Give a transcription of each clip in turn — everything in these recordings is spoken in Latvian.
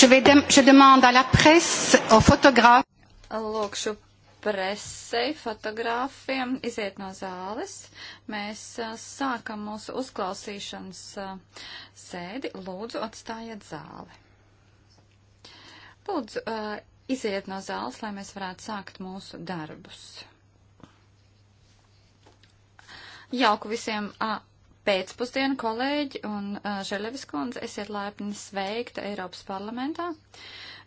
Je, vais de, je demande à la presse, aux photographes. Lūkšu presei, fotogrāfiem iziet no zāles. Mēs a, sākam mūsu uzklausīšanas a, sēdi. Lūdzu, atstājiet zāli. Lūdzu, a, iziet no zāles, lai mēs varētu sākt mūsu darbus. Jauku visiem pēcpusdienu, kolēģi un uh, Želevis kundze, esiet laipni sveikta Eiropas parlamentā.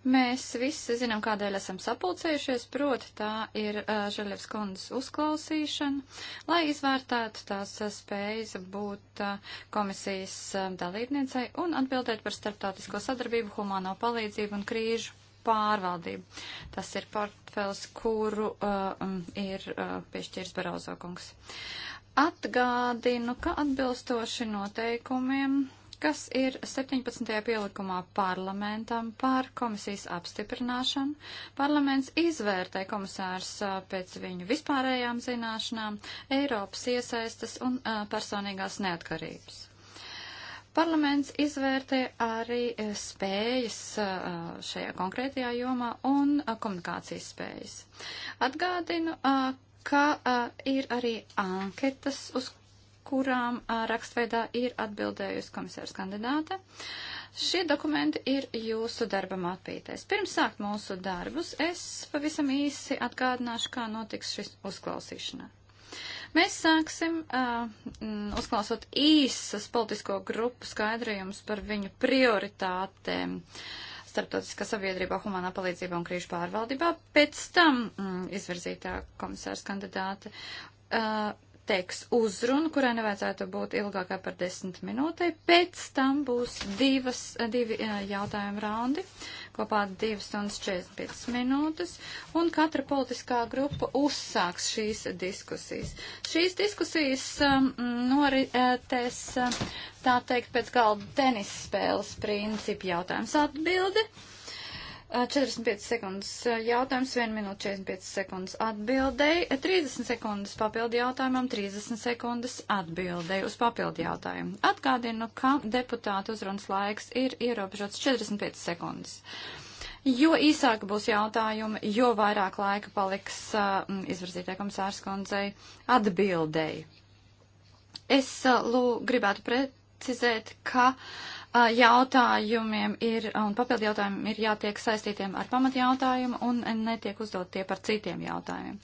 Mēs visi zinām, kādēļ esam sapulcējušies, proti tā ir uh, Želevis kundzes uzklausīšana, lai izvērtētu tās uh, spējas būt uh, komisijas uh, dalībniecei un atbildēt par starptautisko sadarbību, humāno palīdzību un krīžu pārvaldību. Tas ir portfels, kuru uh, ir uh, piešķirs Barozo kungs. Uh, Atgādinu, ka atbilstoši noteikumiem, kas ir 17. pielikumā parlamentam par komisijas apstiprināšanu, parlaments izvērtē komisārs pēc viņu vispārējām zināšanām, Eiropas iesaistas un personīgās neatkarības. Parlaments izvērtē arī spējas šajā konkrētajā jomā un komunikācijas spējas. Atgādinu, ka uh, ir arī anketas, uz kurām uh, rakstveidā ir atbildējusi komisārs kandidāte. Šie dokumenti ir jūsu darba mātpītēs. Pirms sākt mūsu darbus, es pavisam īsi atgādināšu, kā notiks šis uzklausīšana. Mēs sāksim uh, uzklausot īsas politisko grupu skaidrījums par viņu prioritātēm. Uh, starptautiskā sabiedrībā, humanā palīdzībā un krīžu pārvaldībā. Pēc tam mm, izvirzītā komisārs kandidāte uh, teiks uzrunu, kurai nevajadzētu būt ilgākā par desmit minūtei. Pēc tam būs divas, divi jautājumu raundi, kopā 2 stundas 45 minūtes, un katra politiskā grupa uzsāks šīs diskusijas. Šīs diskusijas um, noritēs, tā teikt, pēc galda tenis spēles principu jautājums atbildi. Uh, 45 sekundes jautājums, 1 minūte 45 sekundes atbildēji, 30 sekundes papildi jautājumam, 30 sekundes atbildēji uz papildi jautājumu. Atgādinu, ka deputāta uzrunas laiks ir ierobežots 45 sekundes. Jo īsāk būs jautājumi, jo vairāk laika paliks uh, izvirzītajai komisārs kundzei atbildēji. Es uh, lū, gribētu precizēt, ka uh, jautājumiem ir, un papildu jautājumiem ir jātiek saistītiem ar pamatjautājumu un netiek uzdot tie par citiem jautājumiem.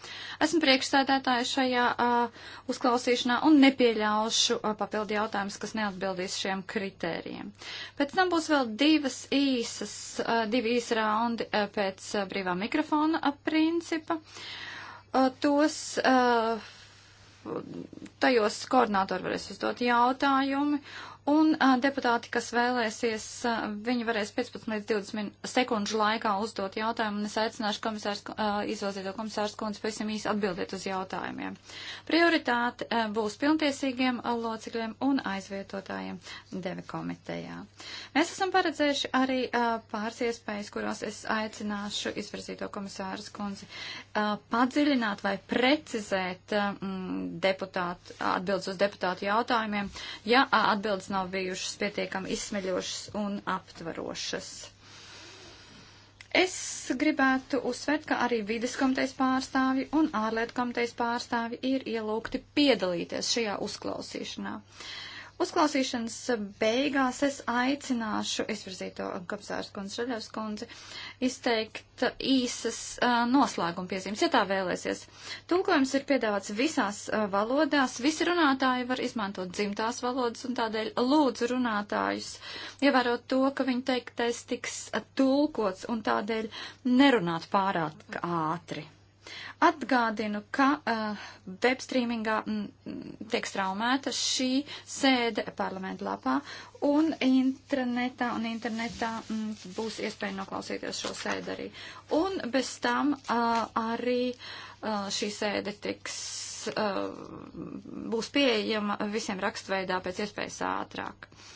Esmu priekšsēdētāja šajā uzklausīšanā un nepieļaušu papildu jautājumus, kas neatbildīs šiem kritērijiem. Pēc tam būs vēl divas īsas, divi īsi raundi pēc brīvā mikrofona principa. Tos tajos koordinātori varēs uzdot jautājumi, Un a, deputāti, kas vēlēsies, a, viņi varēs 15 līdz 20 sekundžu laikā uzdot jautājumu, un es aicināšu komisārs, a, izvēlēto komisārs kundzi pavisam īsi atbildēt uz jautājumiem. Prioritāte a, būs pilntiesīgiem a, locekļiem un aizvietotājiem deve komitejā. Mēs esam paredzējuši arī a, pāris iespējas, kurās es aicināšu izvirzīto komisārs kundzi a, padziļināt vai precizēt a, m, deputātu, atbildes uz deputātu jautājumiem, ja a, atbildes nav bijušas pietiekami izsmeļošas un aptvarošas. Es gribētu uzsvērt, ka arī vides komitejas pārstāvi un ārlietu komitejas pārstāvi ir ielūgti piedalīties šajā uzklausīšanā. Uh, Uzklausīšanas beigās es aicināšu izvirzīto kapsārs kundzi, Šaļevs kundzi, izteikt īsas uh, noslēguma piezīmes, ja tā vēlēsies. Tulkojums ir piedāvāts visās uh, valodās, visi runātāji var izmantot dzimtās valodas un tādēļ lūdzu runātājus, ievērot to, ka viņu teiktais tiks tulkots un tādēļ nerunāt pārāk ātri. Atgādinu, ka uh, web streamingā m, tiek straumēta šī sēde parlamentu lapā un internetā, un internetā m, būs iespēja noklausīties šo sēdi arī. Un bez tam uh, arī uh, šī sēde tiks, uh, būs pieejama visiem rakstveidā pēc iespējas ātrāk. Uh,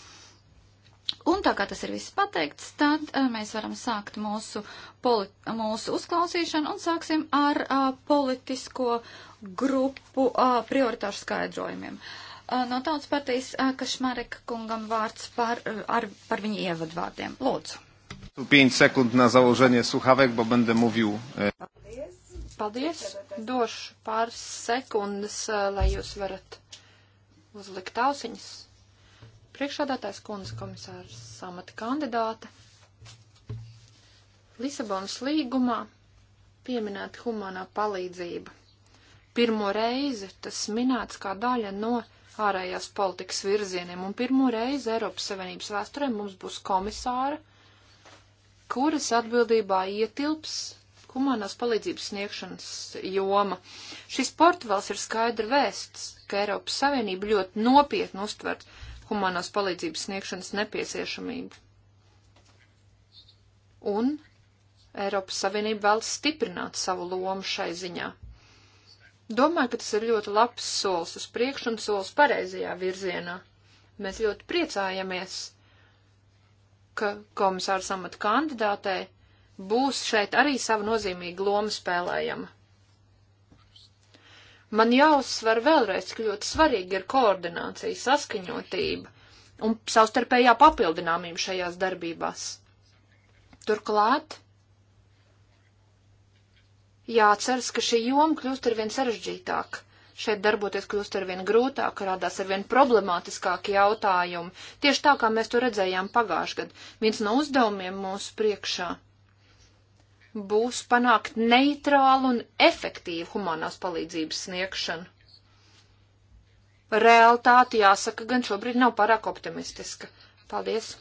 Un tā kā tas ir viss pateikts, tad uh, mēs varam sākt mūsu, polit, mūsu uzklausīšanu un sāksim ar uh, politisko grupu uh, prioritāšu skaidrojumiem. Uh, no tautas partijas uh, Kašmarek kungam vārds par, uh, ar, par viņu ievadvārdiem. Lūdzu. 5 sekund na założenie słuchawek, bo będę mówił. E, Paldies. Došu pāris sekundes, lai jūs varat uzlikt ausiņas priekšādātājs kundze komisārs samata kandidāte. Lisabonas līgumā pieminēta humanā palīdzība. Pirmo reizi tas minēts kā daļa no ārējās politikas virzieniem, un pirmo reizi Eiropas Savienības vēsturē mums būs komisāra, kuras atbildībā ietilps humanās palīdzības sniegšanas joma. Šis portvēls ir skaidri vēsts, ka Eiropas Savienība ļoti nopietni uztver humanās palīdzības sniegšanas nepieciešamību. Un Eiropas Savienība vēlas stiprināt savu lomu šai ziņā. Domāju, ka tas ir ļoti labs solis uz priekšu un solis pareizajā virzienā. Mēs ļoti priecājamies, ka komisārs amata kandidātei būs šeit arī sava nozīmīga loma spēlējama. Man jāuzsver vēlreiz, ka ļoti svarīgi ir koordinācija, saskaņotība un savstarpējā papildināmība šajās darbībās. Turklāt jāceras, ka šī joma kļūst arvien sarežģītāka šeit darboties kļūst arvien grūtāk, rādās arvien problemātiskāki jautājumi, tieši tā, kā mēs to redzējām pagājušajā gadā. Viens no uzdevumiem mūsu priekšā būs panākt neitrālu un efektīvu humanās palīdzības sniegšanu. Realtāte, jāsaka, gan šobrīd nav pārāk optimistiska. Paldies!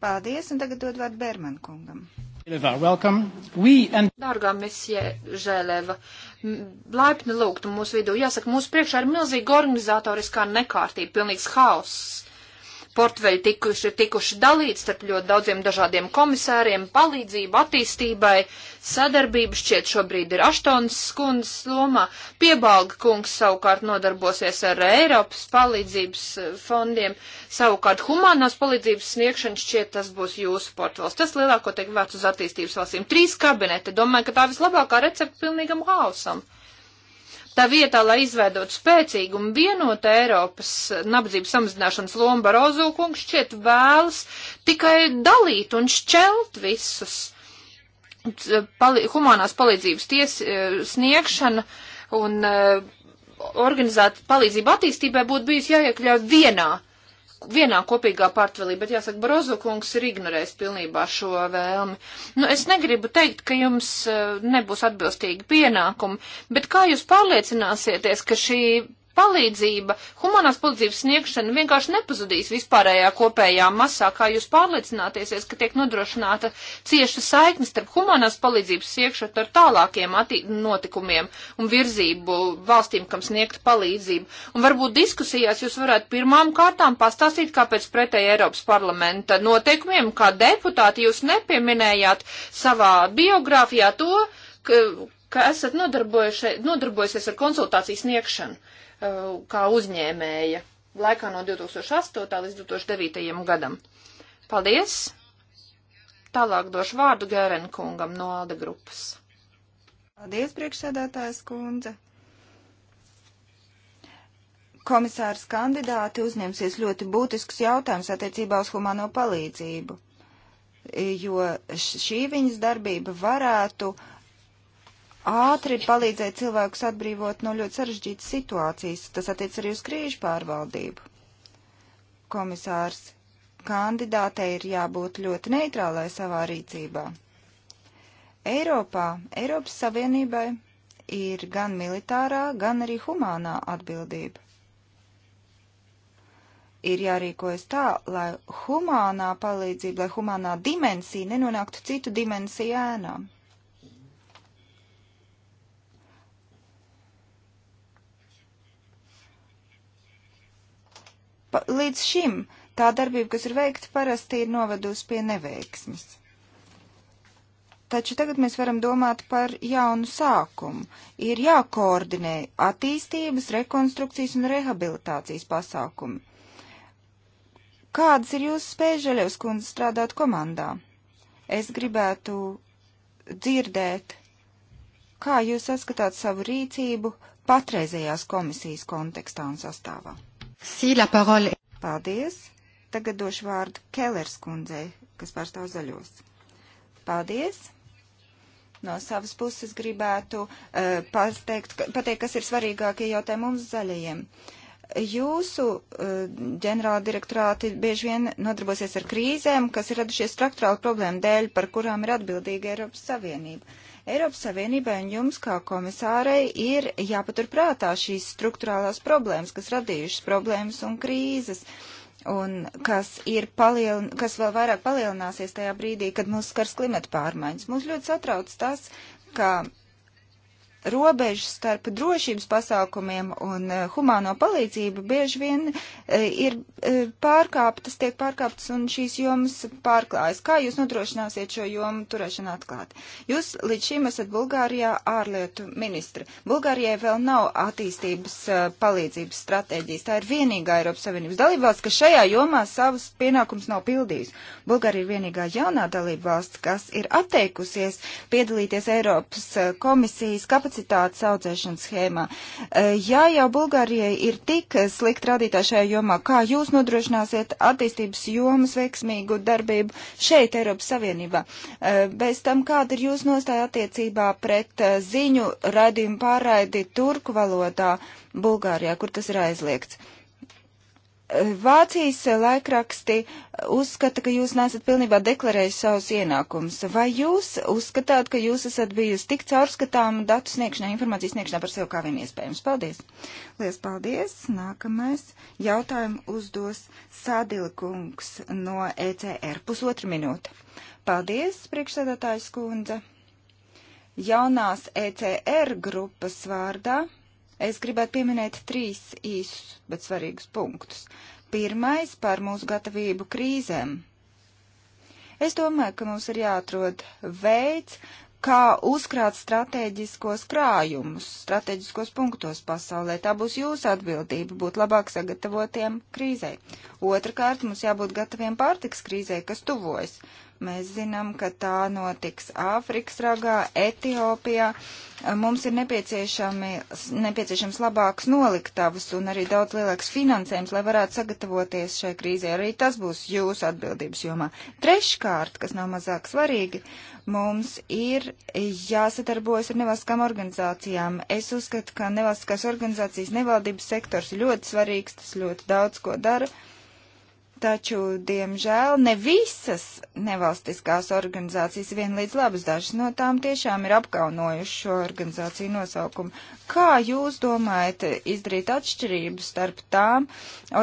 Paldies, un tagad dod vārdu Berman kungam. And... Dārgā misija Žēleva, laipni lūgtu mūsu vidū. Jāsaka, mūsu priekšā ir milzīga organizatoriskā nekārtība, pilnīgs haoss portfeļi tikuši, tikuši dalīti starp ļoti daudziem dažādiem komisāriem, palīdzību attīstībai, sadarbība šķiet šobrīd ir Aštonas skundas lomā, piebalga kungs savukārt nodarbosies ar Eiropas palīdzības eh, fondiem, savukārt humanās palīdzības sniegšana šķiet tas būs jūsu portfels. Tas lielāko tiek vērts uz attīstības valstīm. Trīs kabinete, domāju, ka tā vislabākā recepta pilnīgam hausam. Tā vietā, lai izveidot spēcīgu un vienotu Eiropas nabadzības samazināšanas lomu, Barozo kungs šķiet vēlas tikai dalīt un šķelt visus. Pali, humanās palīdzības ties, eh, sniegšana un eh, organizēta palīdzība attīstībai būtu bijusi jāiekļauj vienā vienā kopīgā portfelī, bet jāsaka, Barozo kungs ir ignorējis pilnībā šo vēlmi. Nu, es negribu teikt, ka jums eh, nebūs atbilstīgi pienākumi, bet kā jūs pārliecināsieties, ka šī palīdzība, humanās palīdzības sniegšana vienkārši nepazudīs vispārējā kopējā masā, kā jūs pārliecināties, ka tiek nodrošināta cieša saiknes starp humanās palīdzības sniegšanu ar tālākiem notikumiem un virzību valstīm, kam sniegt palīdzību. Un varbūt diskusijās jūs varētu pirmām kārtām pastāstīt, kāpēc pretēji Eiropas parlamenta noteikumiem, kā deputāti jūs nepieminējāt savā biogrāfijā to, ka, ka esat nodarbojušies ar konsultāciju sniegšanu. Uh, kā uzņēmēja laikā no 2008. līdz 2009. gadam. Paldies! Tālāk došu vārdu Gērena kungam no Alde grupas. Paldies, priekšsēdētājs kundze! Komisārs kandidāti uzņemsies ļoti būtisks jautājums attiecībā uz humano palīdzību, jo šī viņas darbība varētu uh, ātri palīdzēt cilvēkus atbrīvot no ļoti sarežģītas situācijas. Tas attiec arī uz krīžu pārvaldību. Komisārs kandidātei ir jābūt ļoti neitrālai savā rīcībā. Eiropā, Eiropas Savienībai ir gan militārā, gan arī humānā atbildība. Ir jārīkojas tā, lai humānā palīdzība, lai humānā dimensija nenonāktu citu dimensiju ēnām. Pa, līdz šim tā darbība, kas ir veikta, parasti ir novedusi pie neveiksmes. Taču tagad mēs varam domāt par jaunu sākumu. Ir jākoordinē attīstības, rekonstrukcijas un rehabilitācijas pasākumi. Kādas ir jūsu spējas, Žaļevs kundze, strādāt komandā? Es gribētu dzirdēt, kā jūs saskatāt savu rīcību patreizējās komisijas kontekstā un sastāvā. Sī, la parole. Paldies. Tagad došu vārdu Kellers kundzei, kas pārstāv zaļos. Paldies. No savas puses gribētu uh, pateikt, pateikt, kas ir svarīgākie jautājumi mums zaļajiem. Uh, jūsu eh, ģenerāla direktorāti bieži vien nodarbosies ar krīzēm, kas ir radušies struktūrāla problēma dēļ, par kurām ir atbildīga Eiropas Savienība. Eiropas Savienībai un jums kā komisārei ir jāpaturprātā šīs struktūrālās problēmas, kas radījušas problēmas un krīzes un kas, ir palielin, kas vēl vairāk palielināsies tajā brīdī, kad mūs skars klimata pārmaiņas. Mums ļoti satrauc tas, ka robežas starp drošības pasākumiem un uh, humāno palīdzību bieži vien uh, ir uh, pārkāptas, tiek pārkāptas un šīs jomas pārklājas. Kā jūs nodrošināsiet šo jomu turēšanu atklāt? Jūs līdz šim esat Bulgārijā ārlietu ministri. Bulgārijai vēl nav attīstības uh, palīdzības stratēģijas. Tā ir vienīgā Eiropas Savienības dalībvalsts, kas šajā jomā savus pienākums nav pildījis. Bulgārija ir vienīgā jaunā dalībvalsts, kas ir atteikusies piedalīties Eiropas komisijas kapacitātes kapacitātes audzēšanas schēmā. Eh, ja jau Bulgārijai ir tik slikti rādītāji šajā jomā, kā jūs nodrošināsiet attīstības jomas veiksmīgu darbību šeit Eiropas Savienībā? Eh, bez tam, kāda ir jūsu nostāja attiecībā pret eh, ziņu raidījumu pārraidi turku valodā Bulgārijā, kur tas ir aizliegts? Vācijas laikraksti uzskata, ka jūs nesat pilnībā deklarējuši savus ienākumus. Vai jūs uzskatāt, ka jūs esat bijusi tik caurskatām datu sniegšanā, informācijas sniegšanā par sevi kā vien iespējams? Paldies! Lielas paldies! Nākamais jautājumu uzdos Sādilkungs no ECR pusotra minūte. Paldies, priekšsēdētājs kundze! Jaunās ECR grupas vārdā Es gribētu pieminēt trīs īsus, bet svarīgus punktus. Pirmais par mūsu gatavību krīzēm. Es domāju, ka mums ir jāatrod veids, kā uzkrāt strateģiskos krājumus, strateģiskos punktos pasaulē. Tā būs jūsu atbildība būt labāk sagatavotiem krīzē. Otrakārt, mums jābūt gataviem pārtiks krīzē, kas tuvojas. Mēs zinām, ka tā notiks Āfrikas ragā, Etiopijā. Mums ir nepieciešams labāks noliktavas un arī daudz lielāks finansējums, lai varētu sagatavoties šai krīzē. Arī tas būs jūsu atbildības jomā. Treškārt, kas nav mazāk svarīgi, mums ir jāsadarbojas ar nevalstiskām organizācijām. Es uzskatu, ka nevalstiskās organizācijas nevaldības sektors ir ļoti svarīgs, tas ļoti daudz ko dara. Uh, Taču, diemžēl, ne visas nevalstiskās organizācijas vien līdz labas dažas no tām tiešām ir apkaunojuši šo organizāciju nosaukumu. Kā jūs domājat izdarīt atšķirību starp tām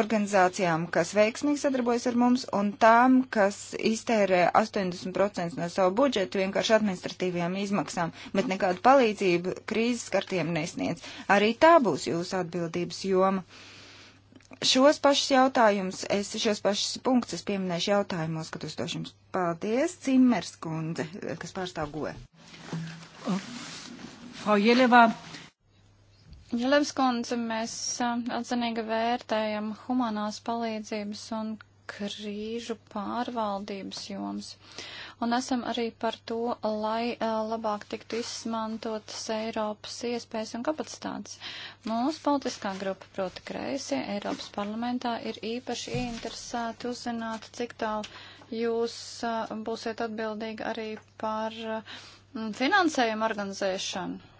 organizācijām, kas veiksmīgi sadarbojas ar mums, un tām, kas iztērē 80% no savu budžetu vienkārši administratīvajām izmaksām, bet nekādu palīdzību krīzes kartiem nesniedz? Arī tā būs jūsu atbildības joma šos pašus jautājumus, es šos pašus punktus pieminēšu jautājumos, kad uzdošu jums. Paldies, Cimmers kundze, kas pārstāv goe. Frau Jeleva. Jelevs kundze, mēs atzinīgi vērtējam humanās palīdzības un krīžu pārvaldības joms. Uh, un esam arī par to, lai labāk tiktu izmantotas Eiropas iespējas un kapacitātes. Mūsu politiskā grupa, proti kreisie, Eiropas parlamentā ir īpaši ieinteresēti uzzināt, cik tālu jūs būsiet atbildīgi arī par finansējumu organizēšanu.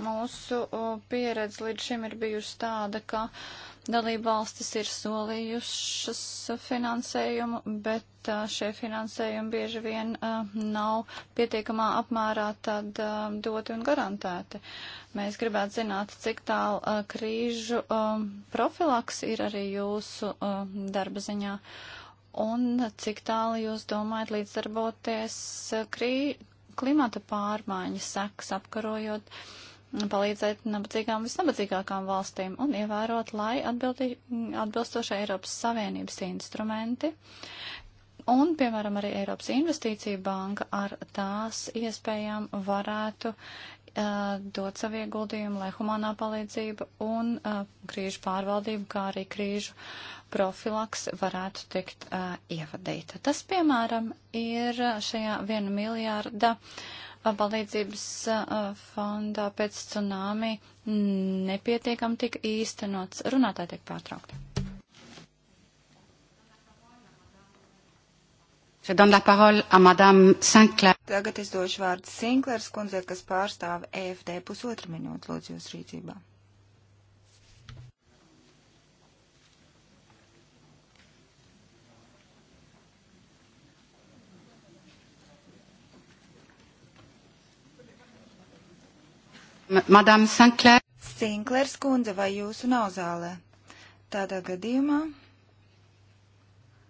Mūsu pieredze līdz šim ir bijusi tāda, ka uh, Dalība valstis ir solījušas finansējumu, bet šie finansējumi bieži vien nav pietiekamā apmērā tad doti un garantēti. Mēs gribētu zināt, cik tālu krīžu profilaks ir arī jūsu darba ziņā un cik tālu jūs domājat līdzdarboties krī, klimata pārmaiņas sekas apkarojot palīdzēt nabadzīgām visnabadzīgākām valstīm un ievērot, lai atbildi, atbilstoši Eiropas Savienības instrumenti un, piemēram, arī Eiropas Investīcija banka ar tās iespējām varētu dot savu ieguldījumu, lai humanā palīdzība un uh, krīžu pārvaldība, kā arī krīžu profilaks varētu tikt uh, ievadīta. Tas, piemēram, ir šajā viena miljārda uh, palīdzības fondā pēc tsunami nepietiekam tika īstenots. Runātāji tiek pārtraukti. Tagad es došu vārdu Sinklers kundzei, kas pārstāv EFD pusotru minūtu, lūdzu, jūs rīcībā. Madame Sinclair. Sinklers kundze, vai jūsu nav zālē? Tādā gadījumā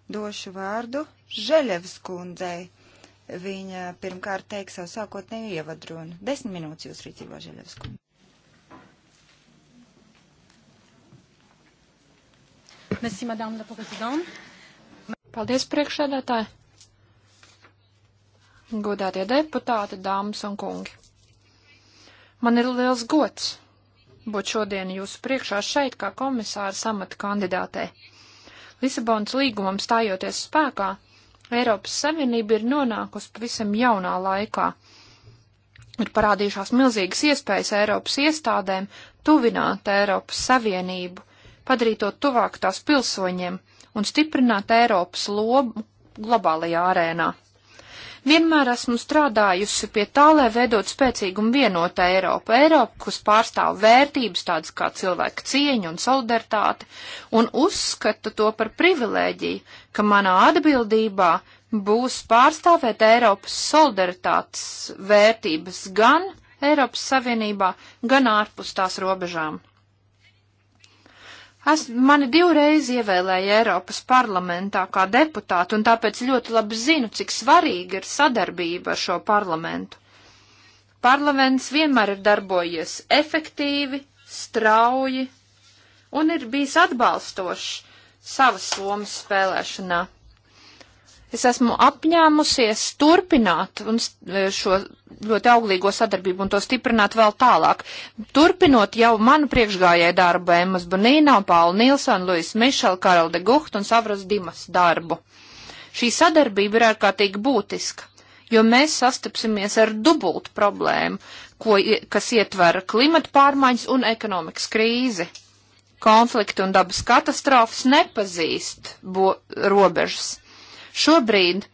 došu vārdu Žeļevs kundzei. Viņa pirmkārt teiks savu sākotnēju ievadrunu. Desmit minūtes jūs rīcībā, Žeļevs kundze. Merci, madame la présidente. Paldies, priekšsēdētāji. Godātie deputāti, dāmas un kungi. Man ir liels gods būt šodien jūsu priekšā šeit kā komisāra samata kandidātē. Lisabonas līgumam stājoties spēkā, Eiropas Savienība ir nonākusi pavisam jaunā laikā. Ir parādījušās milzīgas iespējas Eiropas iestādēm tuvināt Eiropas Savienību, padarīt to tuvāk tās pilsoņiem un stiprināt Eiropas lobu globālajā arēnā. Vienmēr esmu strādājusi pie tā, lai veidot spēcīgu un vienotu Eiropu. Eiropu, kas pārstāv vērtības tādas kā cilvēka cieņa un solidaritāte, un uzskata to par privilēģiju, ka manā atbildībā būs pārstāvēt Eiropas solidaritātes vērtības gan Eiropas Savienībā, gan ārpus tās robežām. Es mani divreiz ievēlēju Eiropas parlamentā kā deputātu, un tāpēc ļoti labi zinu, cik svarīga ir sadarbība ar šo parlamentu. Parlaments vienmēr ir darbojies efektīvi, strauji un ir bijis atbalstošs savas lomas spēlēšanā. Es esmu apņēmusies turpināt e, šo ļoti auglīgo sadarbību un to stiprināt vēl tālāk. Turpinot jau manu priekšgājēju darbu Emmas Bonīnā, Paula Nilsona, Luisa Mišela, Karla de Gucht un Savras Dimas darbu. Šī sadarbība ir ārkārtīgi būtiska, jo mēs sastapsimies ar dubultu problēmu, ko, kas ietver klimata pārmaiņas un ekonomikas krīzi. Konflikti un dabas katastrofas nepazīst bo, robežas Šobrīd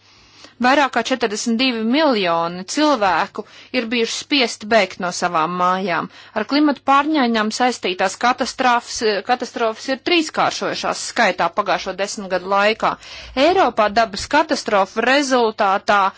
Vairāk kā 42 miljoni cilvēku ir bijuši spiesti bēgt no savām mājām. Ar klimatu pārņēņām saistītās katastrofas, eh, katastrofas ir trīskāršojušās skaitā pagājušo desmitgadu laikā. Eiropā dabas katastrofu rezultātā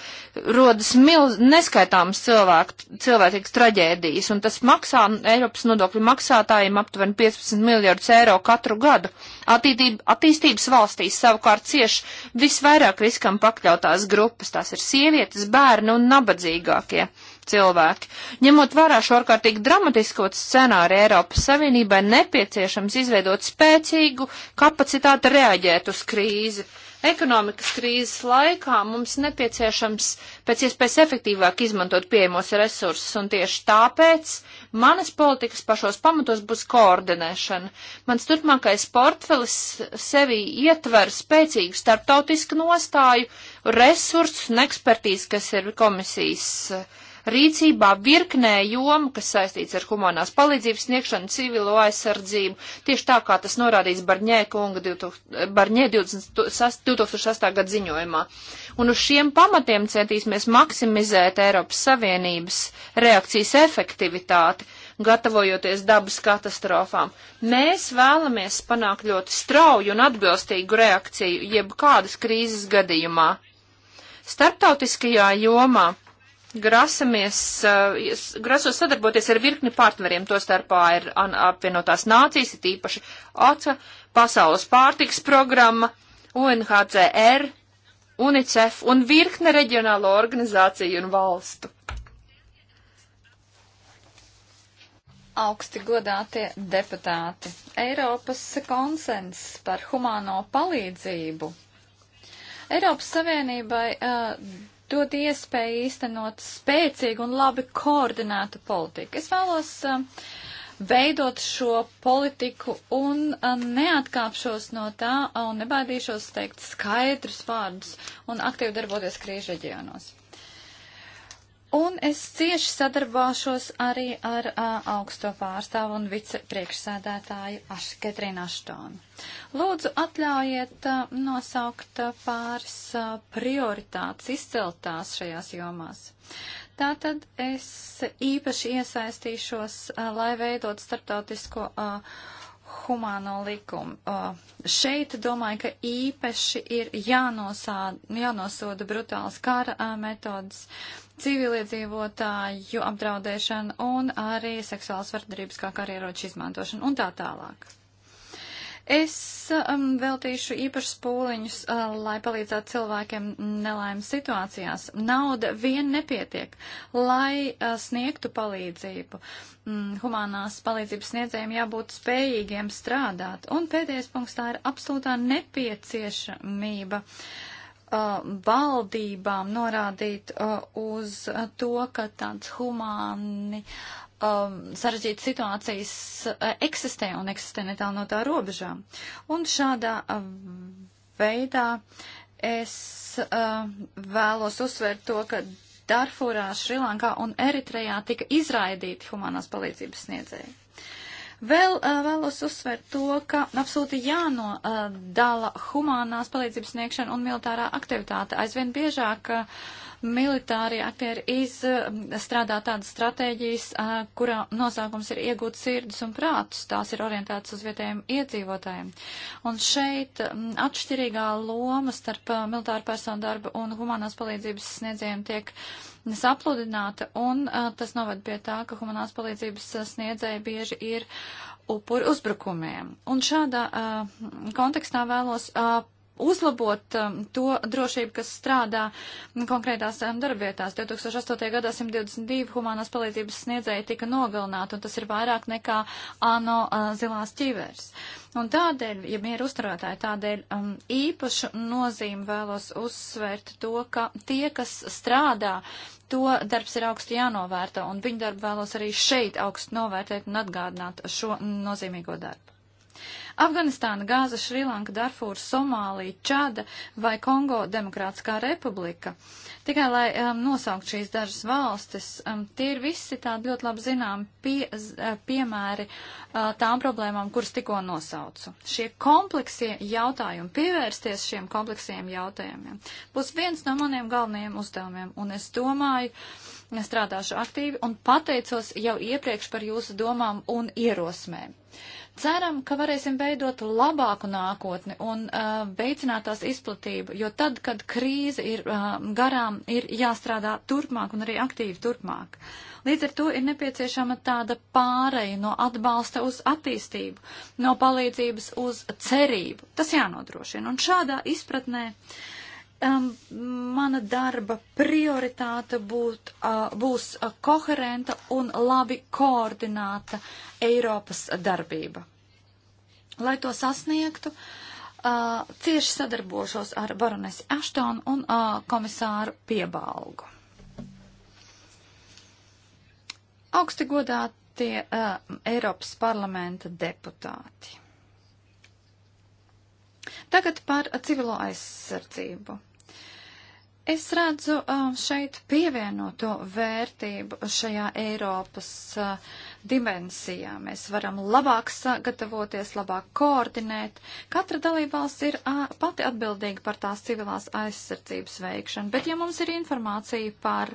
rodas milz, neskaitāmas cilvēku, cilvēcīgas traģēdijas, un tas maksā Eiropas nodokļu maksātājiem aptuveni 15 miljardus eiro katru gadu. Attītība, attīstības valstīs savukārt cieš visvairāk riskam pakļautās grupas grupas, tās ir sievietes, bērni un nabadzīgākie cilvēki. Ņemot vērā šo ārkārtīgi dramatisko scenāru Eiropas Savienībai nepieciešams izveidot spēcīgu kapacitāti reaģēt uz krīzi. Ekonomikas krīzes laikā mums nepieciešams pēc iespējas efektīvāk izmantot pieejamos resursus, un tieši tāpēc manas politikas pašos pamatos būs koordinēšana. Mans turpmākais portfelis sevī ietver spēcīgu starptautisku nostāju, resursus un ekspertīzi, kas ir komisijas uh, rīcībā virknē joma, kas saistīts ar humanās palīdzības sniegšanu, civilo aizsardzību, tieši tā kā tas norādīts Barņē kunga 2000, Barņē 2008, 2008. gada ziņojumā. Un uz šiem pamatiem centīsimies maksimizēt Eiropas Savienības reakcijas efektivitāti gatavojoties dabas katastrofām. Mēs vēlamies panākt ļoti strauju un atbilstīgu reakciju jebkādas krīzes gadījumā. Starptautiskajā jomā grasamies, eh, grasos sadarboties ar virkni partneriem, to starpā ir apvienotās nācijas, ir tīpaši ACA, Pasaules pārtiks programma, UNHCR, UNICEF un virkne reģionālo organizāciju un valstu. Augsti godātie deputāti, Eiropas konsens par humāno palīdzību. Eiropas Savienībai uh, dod iespēju īstenot spēcīgu un labi koordinētu politiku. Es vēlos uh, veidot šo politiku un eh, neatkāpšos no tā un nebaidīšos teikt skaidrus vārdus un aktīvi darboties krīžu reģionos. Un es cieši sadarbāšos arī ar uh, augsto pārstāvu un vicepriekšsēdētāju Aš, Ketrīnu Aštonu. Lūdzu, atļaujiet uh, nosaukt uh, pāris uh, prioritātes izceltās šajās jomās. Tātad es īpaši iesaistīšos, uh, lai veidot starptautisko. Uh, humāno likumu. Uh, šeit domāju, ka īpaši ir jānosāda, jānosoda brutāls kara uh, metodas, civiliedzīvotāju apdraudēšana un arī seksuālas vardarbības kā karieroču izmantošana un tā tālāk. Es um, veltīšu īpašas pūliņus, uh, lai palīdzētu cilvēkiem nelaimes situācijās. Nauda vien nepietiek, lai uh, sniegtu palīdzību. Mm, humanās palīdzības sniedzējiem jābūt spējīgiem strādāt. Un pēdējais punkts tā ir absolūtā nepieciešamība. Uh, Uh, valdībām norādīt uh, uz to, ka tāds humāni um, sarežģītas situācijas uh, eksistē un eksistē netālu no tā robežām. Un šādā uh, veidā es uh, vēlos uzsvērt to, ka Darfūrā, Šrilankā un Eritrejā tika izraidīti humanās palīdzības sniedzēji. Vēl uh, vēlos uzsvērt to, ka absolūti jānodala uh, humānās palīdzības sniegšana un militārā aktivitāte. Aizvien biežāk uh, militārie aktieri izstrādā tādas stratēģijas, kurā nosaukums ir iegūt sirdis un prātus. Tās ir orientētas uz vietējiem iedzīvotājiem. Un šeit atšķirīgā loma starp militāru personu darbu un humanās palīdzības sniedzējiem tiek uh, nesapludināta, un uh, tas noved pie tā, ka humanās palīdzības uh, sniedzēji bieži ir upuri uzbrukumiem. Un šādā uh, kontekstā vēlos. Uh, uzlabot um, to drošību, kas strādā konkrētās um, darbietās. 2008. gadā 122 humanās palīdzības sniedzēji tika nogalināti, un tas ir vairāk nekā ANO uh, zilās ķivers. Un tādēļ, ja mieru uzturētāji, tādēļ um, īpašu nozīmi vēlos uzsvērt to, ka tie, kas strādā to darbs ir augstu jānovērta, un viņu darbu vēlos arī šeit augstu novērtēt un atgādināt šo nozīmīgo darbu. Afganistāna, Gāza, Šrilanka, Darfūra, Somālija, Čada vai Kongo Demokrātiskā republika. Tikai lai um, nosaukt šīs dažas valstis, um, tie ir visi tādi ļoti labi zinām pie, uh, piemēri uh, tām problēmām, kuras tikko nosaucu. Šie kompleksie jautājumi, pievērsties šiem kompleksiem jautājumiem, būs viens no maniem galvenajiem uzdevumiem, un es domāju, strādāšu aktīvi un pateicos jau iepriekš par jūsu domām un ierosmēm. Ceram, ka varēsim veidot labāku nākotni un uh, veicināt tās izplatību, jo tad, kad krīze ir uh, garām, ir jāstrādā turpmāk un arī aktīvi turpmāk. Līdz ar to ir nepieciešama tāda pāreja no atbalsta uz attīstību, no palīdzības uz cerību. Tas jānodrošina. Un šādā izpratnē uh, um, mana darba prioritāte būt, uh, būs uh, koherenta un labi koordināta Eiropas darbība. Lai to sasniegtu, uh, cieši sadarbošos ar baronesi Aštonu un uh, komisāru Piebalgu. Augsti godātie uh, Eiropas parlamenta deputāti. Tagad par civilo aizsardzību. Es redzu um, šeit pievienoto vērtību šajā Eiropas uh, dimensijā. Mēs varam labāk sagatavoties, labāk koordinēt. Katra dalībvalsts ir uh, pati atbildīga par tās civilās aizsardzības veikšanu, bet ja mums ir informācija par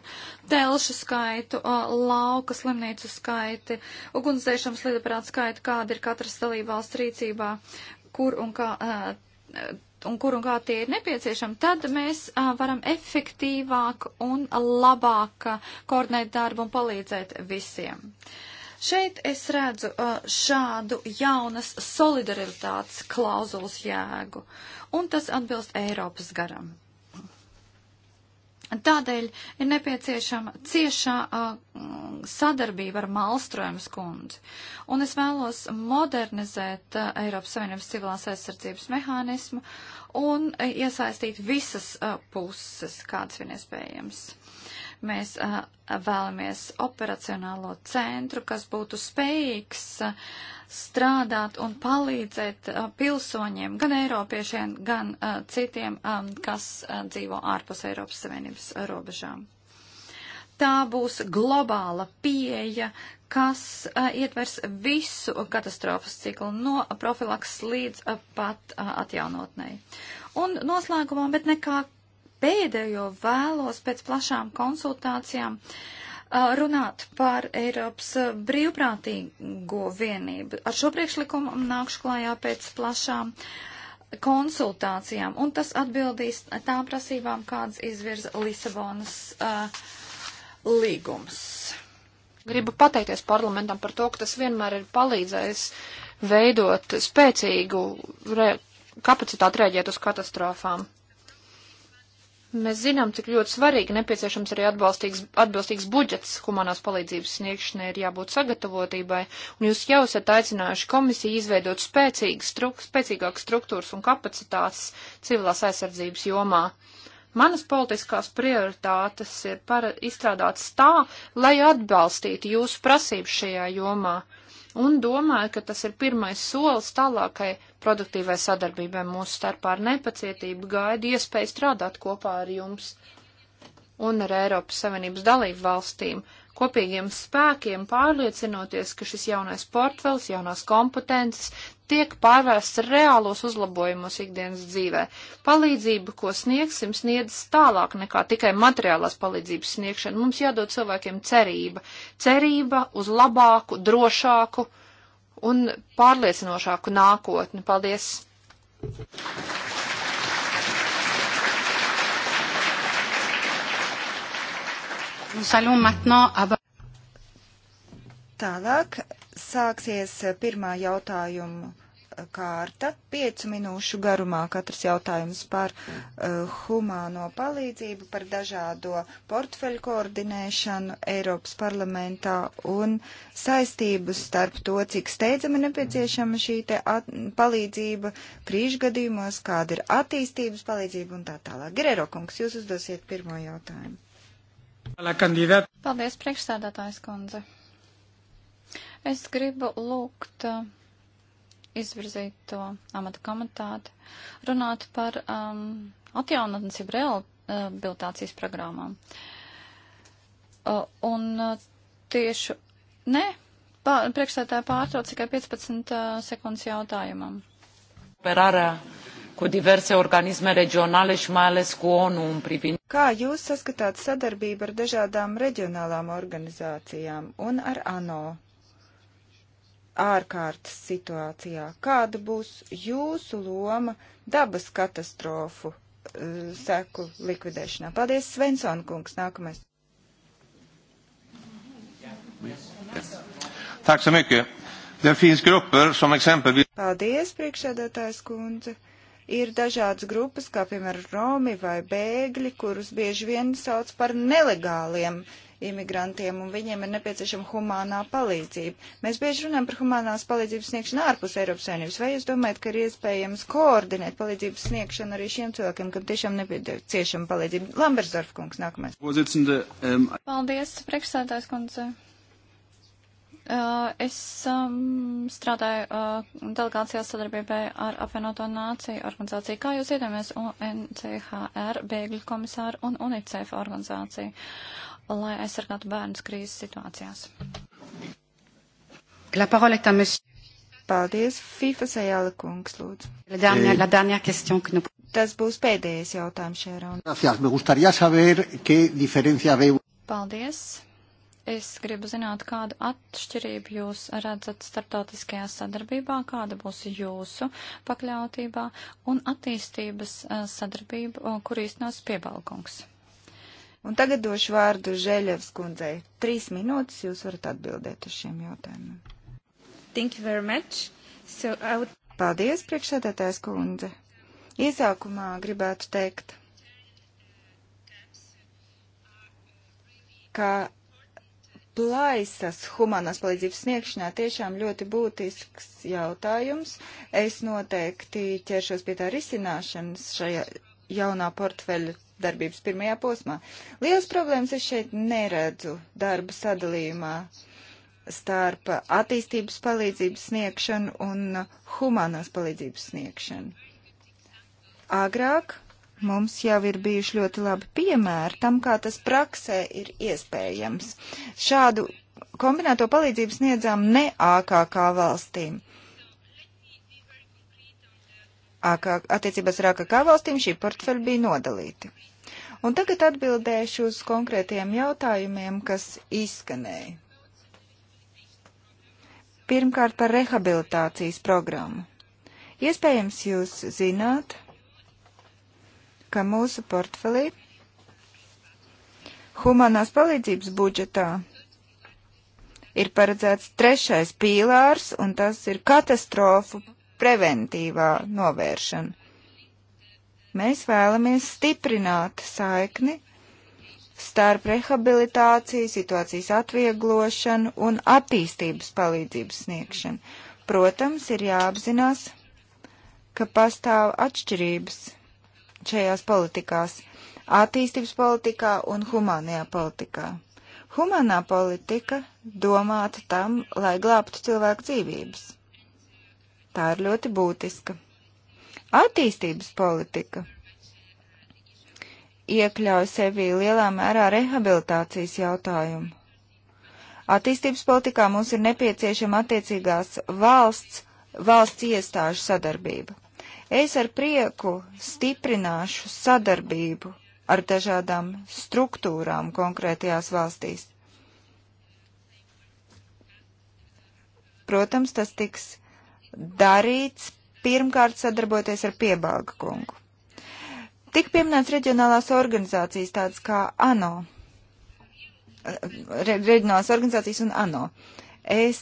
telšu skaitu, uh, lauka slimnīcu skaiti, ugunsdzēšanas lidaprāta skaitu, kāda ir katras dalībvalsts rīcībā, kur un kā un kur un kā tie ir nepieciešami, tad mēs a, varam efektīvāk un labāk koordinēt darbu un palīdzēt visiem. Šeit es redzu a, šādu jaunas solidaritātes klauzulas jēgu, un tas atbilst Eiropas garam. Tādēļ ir nepieciešama ciešā uh, sadarbība ar Malstrojums kundzi. Un es vēlos modernizēt uh, Eiropas Savienības civilās aizsardzības mehānismu un uh, iesaistīt visas puses, kādas vien iespējams. Uh, Mēs uh, vēlamies operacionālo centru, kas būtu spējīgs uh, strādāt un palīdzēt uh, pilsoņiem, gan Eiropiešiem, gan uh, citiem, um, kas uh, dzīvo ārpus Eiropas Savienības robežām. Tā būs globāla pieeja, kas uh, ietvers visu katastrofas ciklu no profilaks līdz uh, pat uh, atjaunotnei. Un noslēgumā, bet nekā pēdējo vēlos pēc plašām konsultācijām runāt par Eiropas brīvprātīgo vienību. Ar šo priekšlikumu nākšu klājā pēc plašām konsultācijām, un tas atbildīs tām prasībām, kādas izvirza Lisabonas uh, līgums. Gribu pateikties parlamentam par to, ka tas vienmēr ir palīdzējis veidot spēcīgu re kapacitāti rēģēt uz katastrofām. Mēs zinām, cik ļoti svarīgi nepieciešams arī atbalstīgs, atbilstīgs budžets humanās palīdzības sniegšanai ir jābūt sagatavotībai, un jūs jau esat aicinājuši komisiju izveidot spēcīgas, struk, spēcīgākas struktūras un kapacitātes civilās aizsardzības jomā. Manas politiskās prioritātes ir para, izstrādātas tā, lai atbalstītu jūsu prasības šajā jomā. Uh, un domāju, ka tas ir pirmais solis tālākai produktīvai sadarbībai mūsu starpā ar nepacietību gaidu iespēju strādāt kopā ar jums un ar Eiropas Savienības dalību valstīm, kopīgiem spēkiem pārliecinoties, ka šis jaunais portfels, jaunās kompetences tiek pārvērsts reālos uzlabojumus ikdienas dzīvē. Palīdzība, ko sniegsim, sniedz tālāk nekā tikai materiālās palīdzības sniegšana. Mums jādod cilvēkiem cerība. Cerība uz labāku, drošāku un pārliecinošāku nākotni. Paldies! Nous allons maintenant à... Tālāk sāksies eh, pirmā jautājuma eh, kārta piecu minūšu garumā. Katrs jautājums par uh, humāno palīdzību, par dažādo portfeļu koordinēšanu Eiropas parlamentā un saistības starp to, cik steidzami nepieciešama šī te palīdzība krīžgadījumos, kāda ir attīstības palīdzība un tā tālāk. Gerero kungs, jūs uzdosiet pirmo jautājumu. Paldies, priekšstādātājs kundze. Es gribu lūgt uh, izvirzīt to amata komentātu, runāt par um, atjaunatnes, jeb rehabilitācijas programmām. Uh, un uh, tieši, nē, pār, priekšstādāja pārtrauc tikai 15 uh, sekundes jautājumam. Perārā cu diverse organisme regionale și mai ales cu ONU în privință. Kā jūs saskatāt sadarbību ar dažādām reģionālām organizācijām un ar ANO ārkārtas situācijā? Kāda būs jūsu loma dabas katastrofu uh, seku likvidēšanā? Paldies, Svensona kungs, nākamais. Paldies, priekšsēdētājs kundze. Ir dažādas grupas, kā piemēram Romi vai bēgļi, kurus bieži vien sauc par nelegāliem uh, imigrantiem, un viņiem ir nepieciešama humānā palīdzība. Mēs bieži runājam par humānās palīdzības sniegšanu ārpus Eiropas Savienības. Vai jūs domājat, ka ir iespējams koordinēt palīdzības sniegšanu arī šiem cilvēkiem, kam tiešām nepieciešama palīdzība? Lambersdorf kungs, nākamais. Paldies, priekšsētājs kundze. Uh, es um, strādāju uh, delegācijā sadarbībai ar apvienoto nāciju organizāciju. Kā jūs iedomājaties UNCHR, bēgļu komisāru un UNICEF organizāciju? lai aizsargātu bērnus krīzes situācijās. La parole est à monsieur. Paldies, FIFA Sajala kungs, lūdzu. La dernière, eh. la dernière question, ka... Tas būs pēdējais jautājums šajā raundā. Paldies. Es gribu zināt, kādu atšķirību jūs redzat starptautiskajā sadarbībā, kāda būs jūsu pakļautībā un attīstības eh, sadarbība, kur īstenos piebalkungs. Un tagad došu vārdu Žēļevs kundzei. Trīs minūtes jūs varat atbildēt uz šiem jautājumiem. Thank you very much. So I would... Paldies, priekšsēdētājs kundze. Iesākumā gribētu teikt, ka plaisas humanās palīdzības sniegšanā tiešām ļoti būtisks jautājums. Es noteikti ķeršos pie tā risināšanas šajā jaunā portfeļa darbības pirmajā posmā. Liels problēmas es šeit neredzu darba sadalījumā starp attīstības palīdzības sniegšanu un humanās palīdzības sniegšanu. Agrāk Mums jau ir bijuši ļoti labi piemēri tam, kā tas praksē ir iespējams. Šādu kombinēto palīdzību sniedzām ne AKK valstīm. AK, attiecībās ar AKK valstīm šī portfeļa bija nodalīti. Un tagad atbildēšu uz konkrētiem jautājumiem, kas izskanēja. Pirmkārt par rehabilitācijas programmu. Iespējams, jūs zināt, ka mūsu portfelī humanās palīdzības budžetā ir paredzēts trešais pīlārs, un tas ir katastrofu preventīvā novēršana. Mēs vēlamies stiprināt saikni starp rehabilitāciju, situācijas atvieglošanu un attīstības palīdzības sniegšanu. Protams, ir jāapzinās, ka pastāv atšķirības šajās politikās - attīstības politikā un humānajā politikā. Humanā politika domāta tam, lai glābtu cilvēku dzīvības. Tā ir ļoti būtiska. Attīstības politika iekļauj sevī lielā mērā rehabilitācijas jautājumu. Attīstības politikā mums ir nepieciešama attiecīgās valsts, valsts iestāžu sadarbība. Es ar prieku stiprināšu sadarbību ar dažādām struktūrām konkrētajās valstīs. Protams, tas tiks darīts pirmkārt sadarboties ar piebalga kungu. Tik pieminēts reģionālās organizācijas tādas kā ANO, Re reģionālās organizācijas un ANO. Es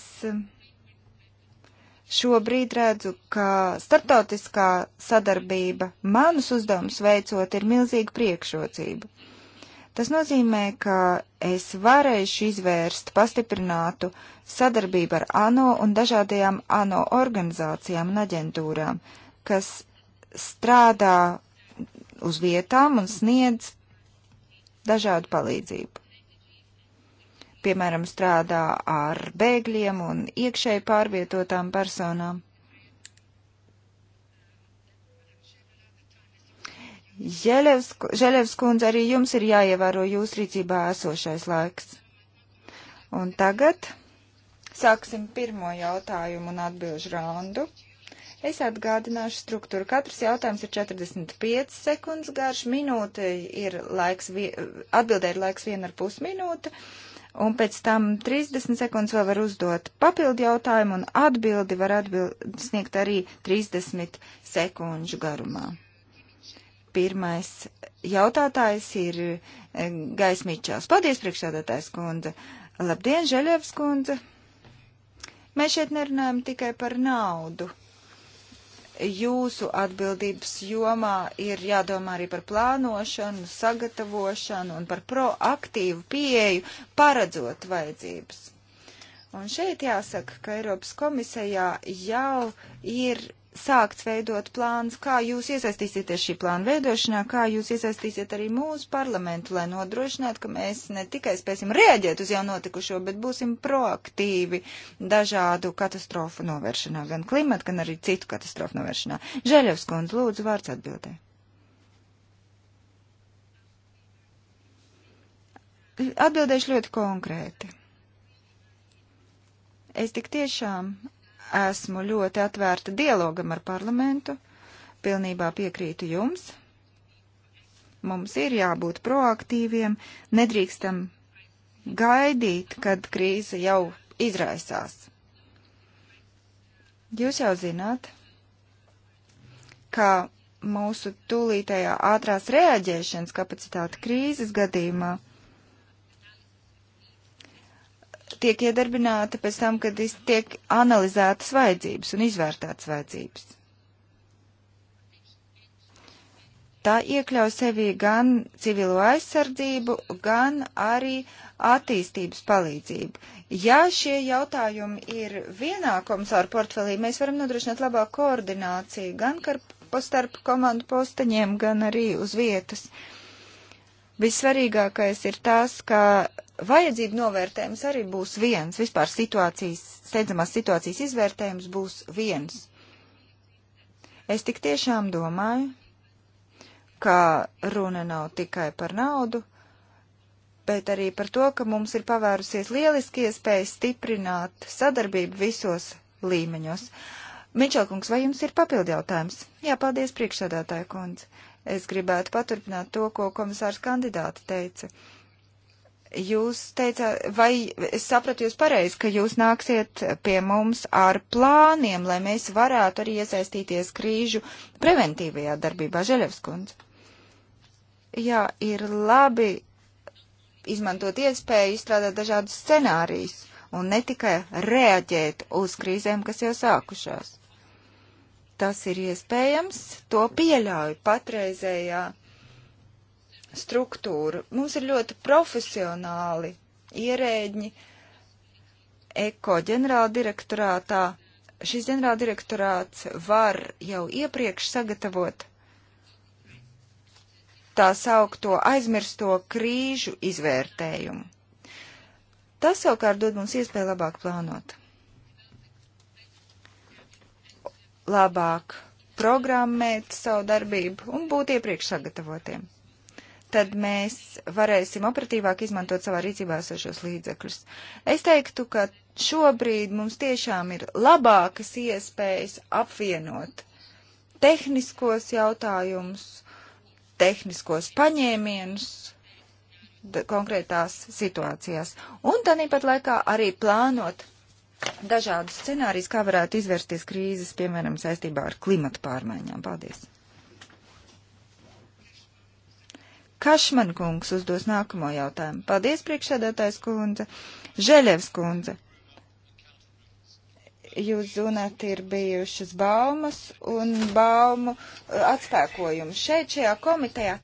šobrīd redzu, ka starptautiskā sadarbība manus uzdevumus veicot ir milzīga priekšrocība. Tas nozīmē, ka es varēšu izvērst pastiprinātu sadarbību ar ANO un dažādajām ANO organizācijām un aģentūrām, kas strādā uz vietām un sniedz dažādu palīdzību. Piemēram, strādā ar bēgļiem un iekšēji pārvietotām personām. Želevs kundze, arī jums ir jāievēro jūs rīcībā esošais laiks. Un tagad sāksim pirmo jautājumu un atbilžu raundu. Es atgādināšu struktūru. Katrs jautājums ir 45 sekundes garš, minūte ir laiks, atbildē ir laiks viena ar pus minūte, un pēc tam 30 sekundes vēl var uzdot papildu jautājumu, un atbildi var atbild, sniegt arī 30 sekundžu garumā. Pirmais jautātājs ir e, Gaismīčās. Paldies, priekšsādātājs kundze. Labdien, Žaļevs kundze. Mēs šeit nerunājam tikai par naudu. Jūsu atbildības jomā ir jādomā arī par plānošanu, sagatavošanu un par proaktīvu pieeju, paredzot vajadzības. Un šeit jāsaka, ka Eiropas komisijā jau ir sākts veidot plāns, kā jūs iesaistīsieties šī plāna veidošanā, kā jūs iesaistīsiet arī mūsu parlamentu, lai nodrošinātu, ka mēs ne tikai spēsim rēģēt uz jau notikušo, bet būsim proaktīvi dažādu katastrofu novēršanā, gan klimata, gan arī citu katastrofu novēršanā. Žēļevs kundze, lūdzu, vārds atbildē. Atbildēšu ļoti konkrēti. Es tik tiešām esmu ļoti atvērta dialogam ar parlamentu, pilnībā piekrītu jums. Mums ir jābūt proaktīviem, nedrīkstam gaidīt, kad krīze jau izraisās. Jūs jau zināt, ka mūsu tūlītējā ātrās reaģēšanas kapacitāte krīzes gadījumā tiek iedarbināta pēc tam, kad tiek analizētas vajadzības un izvērtētas vajadzības. Tā iekļauj sevī gan civilo aizsardzību, gan arī attīstības palīdzību. Ja šie jautājumi ir vienā komisāra portfelī, mēs varam nodrošināt labāku koordināciju gan starp komandu posteņiem, gan arī uz vietas. Vissvarīgākais ir tas, ka Vajadzību novērtējums arī būs viens, vispār situācijas, steidzamās situācijas izvērtējums būs viens. Es tik tiešām domāju, ka runa nav tikai par naudu, bet arī par to, ka mums ir pavērusies lieliski iespēja stiprināt sadarbību visos līmeņos. Mičelkungs, vai jums ir papildi jautājums? Jā, paldies priekšsādātāja kundze. Es gribētu paturpināt to, ko komisārs kandidāti teica. Jūs teicāt, vai es sapratu jūs pareizi, ka jūs nāksiet pie mums ar plāniem, lai mēs varētu arī iesaistīties krīžu preventīvajā darbībā, Žeļevskundze? Jā, ir labi izmantot iespēju izstrādāt dažādus scenārijus un ne tikai reaģēt uz krīzēm, kas jau sākušās. Tas ir iespējams, to pieļauj patreizējā struktūru. Mums ir ļoti profesionāli ierēģi eko ģenerāldirektorātā. Šis ģenerāldirektorāts var jau iepriekš sagatavot tā saukto aizmirsto krīžu izvērtējumu. Tas savukārt dod mums iespēju labāk plānot, labāk programmēt savu darbību un būt iepriekš sagatavotiem tad mēs varēsim operatīvāk izmantot savā rīcībā esošos līdzekļus. Es teiktu, ka šobrīd mums tiešām ir labākas iespējas apvienot tehniskos jautājumus, tehniskos paņēmienus konkrētās situācijās. Un tāpat laikā arī plānot dažādus scenārijus, kā varētu izvērsties krīzes, piemēram, saistībā ar klimatu pārmaiņām. Paldies! Kašman kungs uzdos nākamo jautājumu. Paldies, priekšsēdētājs kundze. Žeļevs kundze jūs zināt, ir bijušas baumas un baumu e, atspēkojumi. Šeit, šajā komitejā,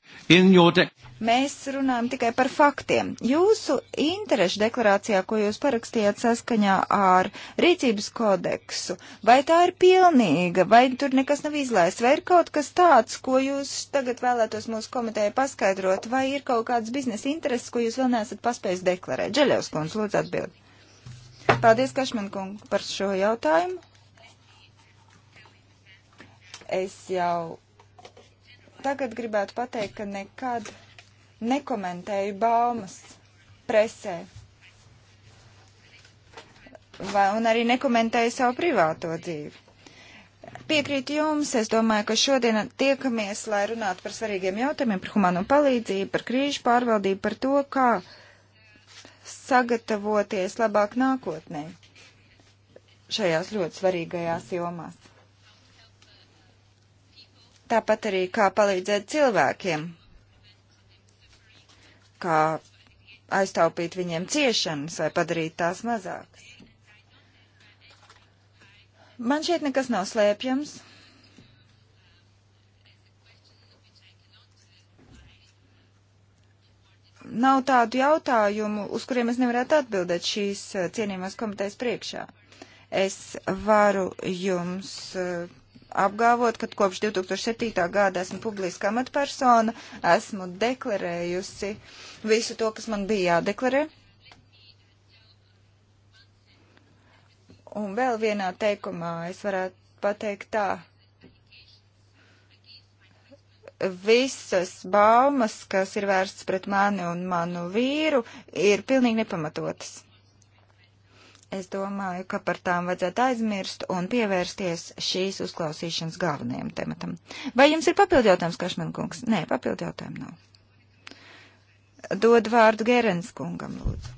mēs runājam tikai par faktiem. Jūsu interešu deklarācijā, ko jūs parakstījāt saskaņā ar rīcības kodeksu, vai tā ir pilnīga, vai tur nekas nav izlaists, vai ir kaut kas tāds, ko jūs tagad vēlētos mūsu komitejai paskaidrot, vai ir kaut kāds biznesa intereses, ko jūs vēl neesat paspējis deklarēt? Džeļevskons, lūdzu atbildi. Paldies, Kašmankungu, par šo jautājumu. Es jau tagad gribētu pateikt, ka nekad nekomentēju baumas presē. Vai, un arī nekomentēju savu privāto dzīvi. Piekrītu jums, es domāju, ka šodien tiekamies, lai runātu par svarīgiem jautājumiem, par humano palīdzību, par krīžu pārvaldību, par to, kā. Ka sagatavoties labāk nākotnē šajās ļoti svarīgajās jomās. Tāpat arī kā palīdzēt cilvēkiem, kā aiztaupīt viņiem ciešanas vai padarīt tās mazākas. Man šeit nekas nav slēpjams. nav tādu jautājumu, uz kuriem es nevarētu atbildēt šīs eh, cienījumās komitejas priekšā. Es varu jums eh, apgalvot, ka kopš 2007. gada esmu publiska amatpersona, esmu deklarējusi visu to, kas man bija jādeklarē. Un vēl vienā teikumā es varētu pateikt tā, visas baumas, kas ir vērstas pret mani un manu vīru, ir pilnīgi nepamatotas. Es domāju, ka par tām vajadzētu aizmirst un pievērsties šīs uzklausīšanas galvenajam tematam. Vai jums ir papildu jautājums, Kašman kungs? Nē, papildu jautājumu nav. Dod vārdu Gerens kungam, lūdzu.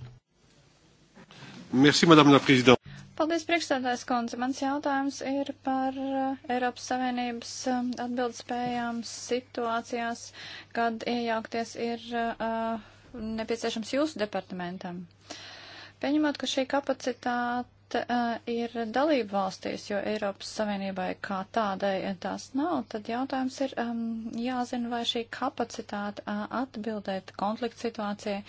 Merci, madame la présidente. Paldies, priekšstādājs kundze. Mans jautājums ir par eh, Eiropas Savienības eh, atbildspējām situācijās, kad iejaukties ir uh, nepieciešams jūsu departamentam. Pieņemot, ka šī kapacitāte uh, ir dalību valstīs, jo Eiropas Savienībai kā tādai tās nav, tad jautājums ir um, jāzina, vai šī kapacitāte uh, atbildēt konflikta situācijai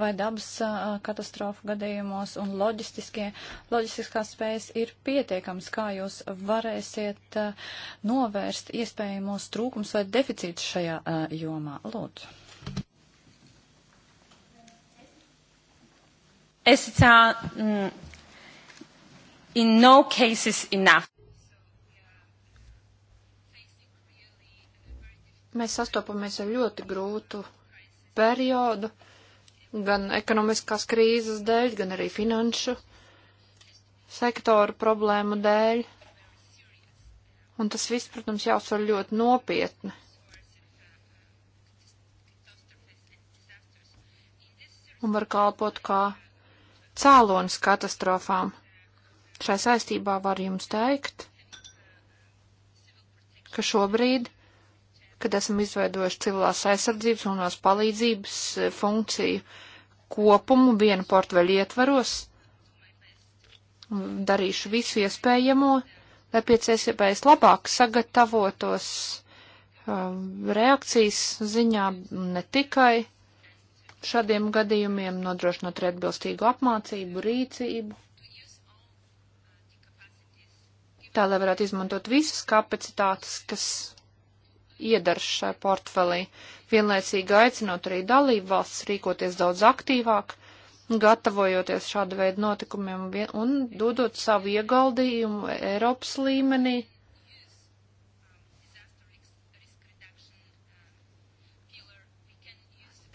vai dabas uh, katastrofu gadījumos un loģistiskās spējas ir pietiekams, kā jūs varēsiet uh, novērst iespējamos trūkums vai deficītus šajā uh, jomā. Lūdzu. Es tā, mm, in no case is enough. Mēs sastopamies ar ļoti grūtu periodu, gan ekonomiskās krīzes dēļ, gan arī finanšu sektoru problēmu dēļ. Un tas viss, protams, jāuzsver ļoti nopietni. Un var kalpot kā cēlonis katastrofām. Šai saistībā var jums teikt, ka šobrīd, kad esam izveidojuši civilās aizsardzības un tās palīdzības e, funkciju kopumu vienu portveļu ietvaros, darīšu visu iespējamo, lai pēc iespējas labāk sagatavotos um, reakcijas ziņā ne tikai šādiem gadījumiem, nodrošinot arī atbilstīgu apmācību, rīcību tā lai varētu izmantot visas kapacitātes, kas iedarš šai portfelī, vienlaicīgi aicinot arī dalību valsts rīkoties daudz aktīvāk, gatavojoties šāda veida notikumiem un dodot savu ieguldījumu Eiropas līmenī.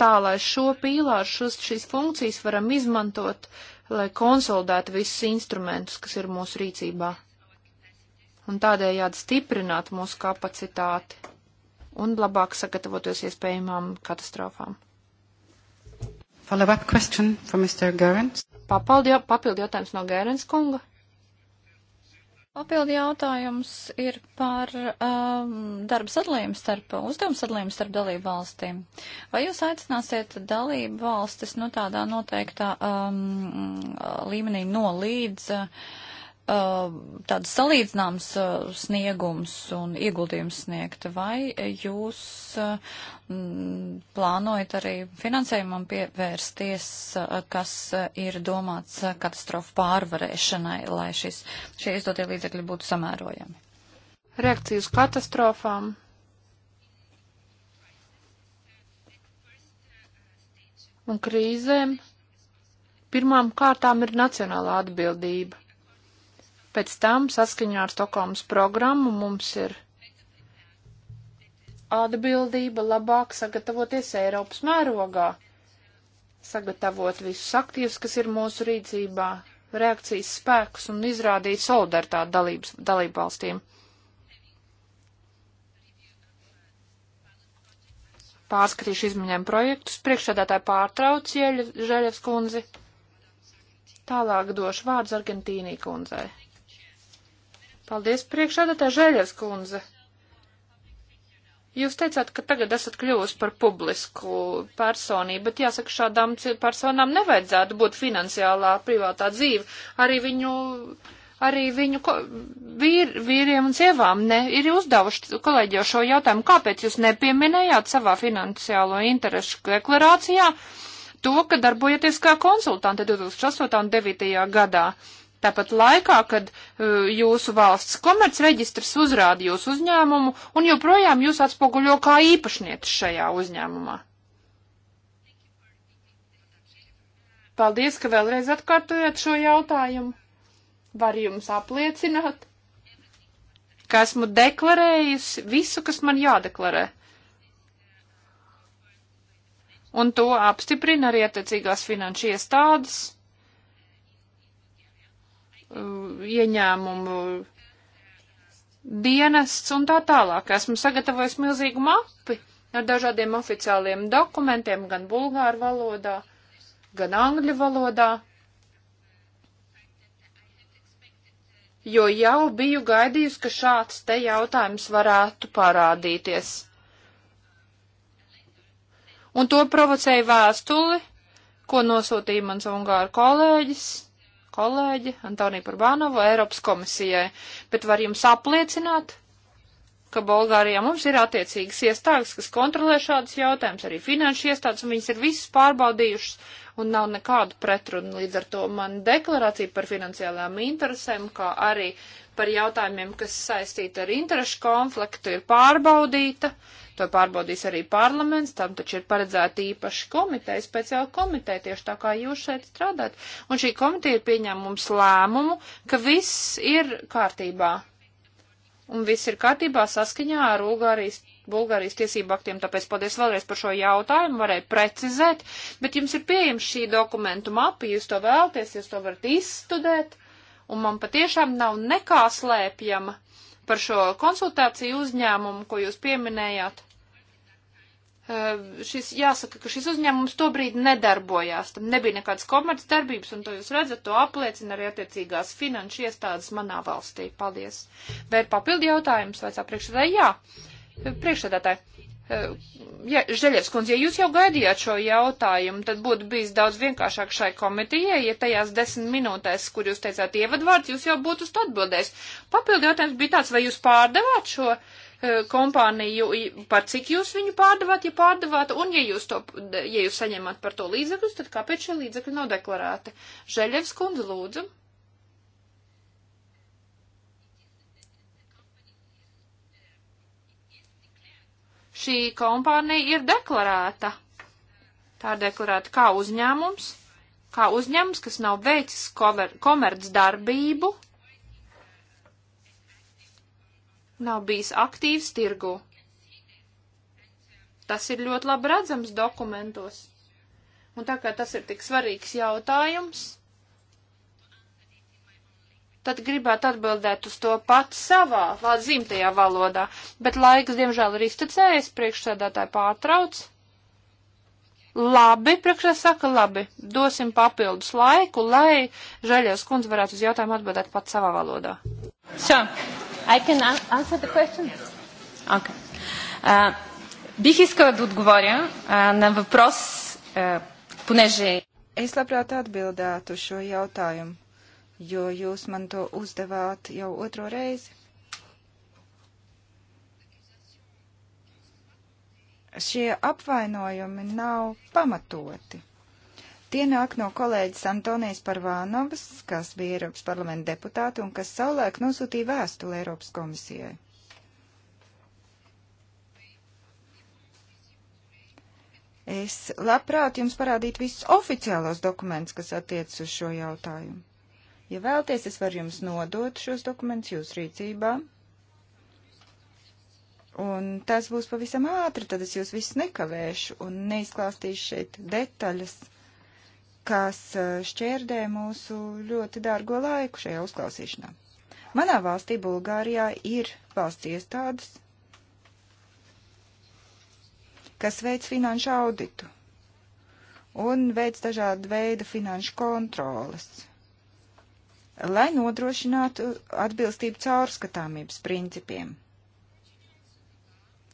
Tā, lai šo pīlāru, šos, šīs funkcijas varam izmantot, lai konsolidētu visus instrumentus, kas ir mūsu rīcībā un tādējādi stiprināt mūsu kapacitāti un labāk sagatavoties iespējamām katastrofām. Follow-up question from Mr. Gerens. Papildi, papildi jautājums no Gerens kunga. Papildi jautājums ir par um, darba sadalījumu starp, uzdevumu sadalījumu starp dalību valstīm. Vai jūs aicināsiet dalību valstis no nu, tādā noteiktā um, līmenī no līdz uh, Uh, tāds salīdzināms uh, sniegums un ieguldījums sniegt, vai jūs uh, plānojat arī finansējumam pievērsties, kas ir domāts katastrofu pārvarēšanai, lai šis, šie izdotie līdzekļi būtu samērojami? Reakcijas katastrofām un krīzēm pirmām kārtām ir nacionālā atbildība Pēc tam, saskaņā ar Stokholmas programmu, mums ir atbildība labāk sagatavoties Eiropas mērogā, sagatavot visus aktīvus, kas ir mūsu rīcībā, reakcijas spēkus un izrādīt solidaritāti dalības, dalību valstīm. Pārskatīšu izmaiņām projektus. Priekšsēdētāji pārtrauc Žēļevs kundzi. Tālāk došu vārdu Argentīnī kundzei. Paldies priekšādatā Žēļas kundze. Jūs teicāt, ka tagad esat kļuvusi par publisku personību, bet jāsaka, šādām personām nevajadzētu būt finansiālā privātā dzīve. Arī viņu, arī viņu ko, vīr, vīriem un sievām ne, ir uzdevuši kolēģi jau šo jautājumu, kāpēc jūs nepieminējāt savā finansiālo interešu deklarācijā to, ka darbojaties kā konsultanti 2008. un 2009. gadā. Tāpat laikā, kad uh, jūsu valsts komercreģistrs uzrāda jūsu uzņēmumu un joprojām jūs atspoguļo kā īpašnieks šajā uzņēmumā. Paldies, ka vēlreiz atkārtojat šo jautājumu. Var jums apliecināt, ka esmu deklarējusi visu, kas man jādeklarē un to apstiprina arī attiecīgās finanšu iestādes ieņēmumu dienests un tā tālāk. Esmu sagatavojis milzīgu mapi ar dažādiem oficiāliem dokumentiem, gan bulgāru valodā, gan angļu valodā. Jo jau biju gaidījusi, ka šāds te jautājums varētu parādīties. Un to provocēja vēstuli, ko nosūtīja mans ungāru kolēģis kolēģi Antonija Parbānovu Eiropas komisijai, bet var jums apliecināt, ka Bulgārijā mums ir attiecīgas iestādes, kas kontrolē šādus jautājumus, arī finanšu iestādes, un viņas ir visas pārbaudījušas, un nav nekādu pretrunu. Līdz ar to man deklarācija par finansiālām interesēm, kā arī par jautājumiem, kas saistīti ar interešu konfliktu, ir pārbaudīta. Uh, To pārbaudīs arī parlaments, tam taču ir paredzēta īpaša komiteja, speciāla komiteja, tieši tā kā jūs šeit strādājat. Un šī komiteja ir pieņēmums lēmumu, ka viss ir kārtībā. Un viss ir kārtībā saskaņā ar Ungārijas Bulgārijas tiesību aktiem, tāpēc paldies vēlreiz par šo jautājumu, varēju precizēt, bet jums ir pieejams šī dokumentu mapa, jūs to vēlties, jūs to varat izstudēt, un man patiešām nav nekā slēpjama par šo konsultāciju uzņēmumu, ko jūs pieminējāt. Šis, jāsaka, ka šis uzņēmums to brīdi nedarbojās, tam nebija nekādas komerces darbības, un to jūs redzat, to apliecina arī attiecīgās finanšu iestādes manā valstī. Paldies. Vai ir papildi jautājums vai sapriekšredē? Jā, priekšredētāji. Eh, ja, Žaļevs kundze, ja jūs jau gaidījāt šo jautājumu, tad būtu bijis daudz vienkāršāk šai komitijai, ja tajās desmit minūtēs, kur jūs teicāt ievadvārds, jūs jau būtu uz to atbildējis. Papildu jautājums bija tāds, vai jūs pārdevāt šo eh, kompāniju, par cik jūs viņu pārdevāt, ja pārdevāt, un ja jūs, to, ja jūs saņemat par to līdzekļus, tad kāpēc šie līdzekļi nav deklarēti? Žaļevs kundze, lūdzu. šī kompānija ir deklarēta. Tā ir deklarēta kā uzņēmums, kā uzņēmums, kas nav veicis komerc darbību, nav bijis aktīvs tirgu. Tas ir ļoti labi redzams dokumentos. Un tā kā tas ir tik svarīgs jautājums, tad gribētu atbildēt uz to pats savā dzimtajā valodā, bet laiks, diemžēl, ir iztecējis, priekšsēdētāji pārtrauc. Labi, priekšā saka, labi, dosim papildus laiku, lai žaļās kundze varētu uz jautājumu atbildēt pat savā valodā. So, I can answer the question? Okay. Uh, бих искала да отговоря uh, на въпрос, uh, понеже... Es labprāt atbildētu šo jautājumu jo jūs man to uzdevāt jau otro reizi. Šie apvainojumi nav pamatoti. Tie nāk no kolēģis Antonijas Parvānovas, kas bija Eiropas parlamenta deputāta un kas savulaik nosūtīja vēstuli Eiropas komisijai. Es labprāt jums parādītu visus oficiālos dokumentus, kas attiecas uz šo jautājumu. Ja vēlties, es varu jums nodot šos dokumentus jūs rīcībā. Un tas būs pavisam ātri, tad es jūs visus nekavēšu un neizklāstīšu šeit detaļas, kas uh, šķērdē mūsu ļoti dārgo laiku šajā uzklausīšanā. Manā valstī Bulgārijā ir valsts iestādes, kas veids finanšu auditu un veids dažādu veidu finanšu kontrolas lai nodrošinātu atbilstību caurskatāmības principiem.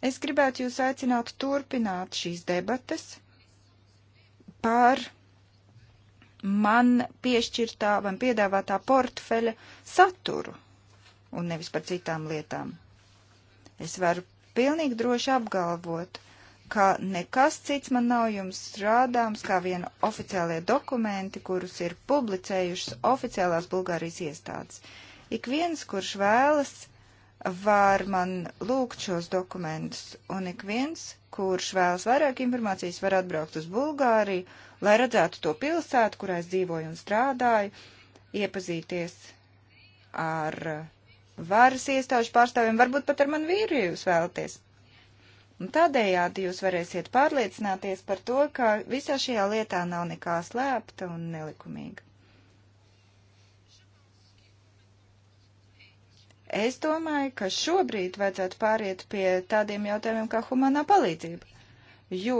Es gribētu jūs aicināt turpināt šīs debates par man piešķirtā vai piedāvātā portfeļa saturu un nevis par citām lietām. Es varu pilnīgi droši apgalvot, ka nekas cits man nav jums strādāms kā vien oficiālie dokumenti, kurus ir publicējušas oficiālās Bulgārijas iestādes. Ik viens, kurš vēlas, var man lūgt šos dokumentus, un ik viens, kurš vēlas vairāk informācijas, var atbraukt uz Bulgāriju, lai redzētu to pilsētu, kurā es dzīvoju un strādāju, iepazīties ar varas iestāžu pārstāvjiem, varbūt pat ar manu vīru, ja jūs vēlaties. Un tādējādi jūs varēsiet pārliecināties par to, ka visā šajā lietā nav nekā slēpta un nelikumīga. Es domāju, ka šobrīd vajadzētu pāriet pie tādiem jautājumiem kā humanā palīdzība, jo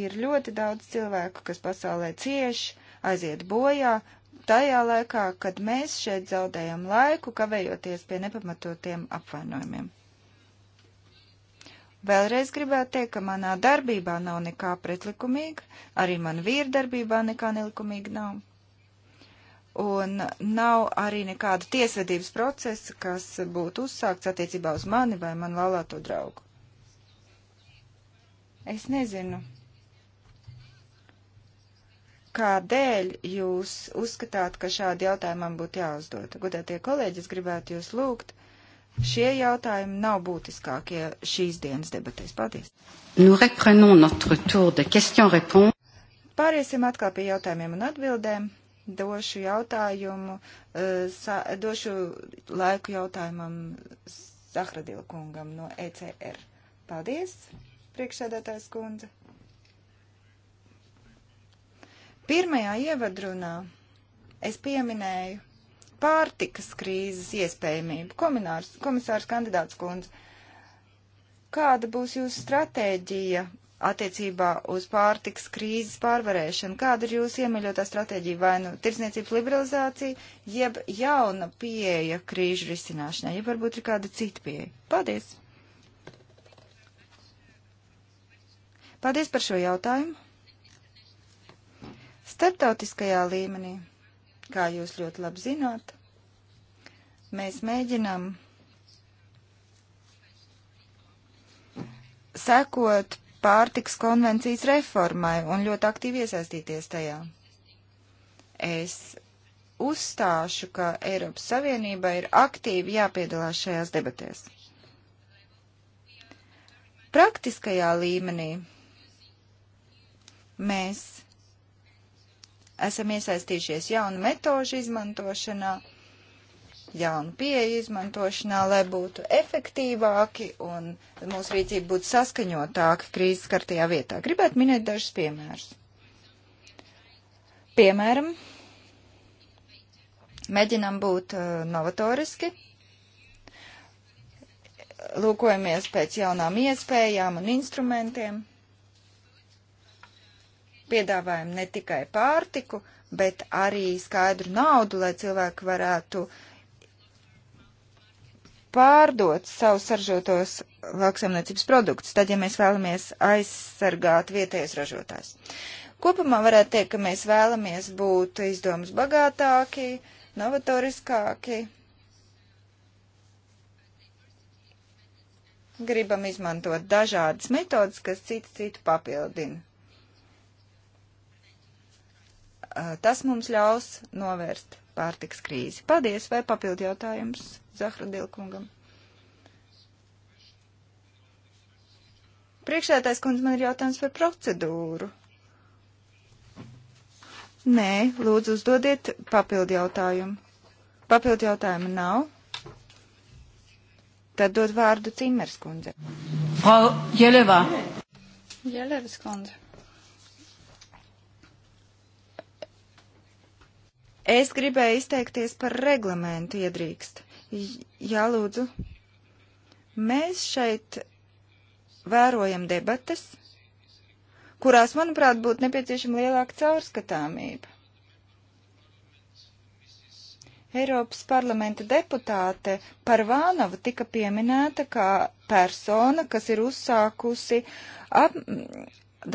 ir ļoti daudz cilvēku, kas pasaulē cieš, aiziet bojā, tajā laikā, kad mēs šeit zaudējam laiku, kavējoties pie nepamatotiem apvainojumiem. Vēlreiz gribētu teikt, ka manā darbībā nav nekā pretlikumīga, arī man vīra darbībā nekā nelikumīga nav. Un nav arī nekāda tiesvedības procesa, kas būtu uzsākts attiecībā uz mani vai manu laulāto draugu. Es nezinu, kādēļ jūs uzskatāt, ka šādi jautājumi man būtu jāuzdod. Godētie kolēģi, es gribētu jūs lūgt Šie jautājumi nav būtiskākie šīs dienas debatēs. Paldies! Pāriesim atkal pie jautājumiem un atbildēm. Došu jautājumu, eh, sa, došu laiku jautājumam Zahradila kungam no ECR. Paldies, priekšsēdētājs kundze. Pirmajā ievadrunā es pieminēju pārtikas krīzes iespējamību. Kominārs, komisārs kandidāts kundze, kāda būs jūsu stratēģija attiecībā uz pārtikas krīzes pārvarēšanu? Kāda ir jūsu iemīļotā stratēģija vai nu tirsniecības liberalizācija, jeb jauna pieeja krīžu risināšanai, jeb varbūt ir kāda cita pieeja? Paldies! Paldies par šo jautājumu! Startautiskajā līmenī. Kā jūs ļoti labi zināt, mēs mēģinām sekot pārtiks konvencijas reformai un ļoti aktīvi iesaistīties tajā. Es uzstāšu, ka Eiropas Savienība ir aktīvi jāpiedalās šajās debatēs. Praktiskajā līmenī mēs esam iesaistījušies jaunu metožu izmantošanā, jaunu pieeju izmantošanā, lai būtu efektīvāki un mūsu rīcība būtu saskaņotāka krīzes kartajā vietā. Gribētu minēt dažus piemērus. Piemēram, mēģinam būt uh, novatoriski, lūkojamies pēc jaunām iespējām un instrumentiem Piedāvājam ne tikai pārtiku, bet arī skaidru naudu, lai cilvēki varētu pārdot savus saržotos lauksaimniecības produktus, tad, ja mēs vēlamies aizsargāt vietējais ražotājs. Kopumā varētu teikt, ka mēs vēlamies būt izdomas bagātāki, novatoriskāki, gribam izmantot dažādas metodas, kas citu citu papildina. Tas mums ļaus novērst pārtiks krīzi. Paldies, vai papildi jautājums Zahradilkungam? Priekšētais kundze, man ir jautājums par procedūru. Nē, lūdzu, uzdodiet papildi jautājumu. Papildi jautājumu nav. Tad dod vārdu Cimers kundze. Frau Jeleva. Jelevas kundze. Es gribēju izteikties par reglamentu iedrīkst. Jā, lūdzu. Mēs šeit vērojam debates, kurās, manuprāt, būtu nepieciešama lielāka caurskatāmība. Eiropas parlamenta deputāte Parvānova tika pieminēta kā persona, kas ir uzsākusi ap,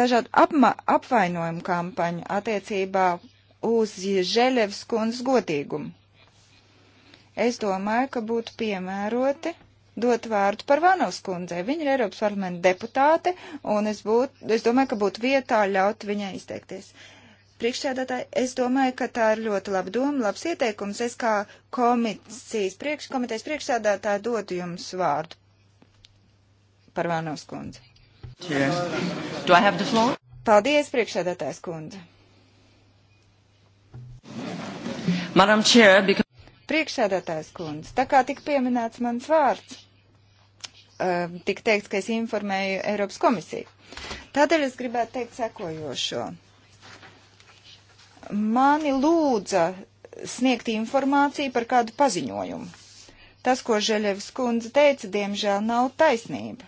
dažādu apma, apvainojumu kampaņu attiecībā uz Žēļevs kundzes godīgumu. Es domāju, ka būtu piemēroti dot vārdu par Vanovs kundzei. Viņa ir Eiropas parlamenta deputāte, un es, būtu, es domāju, ka būtu vietā ļaut viņai izteikties. Priekšsēdētāji, es domāju, ka tā ir ļoti laba doma, labs ieteikums. Es kā komisijas priekš, komitejas priekšsēdētāja dodu jums vārdu par Vanovs kundzi. Paldies, priekšsēdētājs kundze. Chair, because... Priekšsēdētājs kundze, tā kā tik pieminēts mans vārds, uh, ehm, tik teikts, ka es informēju Eiropas komisiju. Tādēļ es gribētu teikt sekojošo. Mani lūdza sniegt informāciju par kādu paziņojumu. Tas, ko Žeļevs kundze teica, diemžēl nav taisnība.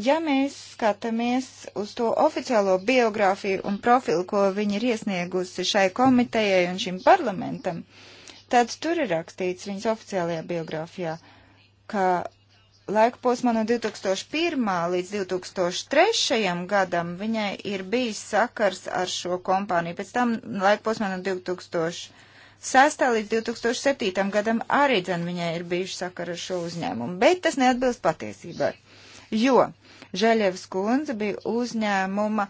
Ja mēs skatāmies uz to oficiālo biogrāfiju un profilu, ko viņa ir iesniegusi šai komitejai un šim parlamentam, tad tur ir rakstīts viņas oficiālajā biogrāfijā, ka laika posmā no 2001. līdz 2003. gadam viņai ir bijis sakars ar šo kompāniju. Pēc tam laika posmā no 2006. līdz 2007. gadam arī dzen viņai ir bijuši sakari ar šo uzņēmumu, bet tas neatbilst patiesībai. Jo Žaļevs kundze bija uzņēmuma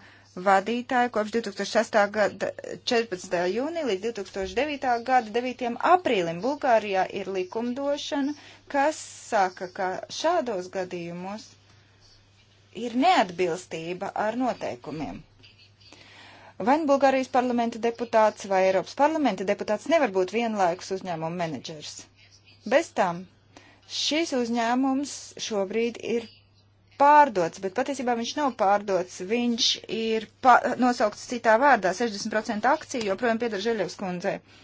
vadītāja kopš 2006. gada 14. jūnija līdz 2009. gada 9. aprīlim. Bulgārijā ir likumdošana, kas saka, ka šādos gadījumos ir neatbilstība ar noteikumiem. Vai nu Bulgārijas parlamenta deputāts vai Eiropas parlamenta deputāts nevar būt vienlaikus uzņēmuma menedžers. Bez tam šis uzņēmums šobrīd ir pārdots, bet patiesībā viņš nav pārdots, viņš ir pa, nosaukts citā vārdā, 60% akciju joprojām pieder Žeļevs kundzei. Uh,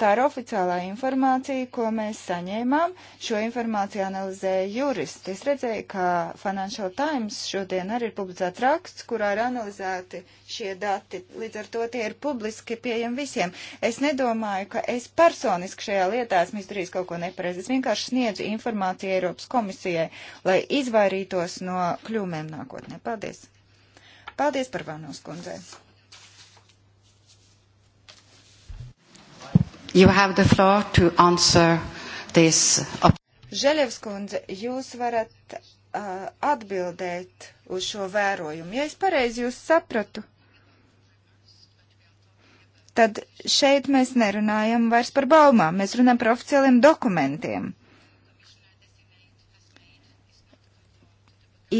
Tā ir oficiālā informācija, ko mēs saņēmām. Šo informāciju analizēja juristi. Es redzēju, ka Financial Times šodien arī ir publicēts raksts, kurā ir analizēti šie dati. Līdz ar to tie ir publiski pieejami visiem. Es nedomāju, ka es personiski šajā lietā esmu izdarījis kaut ko nepareizi. Es vienkārši sniedzu informāciju Eiropas komisijai, lai izvairītos no kļūmēm nākotnē. Paldies! Paldies par Vānos kundzei! You have the floor to answer this. Želevs kundze, jūs varat uh, atbildēt uz šo vērojumu. Ja es pareizi jūs sapratu, tad šeit mēs nerunājam vairs par baumām, mēs runājam par oficiāliem dokumentiem.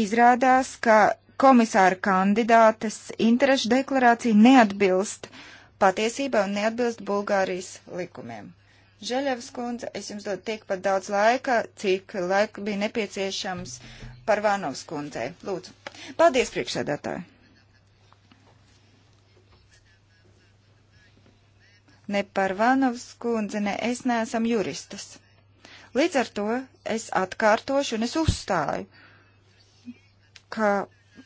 Izrādās, ka komisāra kandidātes interešu deklarācija neatbilst uh, patiesībai un neatbilst Bulgārijas likumiem. Žaļavas kundze, es jums dodu tikpat daudz laika, cik laika bija nepieciešams par Vānovas kundzei. Lūdzu. Paldies, priekšsēdētāji! Ne par Vānovas kundzi, ne es neesam juristas. Līdz ar to es atkārtošu un es uzstāju, ka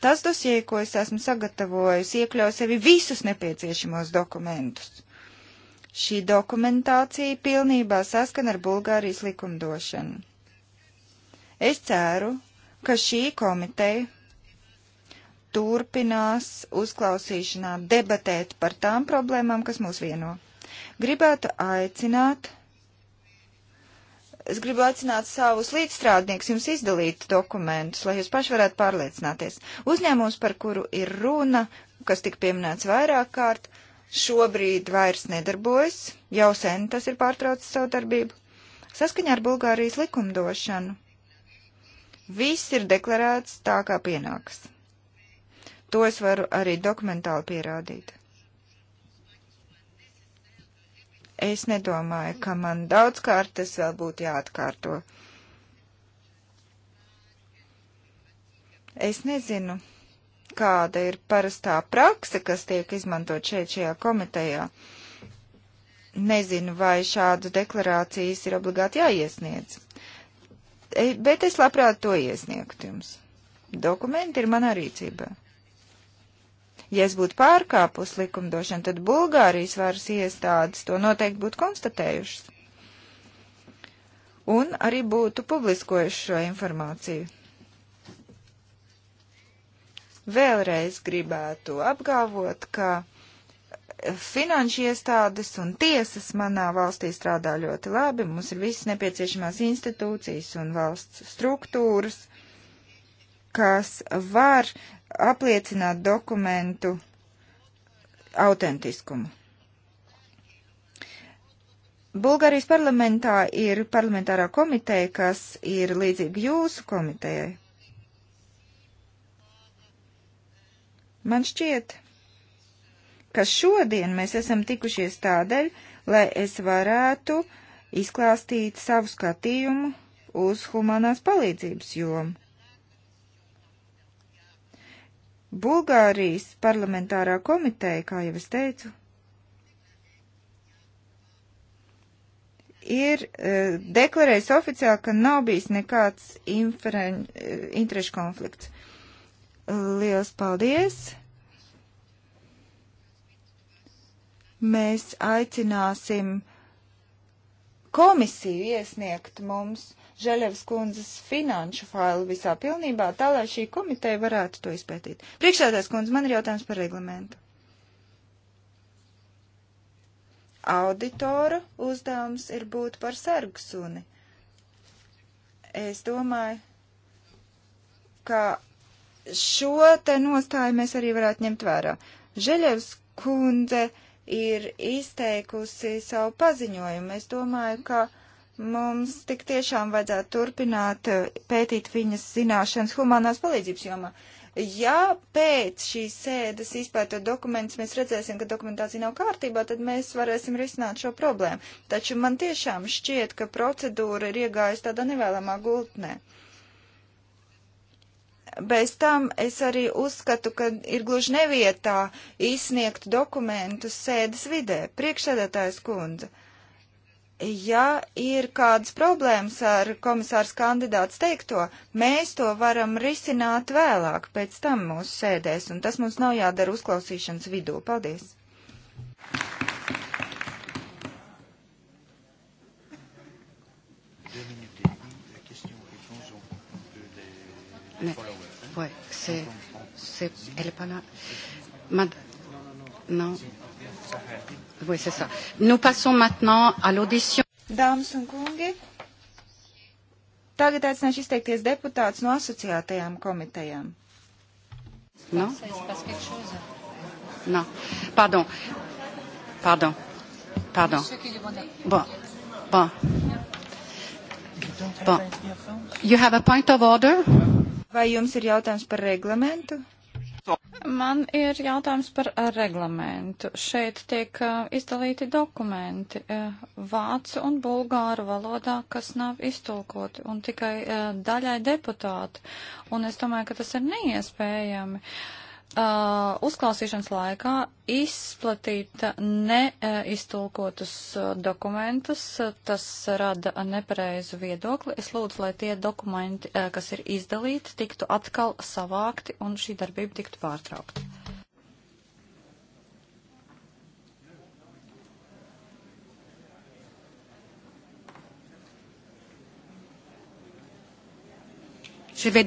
Tas dosie, ko es esmu sagatavojis, iekļauj sevi visus nepieciešamos dokumentus. Šī dokumentācija pilnībā saskan ar Bulgārijas likumdošanu. Es ceru, ka šī komiteja turpinās uzklausīšanā debatēt par tām problēmām, kas mūs vieno. Gribētu aicināt Es gribu aicināt savus līdzstrādniekus jums izdalīt dokumentus, lai jūs paši varētu pārliecināties. Uzņēmums, par kuru ir runa, kas tika pieminēts vairāk kārt, šobrīd vairs nedarbojas, jau sen tas ir pārtraucis savu darbību. Saskaņā ar Bulgārijas likumdošanu viss ir deklarēts tā, kā pienāks. To es varu arī dokumentāli pierādīt. Es nedomāju, ka man daudzkārt tas vēl būtu jāatkārto. Es nezinu, kāda ir parastā prakse, kas tiek izmantot šeit šajā komitejā. Nezinu, vai šādu deklarācijas ir obligāti jāiesniedz. E, bet es labprāt to iesniegtu jums. Dokumenti ir manā rīcībā. Ja es būtu pārkāpus likumdošanu, tad Bulgārijas varas iestādes to noteikti būtu konstatējušas. Un arī būtu publiskojuši šo informāciju. Vēlreiz gribētu apgalvot, ka finanšu iestādes un tiesas manā valstī strādā ļoti labi. Mums ir visas nepieciešamās institūcijas un valsts struktūras, kas var apliecināt dokumentu autentiskumu. Bulgārijas parlamentā ir parlamentārā komiteja, kas ir līdzīga jūsu komitejai. Man šķiet, ka šodien mēs esam tikušies tādēļ, lai es varētu izklāstīt savu skatījumu uz humanās palīdzības jomu. Bulgārijas parlamentārā komiteja, kā jau es teicu, ir uh, e, deklarējis oficiāli, ka nav bijis nekāds inferen, uh, e, interešu konflikts. Lielas paldies! Mēs aicināsim komisiju iesniegt mums uh, Želevs kundzes finanšu failu visā pilnībā, tā lai šī komiteja varētu to izpētīt. Priekšsēdēs kundze, man ir jautājums par reglamentu. Auditoru uzdevums ir būt par sargsuni. Es domāju, ka šo te nostāju mēs arī varētu ņemt vērā. Žeļevs kundze ir izteikusi savu paziņojumu. Es domāju, ka Mums tik tiešām vajadzētu turpināt eh, pētīt viņas zināšanas humanās palīdzības jomā. Ja pēc šīs sēdes izpētot dokumentus mēs redzēsim, ka dokumentācija nav kārtībā, tad mēs varēsim risināt šo problēmu. Taču man tiešām šķiet, ka procedūra ir iegājusi tādā nevēlamā gultnē. Bez tam es arī uzskatu, ka ir gluži nevietā izsniegt dokumentus sēdes vidē, priekšsēdētājs kundze. Uh, ja ir kādas problēmas ar komisārs kandidāts teikto, mēs to varam risināt vēlāk, pēc tam mūsu sēdēs, un tas mums nav jādara uzklausīšanas vidū. Paldies! Mais, ouais, c'est, c'est, elle est pas là. Mad, non. non. Oui, c'est ça. Nous passons maintenant à l'audition. Dāmas un kungi, tagad aicināšu izteikties deputāts no asociētajām komitejām. No? No. Pardon. Pardon. Pardon. Bon. Bon. Bon. You have a point of order? Vai jums ir jautājums par reglamentu? Man ir jautājums par eh, reglamentu. Šeit tiek eh, izdalīti dokumenti eh, vācu un bulgāru valodā, kas nav iztulkoti, un tikai daļai deputāti. Un es domāju, ka tas ir neiespējami. Uh, Uh, uzklausīšanas laikā izplatīt neiztulkotus uh, dokumentus. Tas rada nepareizu viedokli. Es lūdzu, lai tie dokumenti, uh, kas ir izdalīti, tiktu atkal savākti un šī darbība tiktu pārtraukta. Es eh,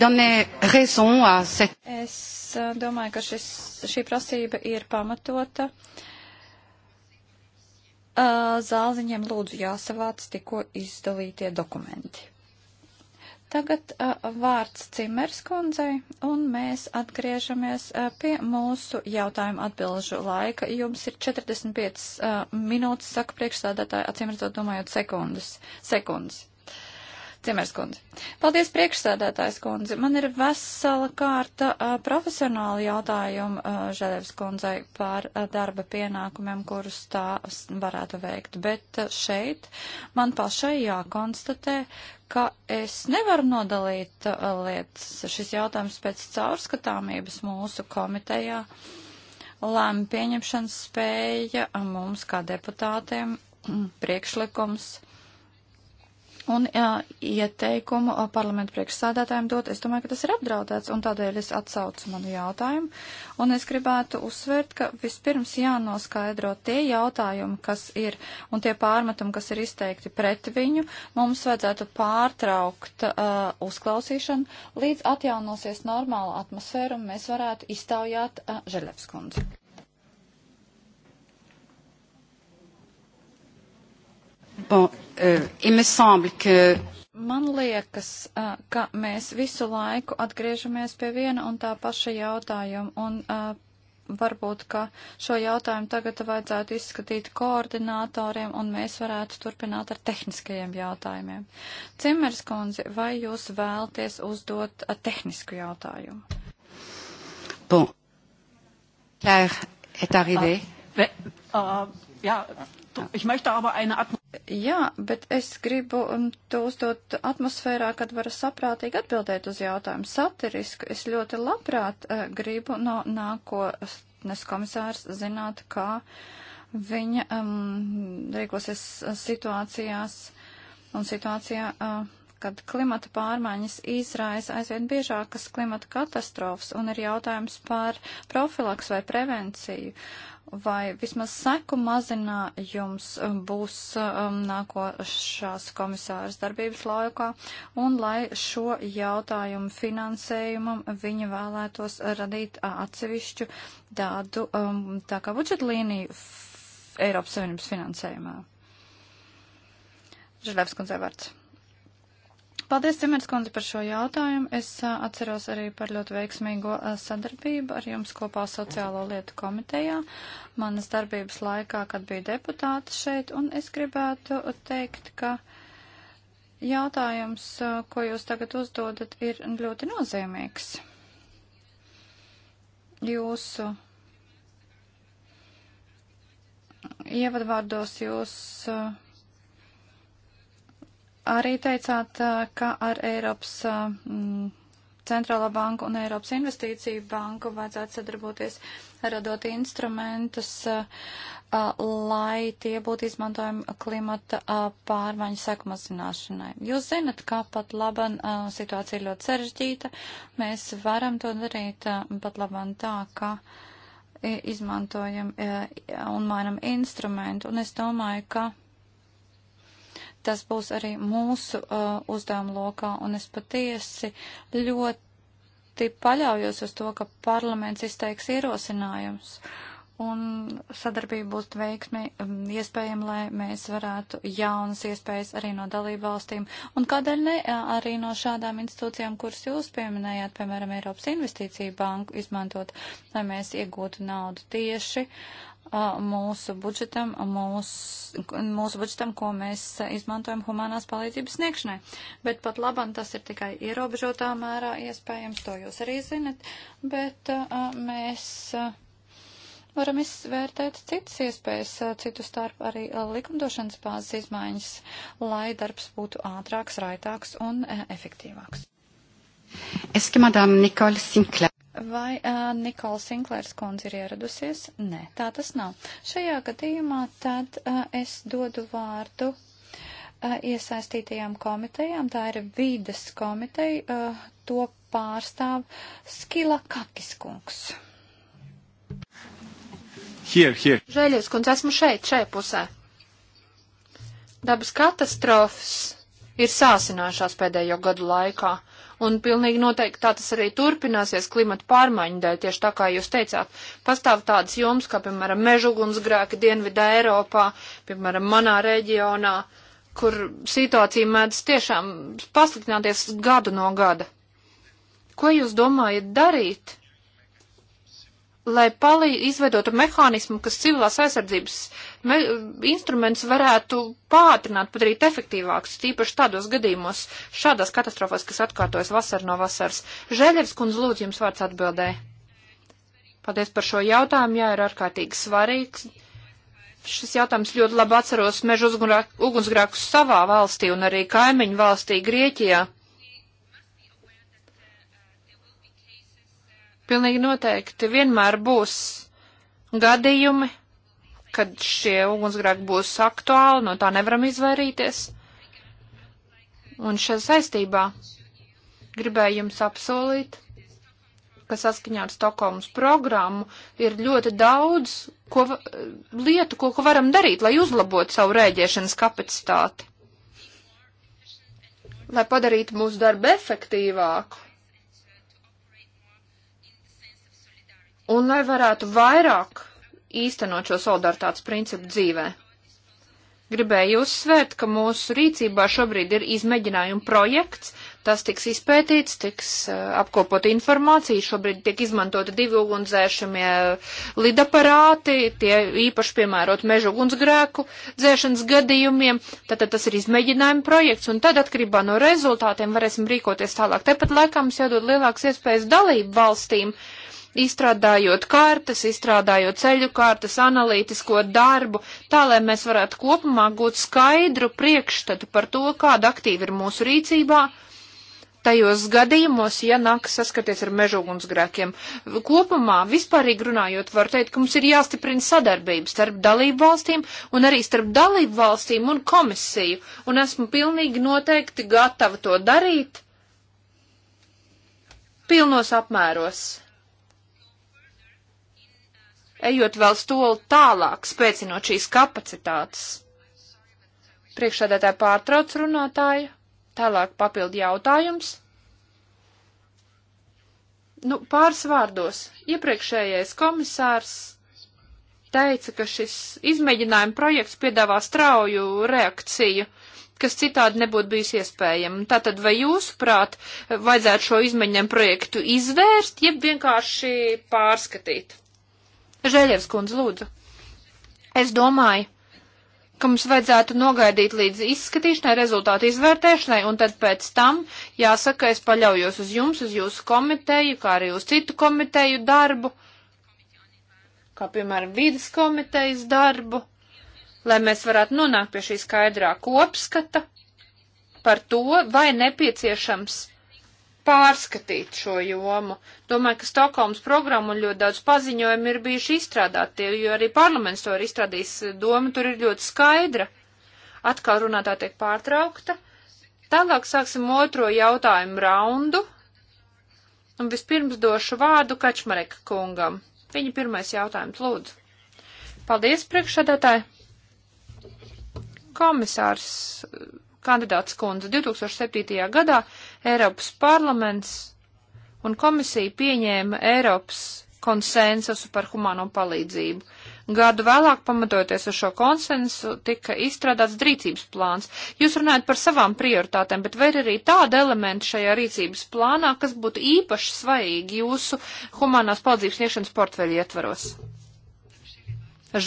domāju, ka šis, šī prasība ir pamatota. Eh, zāliņiem lūdzu jāsavāc tikko izdalītie dokumenti. Tagad uh, vārds Cimers kundzei, un mēs atgriežamies uh, pie mūsu jautājumu atbilžu laika. Jums ir 45 uh, minūtes, saka priekšsādātāja, acīmredzot domājot sekundes. sekundes. Cimers kundze. Paldies priekšsēdētājs kundze. Man ir vesela kārta uh, profesionāla jautājuma uh, Želevs kundzei par uh, darba pienākumiem, kurus tā varētu veikt. Bet uh, šeit man pašai jākonstatē, ka es nevaru nodalīt uh, lietas. Šis jautājums pēc caurskatāmības mūsu komitejā lēma pieņemšanas spēja mums kā deputātiem priekšlikums un jā, ieteikumu parlamentu priekšsādātājiem dot. Es domāju, ka tas ir apdraudēts, un tādēļ es atsaucu manu jautājumu. Un es gribētu uzsvērt, ka vispirms jānoskaidro tie jautājumi, kas ir, un tie pārmetumi, kas ir izteikti pret viņu. Mums vajadzētu pārtraukt uh, uzklausīšanu, līdz atjaunosies normāla atmosfēra, un mēs varētu iztaujāt uh, Želepskundzi. Bon, uh, il me semble, ka... Man liekas, uh, ka mēs visu laiku atgriežamies pie viena un tā paša jautājuma. Un, uh, varbūt, ka šo jautājumu tagad vajadzētu izskatīt koordinātoriem, un mēs varētu turpināt ar tehniskajiem jautājumiem. Cimers kundze, vai jūs vēlties uzdot tehnisku jautājumu? Bon. Claire, est arrivée. Ah. Uh, äh, jā, tu, ich möchte aber eine Jā, bet es gribu um, to uzdot atmosfērā, kad var saprātīgi atbildēt uz jautājumu satirisku. Es ļoti labprāt uh, gribu no nākotnes komisārs zināt, kā viņa um, rīkosies uh, situācijās un situācijā. Uh, kad klimata pārmaiņas izraisa aizvien biežākas klimata katastrofas un ir jautājums par profilaks vai prevenciju. Uh, vai vismaz seku mazinājums būs um, nākošās komisāras darbības laikā, un lai šo jautājumu finansējumam viņa vēlētos radīt atsevišķu tādu um, tā kā budžeta līniju Eiropas Savienības finansējumā. Žilevs kundze vārds. Paldies, Cimers kundze, par šo jautājumu. Es a, atceros arī par ļoti veiksmīgo a, sadarbību ar jums kopā sociālo lietu komitejā, manas darbības laikā, kad biju deputāta šeit, un es gribētu teikt, ka jautājums, a, ko jūs tagad uzdodat, ir ļoti nozīmīgs. Jūsu ievadvārdos jūs. Uh, Arī teicāt, ka ar Eiropas mm, Centrālā banka un Eiropas Investīcija banku vajadzētu sadarboties, radot instrumentus, lai tie būtu izmantojami klimata pārmaiņu sekmazināšanai. Jūs zinat, ka pat laban situācija ir ļoti sarežģīta. Mēs varam to darīt pat laban tā, ka izmantojam un mainam instrumentu. Un es domāju, ka Tas būs arī mūsu uh, uzdevuma lokā, un es patiesi ļoti paļaujos uz to, ka parlaments izteiks ierosinājumus, un sadarbība būs veiksmi um, iespējama, lai mēs varētu jaunas iespējas arī no dalību valstīm, un kādēļ ne uh, arī no šādām institūcijām, kuras jūs pieminējāt, piemēram, Eiropas investīciju banku izmantot, lai mēs iegūtu naudu tieši uh, mūsu budžetam, mūsu, mūsu budžetam, ko mēs izmantojam humanās palīdzības sniegšanai. Bet pat labam tas ir tikai ierobežotā mērā iespējams, to jūs arī zinat, bet mēs varam izvērtēt citas iespējas, citu starp arī likumdošanas bāzes izmaiņas, lai darbs būtu ātrāks, raitāks un e, efektīvāks. Eski madam Nikola Sinclair. Vai uh, Nikola Sinklērs kundze ir ieradusies? Nē, tā tas nav. Šajā gadījumā tad uh, es dodu vārdu uh, iesaistītajām komitejām. Tā ir vīdes komiteja, uh, to pārstāv Skila Kakis kungs. Here, here. Žēļies kundze, esmu šeit, šajā pusē. Dabas katastrofas ir sāsinājušās pēdējo gadu laikā un pilnīgi noteikti tā tas arī turpināsies klimata pārmaiņu dēļ, tieši tā kā jūs teicāt. Pastāv tādas jomas, kā piemēram mežugunsgrēki Dienvidē Eiropā, piemēram manā reģionā, kur situācija mēdz tiešām pasliktināties gadu no gada. Ko jūs domājat darīt? lai palī, izveidotu mehānismu, kas civilās aizsardzības uh, me, uh, instruments varētu pātrināt, padarīt efektīvāks, tīpaši tādos gadījumos, šādās katastrofās, kas atkārtojas vasar no vasaras. Žēļevs kundze, lūdzu, jums vārds atbildē. Paldies par šo jautājumu, jā, ir ārkārtīgi svarīgs. Šis jautājums ļoti labi atceros mežu ugunsgrākus savā valstī un arī kaimiņu valstī Grieķijā. Pilnīgi noteikti vienmēr būs gadījumi, kad šie ugunsgrēki būs aktuāli, no tā nevaram izvairīties. Un šajā saistībā gribēju jums apsolīt, ka saskaņā ar Stokholmas programmu ir ļoti daudz ko, lietu, ko, ko varam darīt, lai uzlabotu savu rēģēšanas kapacitāti, lai padarītu mūsu darbu efektīvāku. Un lai varētu vairāk īstenot šo solidaritātes principu dzīvē. Gribēju uzsvērt, ka mūsu rīcībā šobrīd ir izmēģinājuma projekts, tas tiks izpētīts, tiks eh, apkopot informāciju, šobrīd tiek izmantoti divi ugunsdzēšamie eh, lidaparāti, tie īpaši piemērot mežu ugunsgrēku dzēšanas gadījumiem, tātad tas ir izmēģinājuma projekts, un tad atkarībā no rezultātiem varēsim rīkoties tālāk. Tepat laikā mums jādod lielāks iespējas dalību valstīm uh, izstrādājot kartes, izstrādājot ceļu kartes, analītisko darbu, tā lai mēs varētu kopumā gūt skaidru priekšstatu par to, kāda aktīva ir mūsu rīcībā, tajos gadījumos, ja nākas saskaties ar mežugunsgrēkiem. Kopumā, vispārīgi runājot, var teikt, ka mums ir jāstiprina sadarbība starp dalību valstīm un arī starp dalību valstīm un komisiju, un esmu pilnīgi noteikti gatava to darīt pilnos apmēros ejot vēl stoli tālāk, spēcinot šīs kapacitātes. Priekšsēdētāja pārtrauc runātāja, tālāk papildi jautājums. Nu, pāris vārdos. Iepriekšējais komisārs teica, ka šis izmēģinājuma projekts piedāvā strauju reakciju kas citādi nebūtu bijis iespējama. Tātad, vai jūsuprāt, vajadzētu šo izmaiņām projektu izvērst, jeb vienkārši pārskatīt? Žēļevs kundze, lūdzu. Es domāju, ka mums vajadzētu nogaidīt līdz izskatīšanai, rezultātu izvērtēšanai, un tad pēc tam jāsaka, es paļaujos uz jums, uz jūsu komiteju, kā arī uz citu komiteju darbu, kā piemēram vidas komitejas darbu, lai mēs varētu nonākt pie šī skaidrā kopskata par to, vai nepieciešams pārskatīt šo jomu. Domāju, ka Stokholmas programma un ļoti daudz paziņojumi ir bijuši izstrādāti, jo arī parlaments to ir izstrādījis. Doma tur ir ļoti skaidra. Atkal runātā tiek pārtraukta. Tālāk sāksim otro jautājumu raundu. Un vispirms došu vārdu Kačmareka kungam. Viņa pirmais jautājums lūdzu. Paldies, priekšsēdētāji. Komisārs kandidāts kundze. 2007. gadā Eiropas parlaments un komisija pieņēma Eiropas konsensusu par humāno palīdzību. Gadu vēlāk, pamatojoties uz šo konsensu, tika izstrādāts rīcības plāns. Jūs runājat par savām prioritātēm, bet vai ir arī tāda elementa šajā rīcības plānā, kas būtu īpaši svaigi jūsu humanās palīdzības sniegšanas portfeļa ietvaros?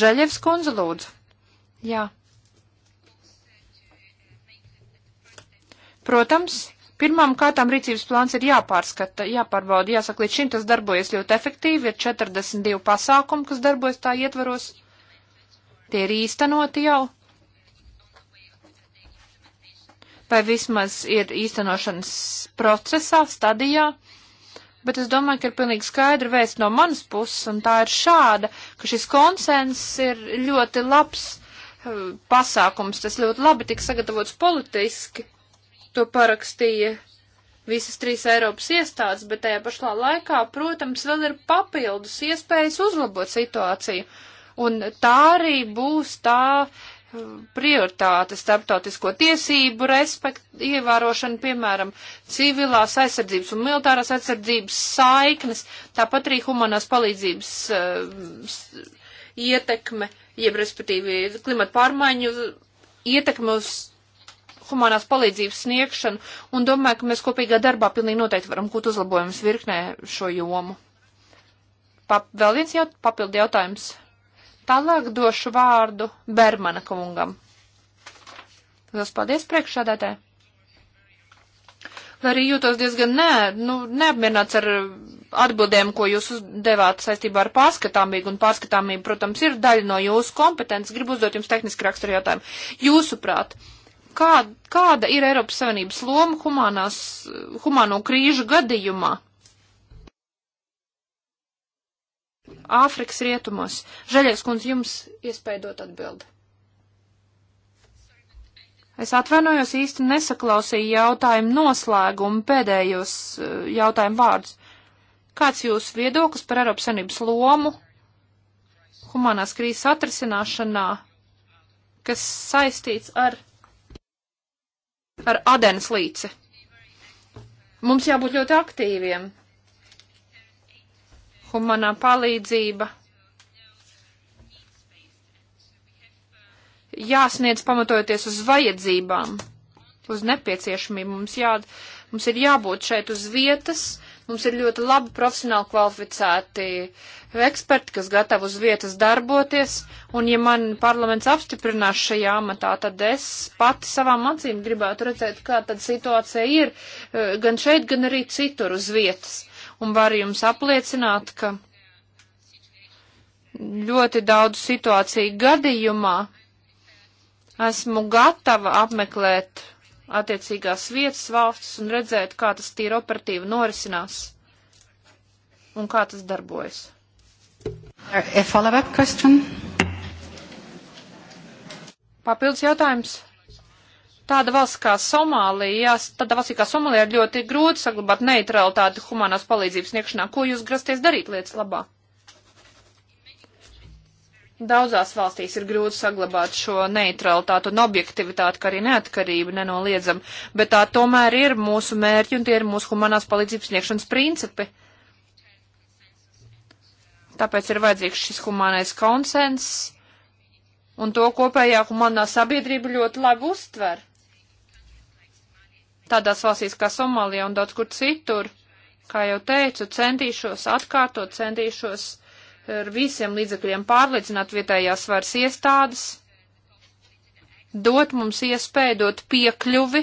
Žaļevs kundze lūdzu. Jā. Protams, Pirmām kārtām rīcības plāns ir jāpārskata, jāpārbauda, jāsaka, līdz šim tas darbojas ļoti efektīvi, ir 42 pasākumi, kas darbojas tā ietvaros, tie ir īstenoti jau, vai vismaz ir īstenošanas procesā, stadijā, bet es domāju, ka ir pilnīgi skaidra vēsts no manas puses, un tā ir šāda, ka šis konsens ir ļoti labs eh, pasākums, tas ļoti labi tika sagatavots politiski To parakstīja visas trīs Eiropas iestādes, bet tajā pašā laikā, protams, vēl ir papildus iespējas uzlabot situāciju. Un tā arī būs tā eh, prioritāte starptautisko tiesību respektu ievērošana, piemēram, civilās aizsardzības un militārās aizsardzības saiknes, tāpat arī humanās palīdzības uh, ietekme, jeb respektīvi klimata pārmaiņu ietekme uz humanās palīdzības sniegšanu, un domāju, ka mēs kopīgā darbā pilnīgi noteikti varam gūt uzlabojumus virknē šo jomu. Pap, vēl viens jaut, papildi jautājums. Tālāk došu vārdu Bermana kungam. Lielas paldies priekšādātē. Lai arī jūtos diezgan ne, nu, neapmierināts ar atbildēm, ko jūs devāt saistībā ar pārskatāmību, un pārskatāmība, protams, ir daļa no jūsu kompetences. Gribu uzdot jums tehniski raksturu jautājumu. Jūsuprāt, uh, kā, kāda ir Eiropas Savienības loma humanās, humāno krīžu gadījumā? Āfrikas rietumos. Žaļies kundze, jums iespēja dot atbildi. Es atvainojos īsti nesaklausīju jautājumu noslēgumu pēdējos eh, jautājumu vārdus. Kāds jūs viedoklis par Eiropas Savienības lomu humanās krīzes atrisināšanā, kas saistīts ar ar Adenas līci. Mums jābūt ļoti aktīviem. Humanā palīdzība. Jāsniedz pamatojoties uz vajadzībām, uz nepieciešamību. Mums, jā, mums ir jābūt šeit uz vietas Mums ir ļoti labi profesionāli kvalificēti eksperti, kas gatavi uz vietas darboties, un ja man parlaments apstiprinās šajā amatā, tad es pati savām acīm gribētu redzēt, kā tad situācija ir e, gan šeit, gan arī citur uz vietas. Un varu jums apliecināt, ka ļoti daudz situāciju gadījumā esmu gatava apmeklēt attiecīgās vietas valsts un redzēt, kā tas tīri operatīvi norisinās un kā tas darbojas. Papildus jautājums. Tāda valsts kā Somālija, jā, tāda valsts kā Somālija ir ļoti grūti saglabāt neutralitāti humanās palīdzības sniegšanā. Ko jūs grasties darīt lietas labā? Daudzās valstīs ir grūti saglabāt šo neutralitātu un objektivitāti, kā arī neatkarību nenoliedzam, bet tā tomēr ir mūsu mērķi un tie ir mūsu humanās palīdzības sniegšanas principi. Tāpēc ir vajadzīgs šis humanais konsens, un to kopējā humanā sabiedrība ļoti labi uztver. Tādās valstīs kā Somālija un daudz kur citur, kā jau teicu, centīšos atkārtot, centīšos ar visiem līdzekļiem pārliecināt vietējās varas iestādes, dot mums iespēju dot piekļuvi,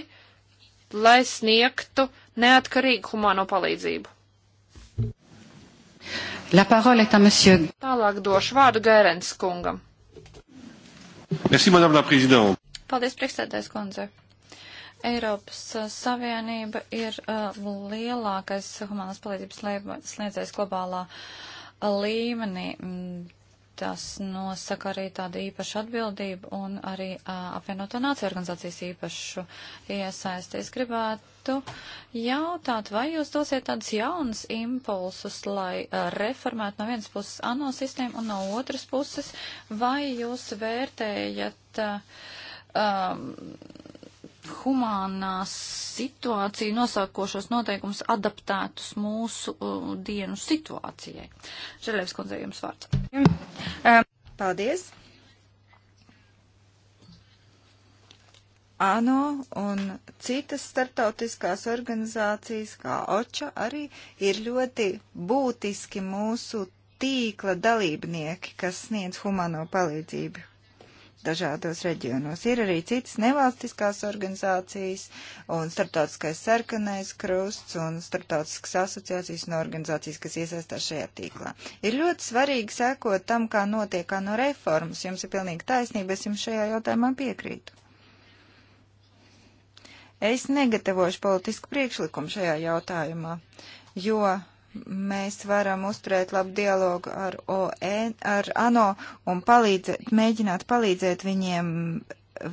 lai sniegtu neatkarīgu humāno palīdzību. La parole est à monsieur. Tālāk došu vārdu Gērens kungam. Merci, madame la présidente. Paldies, priekšsēdājs kundze. Eiropas uh, Savienība ir uh, lielākais humanās palīdzības sniedzējs globālā uh, līmenī. Mm, Tas nosaka arī tādu īpašu atbildību un arī a, apvienoto nāciju organizācijas īpašu iesaisti. Es gribētu jautāt, vai jūs dosiet tādus jaunus impulsus, lai a, reformētu no vienas puses ANO sistēmu un no otras puses, vai jūs vērtējat. A, um, humānā situācija nosaukošos noteikumus adaptētus mūsu uh, dienu situācijai. Želevs kundze, jums vārds. Paldies. ANO un citas startautiskās organizācijas, kā OČA, arī ir ļoti būtiski mūsu tīkla dalībnieki, kas sniedz humano palīdzību dažādos reģionos. Ir arī citas nevalstiskās organizācijas un starptautiskais sarkanais krusts un starptautiskas asociācijas un organizācijas, kas iesaistās šajā tīklā. Ir ļoti svarīgi sekot tam, kā notiek no reformas. Jums ir pilnīgi taisnība, es jums šajā jautājumā piekrītu. Es negatavošu politisku priekšlikumu šajā jautājumā, jo mēs varam uzturēt labu dialogu ar, OE, ar ANO un palīdzēt, mēģināt palīdzēt viņiem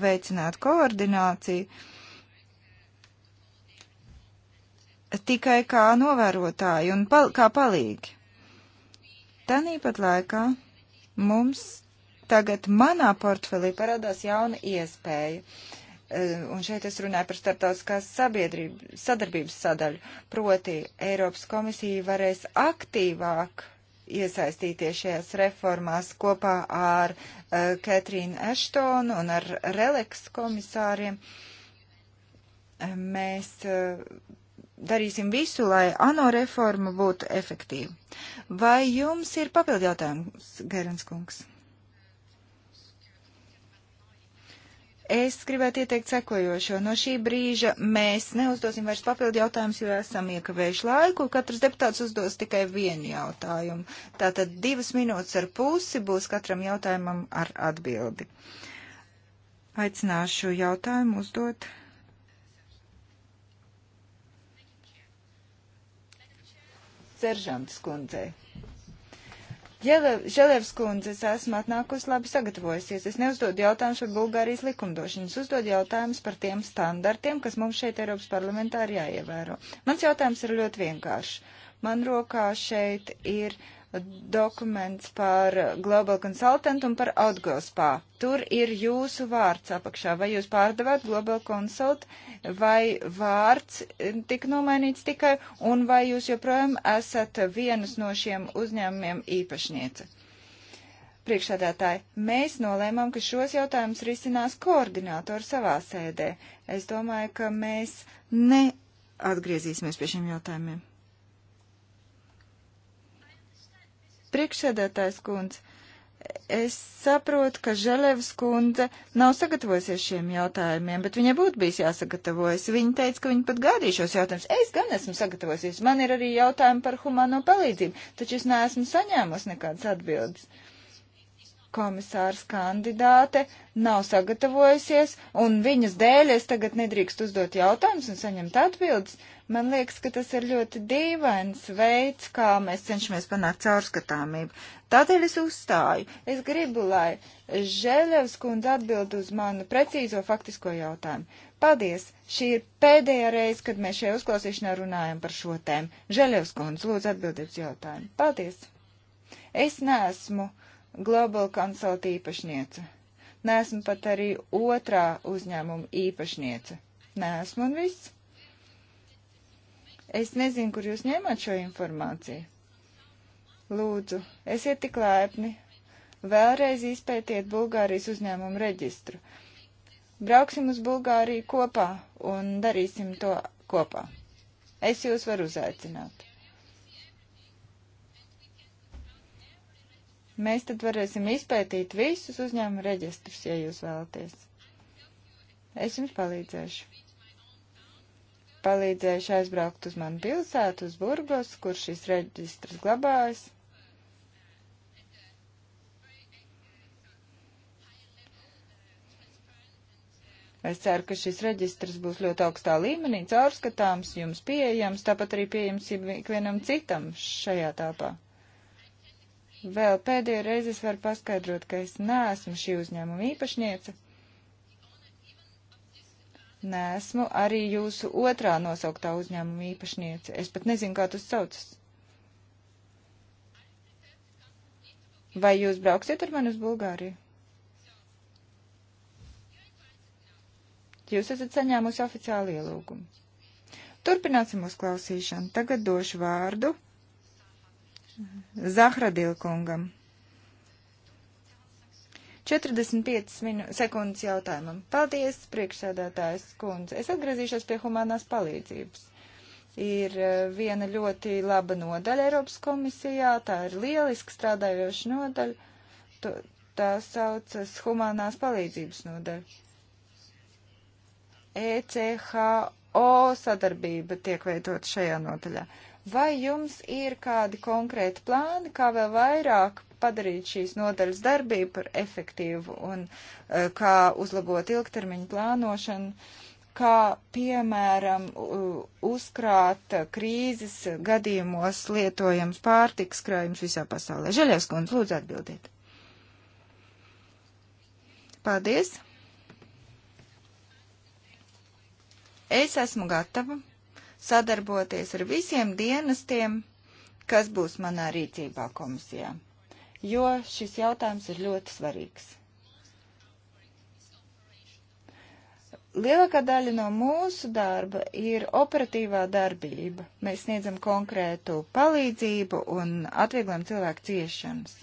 veicināt koordināciju. Tikai kā novērotāji un pal kā palīgi. Tanīpat laikā mums tagad manā portfelī parādās jauna iespēja. Uh, Eh, un šeit es runāju par starptautiskās sadarbības sadaļu, proti Eiropas komisija varēs aktīvāk iesaistīties šajās reformās kopā ar uh, eh, Ketrīnu Eštonu un ar Releks komisāriem. Eh, mēs uh, darīsim visu, lai ANO reforma būtu efektīva. Vai jums ir papildu jautājums, Gerens kungs? Es gribētu ieteikt sekojošo. No šī brīža mēs neuzdosim vairs papildu jautājumus, jo esam iekavējuši laiku. Katrs deputāts uzdos tikai vienu jautājumu. Tātad divas minūtes ar pusi būs katram jautājumam ar atbildi. Aicināšu jautājumu uzdot. Seržants kundzei. Želevs kundze, es esmu atnākusi labi sagatavojusies. Es neuzdodu jautājumus par Bulgārijas likumdošanu. Es uzdodu jautājumus par tiem standartiem, kas mums šeit Eiropas parlamentā ir jāievēro. Mans jautājums ir ļoti vienkāršs. Man rokā šeit ir dokuments par Global Consultant un par Outgospā. Tur ir jūsu vārds apakšā. Vai jūs pārdevāt Global Consult, vai vārds tika nomainīts tikai, un vai jūs joprojām esat vienas no šiem uzņēmumiem īpašniece? Priekšādātāji, mēs nolēmām, ka šos jautājumus risinās koordinātori savā sēdē. Es domāju, ka mēs neatgriezīsimies pie šiem jautājumiem. Priekšsēdētājs kundze, es saprotu, ka Želevs kundze nav sagatavojusies šiem jautājumiem, bet viņai būtu bijis jāsagatavojas. Viņa teica, ka viņa pat gādīšos jautājumus. Es gan esmu sagatavojusies, man ir arī jautājumi par humano palīdzību, taču es neesmu saņēmusi nekādas atbildes. Komisārs kandidāte nav sagatavojusies, un viņas dēļ es tagad nedrīkst uzdot jautājumus un saņemt atbildes. Man liekas, ka tas ir ļoti dīvains veids, kā mēs cenšamies panākt caurskatāmību. Tādēļ es uzstāju. Es gribu, lai Žēļevs kundze atbild uz manu precīzo faktisko jautājumu. Paldies! Šī ir pēdējā reize, kad mēs šajā uzklausīšanā runājam par šo tēmu. Žēļevs kundze, lūdzu atbildiet uz jautājumu. Paldies! Es neesmu Global Consult īpašniece neesmu pat arī otrā uzņēmuma īpašniece. Neesmu un viss. Es nezinu, kur jūs ņēmāt šo informāciju. Lūdzu, esiet tik lēpni. Vēlreiz izpētiet Bulgārijas uzņēmumu reģistru. Brauksim uz Bulgāriju kopā un darīsim to kopā. Es jūs varu uzaicināt. Mēs tad varēsim izpētīt visus uzņēmumu reģistrus, ja jūs vēlaties. Es jums palīdzēšu palīdzējuši aizbraukt uz manu pilsētu, uz Burgos, kur šis reģistrs glabājas. Es ceru, ka šis reģistrs būs ļoti augstā līmenī, caurskatāms, jums pieejams, tāpat arī pieejams ikvienam citam šajā tāpā. Vēl pēdējo reizi es varu paskaidrot, ka es neesmu šī uzņēmuma īpašniece. Nesmu arī jūsu otrā nosauktā uzņēmuma īpašniece. Es pat nezinu, kā tas saucas. Vai jūs brauksiet ar mani uz Bulgāriju? Jūs esat saņēmusi oficiālu ielūgumu. Turpināsim uzklausīšanu. Tagad došu vārdu Zahradilkungam. 45 minu, sekundes jautājumam. Paldies, priekšsēdētājs kundze. Es atgriezīšos pie humanās palīdzības. Ir e, viena ļoti laba nodaļa Eiropas komisijā, tā ir lieliski strādājoša nodaļa. To, tā saucas humanās palīdzības nodaļa. ECHO sadarbība tiek veidot šajā nodaļā. Uh, Vai jums ir kādi konkrēti plāni, kā vēl vairāk padarīt šīs nodaļas darbību par efektīvu un eh, kā uzlabot ilgtermiņu plānošanu, kā piemēram uzkrāt krīzes gadījumos lietojams pārtiks krājums visā pasaulē? Žaļās kundze, lūdzu atbildiet. Paldies! Es esmu gatava sadarboties ar visiem dienestiem, kas būs manā rīcībā komisijā, jo šis jautājums ir ļoti svarīgs. Lielākā daļa no mūsu darba ir operatīvā darbība. Mēs sniedzam konkrētu palīdzību un atvieglojam cilvēku ciešanas.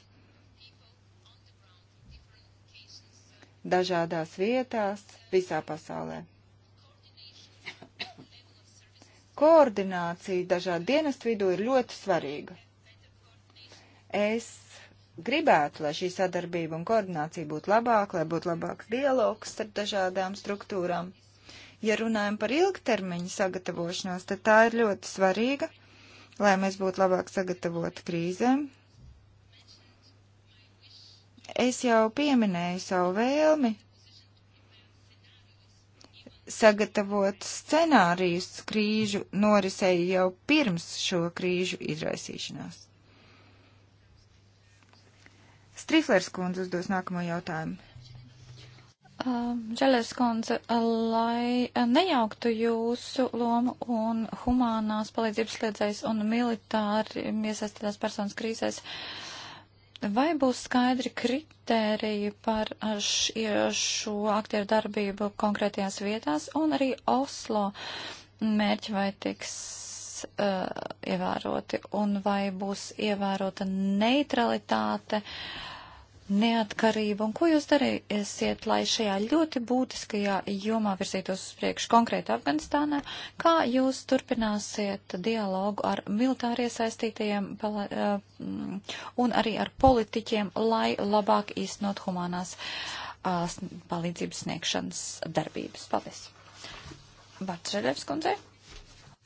Dažādās vietās visā pasaulē koordinācija dažādu dienestu vidū ir ļoti svarīga. Es gribētu, lai šī sadarbība un koordinācija būtu labāka, lai būtu labāks dialogs starp dažādām struktūrām. Ja runājam par ilgtermiņu sagatavošanos, tad tā ir ļoti svarīga, lai mēs būtu labāk sagatavoti krīzēm. Es jau pieminēju savu vēlmi sagatavot scenārijus krīžu norisei jau pirms šo krīžu izraisīšanās. Striflers kundze uzdos nākamo jautājumu. Žēlēs uh, kundze, uh, lai uh, nejauktu jūsu lomu un humānās palīdzības sliedzējas un militāri iesaistītās personas krīzēs, uh, Vai būs skaidri kritēriji par šo aktieru darbību konkrētajās vietās un arī Oslo mērķi vai tiks uh, ievēroti un vai būs ievērota neutralitāte? Uh, neatkarību un ko jūs darīsiet, lai šajā ļoti būtiskajā jomā virzītos uz priekšu konkrēti Afganistānā, kā jūs turpināsiet dialogu ar militāri iesaistītajiem un arī ar politiķiem, lai labāk īstenot humanās palīdzības sniegšanas darbības. Paldies! Vārds Želevs kundzei.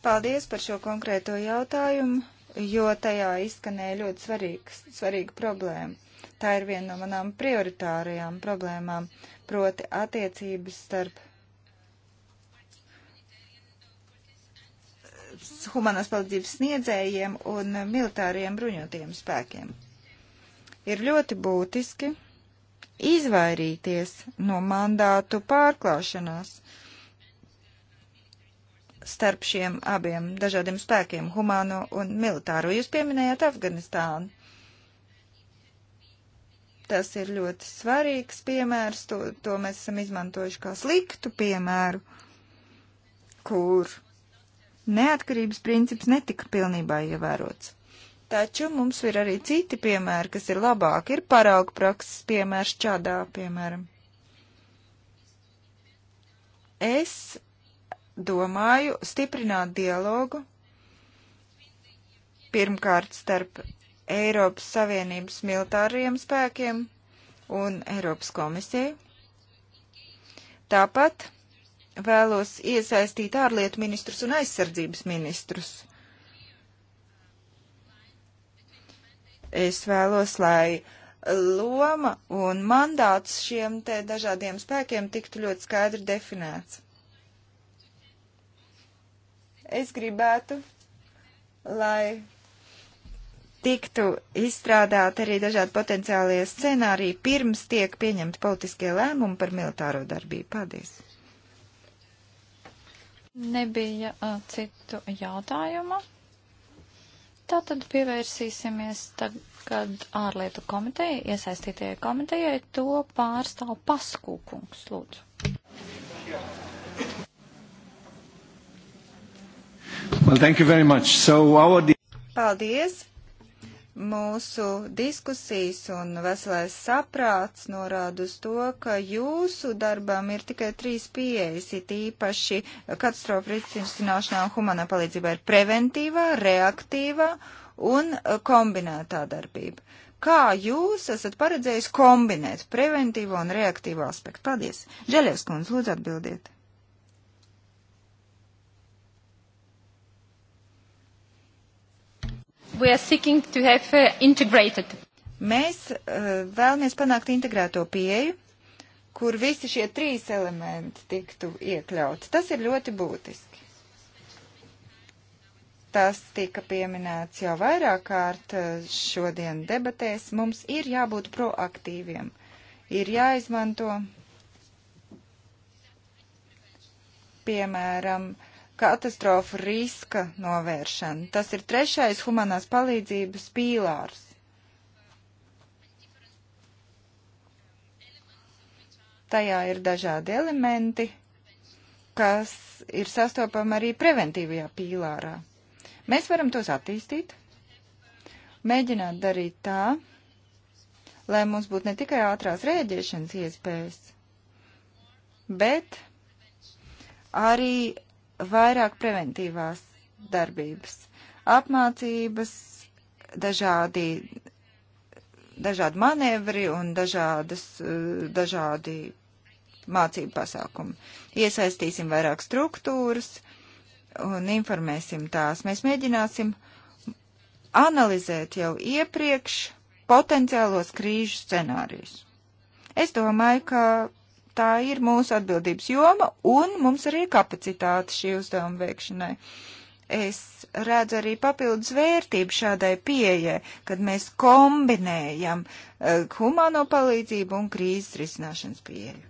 Paldies par šo konkrēto jautājumu, jo tajā izskanēja ļoti svarīgs, svarīga problēma. Tā ir viena no manām prioritārajām problēmām, proti attiecības starp humanās palīdzības sniedzējiem un militāriem bruņotajiem spēkiem. Ir ļoti būtiski izvairīties no mandātu pārklāšanās starp šiem abiem dažādiem spēkiem, humāno un militāro. Jūs pieminējāt Afganistānu. Tas ir ļoti svarīgs piemērs, to, to mēs esam izmantojuši kā sliktu piemēru, kur neatkarības princips netika pilnībā ievērots. Taču mums ir arī citi piemēri, kas ir labāki. Ir parauga prakses piemērs čādā, piemēram. Es domāju stiprināt dialogu pirmkārt starp Eiropas Savienības militāriem spēkiem un Eiropas komisiju. Tāpat vēlos iesaistīt ārlietu ministrus un aizsardzības ministrus. Es vēlos, lai loma un mandāts šiem te dažādiem spēkiem tiktu ļoti skaidri definēts. Es gribētu, lai tiktu izstrādāt arī dažādi potenciālie scenāriji pirms tiek pieņemti politiskie lēmumi par militāro darbību. Paldies! Nebija uh, citu jautājumu. Tātad pievērsīsimies tagad ārlietu komitejai, iesaistītajai komitejai, to pārstāv paskūkungs, lūdzu. Well, thank you very much. So our... Paldies! mūsu diskusijas un veselais saprāts norāda uz to, ka jūsu darbam ir tikai trīs pieejas, it īpaši katastrofu risināšanā un humanā palīdzībā ir preventīvā, reaktīvā un e, kombinētā darbība. Kā jūs esat paredzējis kombinēt preventīvo un reaktīvo aspektu? Paldies! Želievs kundze, lūdzu atbildiet! Uh, Mēs uh, vēlamies panākt integrēto pieeju, kur visi šie trīs elementi tiktu iekļauti. Tas ir ļoti būtiski. Tas tika pieminēts jau vairāk kārt uh, šodien debatēs. Mums ir jābūt proaktīviem. Ir jāizmanto, piemēram, uh, katastrofu riska novēršana. Tas ir trešais humanās palīdzības pīlārs. Tajā ir dažādi elementi, kas ir sastopami arī preventīvajā pīlārā. Mēs varam tos attīstīt, mēģināt darīt tā, lai mums būtu ne tikai ātrās rēģēšanas iespējas, bet arī vairāk preventīvās darbības, apmācības, dažādi, dažādi manevri un dažādas, eh, dažādi mācību pasākumi. Iesaistīsim vairāk struktūras un informēsim tās. Mēs mēģināsim analizēt jau iepriekš potenciālos krīžu scenārijus. Es domāju, ka tā ir mūsu atbildības joma un mums arī ir kapacitāte šī uzdevuma veikšanai. Es redzu arī papildus vērtību šādai pieejai, kad mēs kombinējam uh, eh, humāno palīdzību un krīzes risināšanas pieeju.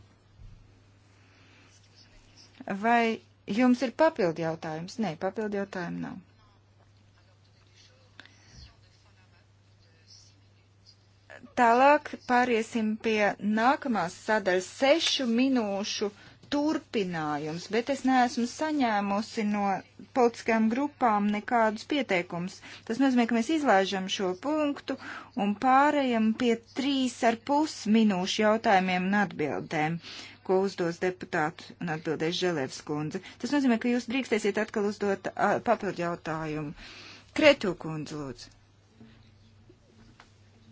Vai jums ir papildu jautājums? Nē, papildu jautājumu nav. Tālāk pāriesim pie nākamās sadaļas sešu minūšu turpinājums, bet es neesmu saņēmusi no politiskajām grupām nekādus pieteikumus. Tas nozīmē, ka mēs izlaižam šo punktu un pārējam pie trīs ar pus minūšu jautājumiem un atbildēm, ko uzdos deputātu un atbildēs Želevs kundze. Tas nozīmē, ka jūs drīkstēsiet atkal uzdot papildu jautājumu. Kretu kundze, lūdzu.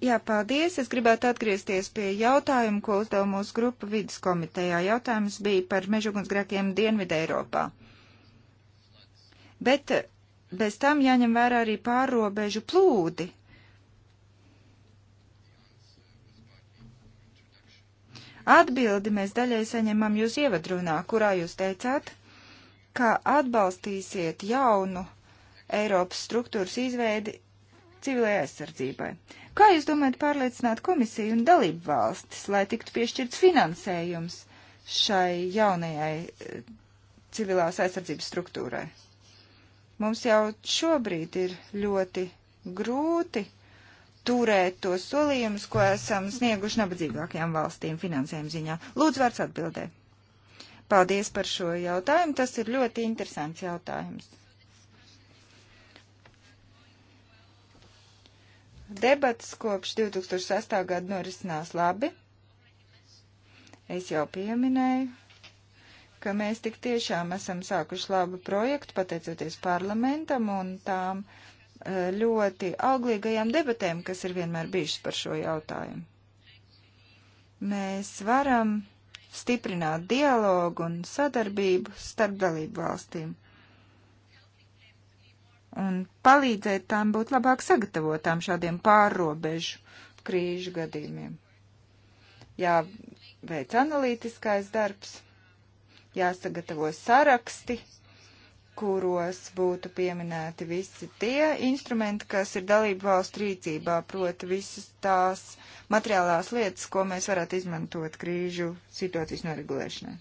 Jā, paldies. Es gribētu atgriezties pie jautājuma, ko uzdeva mūsu grupa vidas komitejā. Jautājums bija par mežugunsgrēkiem Dienvidē Eiropā. Bet eh, bez tam jāņem vērā arī pārrobežu plūdi. Atbildi mēs daļai saņemam jūs ievadrunā, kurā jūs teicāt, ka atbalstīsiet jaunu Eiropas struktūras izveidi civilai aizsardzībai. Kā jūs domājat pārliecināt komisiju un dalību valstis, lai tiktu piešķirts finansējums šai jaunajai eh, civilās aizsardzības struktūrai? Mums jau šobrīd ir ļoti grūti turēt tos solījumus, ko esam snieguši nabadzīgākajām valstīm finansējuma ziņā. Lūdzu, vārds atbildē. Paldies par šo jautājumu. Tas ir ļoti interesants jautājums. Debats kopš 2006. gada norisinās labi. Es jau pieminēju, ka mēs tik tiešām esam sākuši labu projektu, pateicoties parlamentam un tām e, ļoti auglīgajām debatēm, kas ir vienmēr bijušas par šo jautājumu. Mēs varam stiprināt dialogu un sadarbību starp dalību valstīm un palīdzēt tām būt labāk sagatavotām šādiem pārrobežu krīžu gadījumiem. Jā, veic analītiskais darbs, jāsagatavo saraksti, kuros būtu pieminēti visi tie instrumenti, kas ir dalību valstu rīcībā, proti visas tās materiālās lietas, ko mēs varētu izmantot krīžu situācijas noregulēšanai.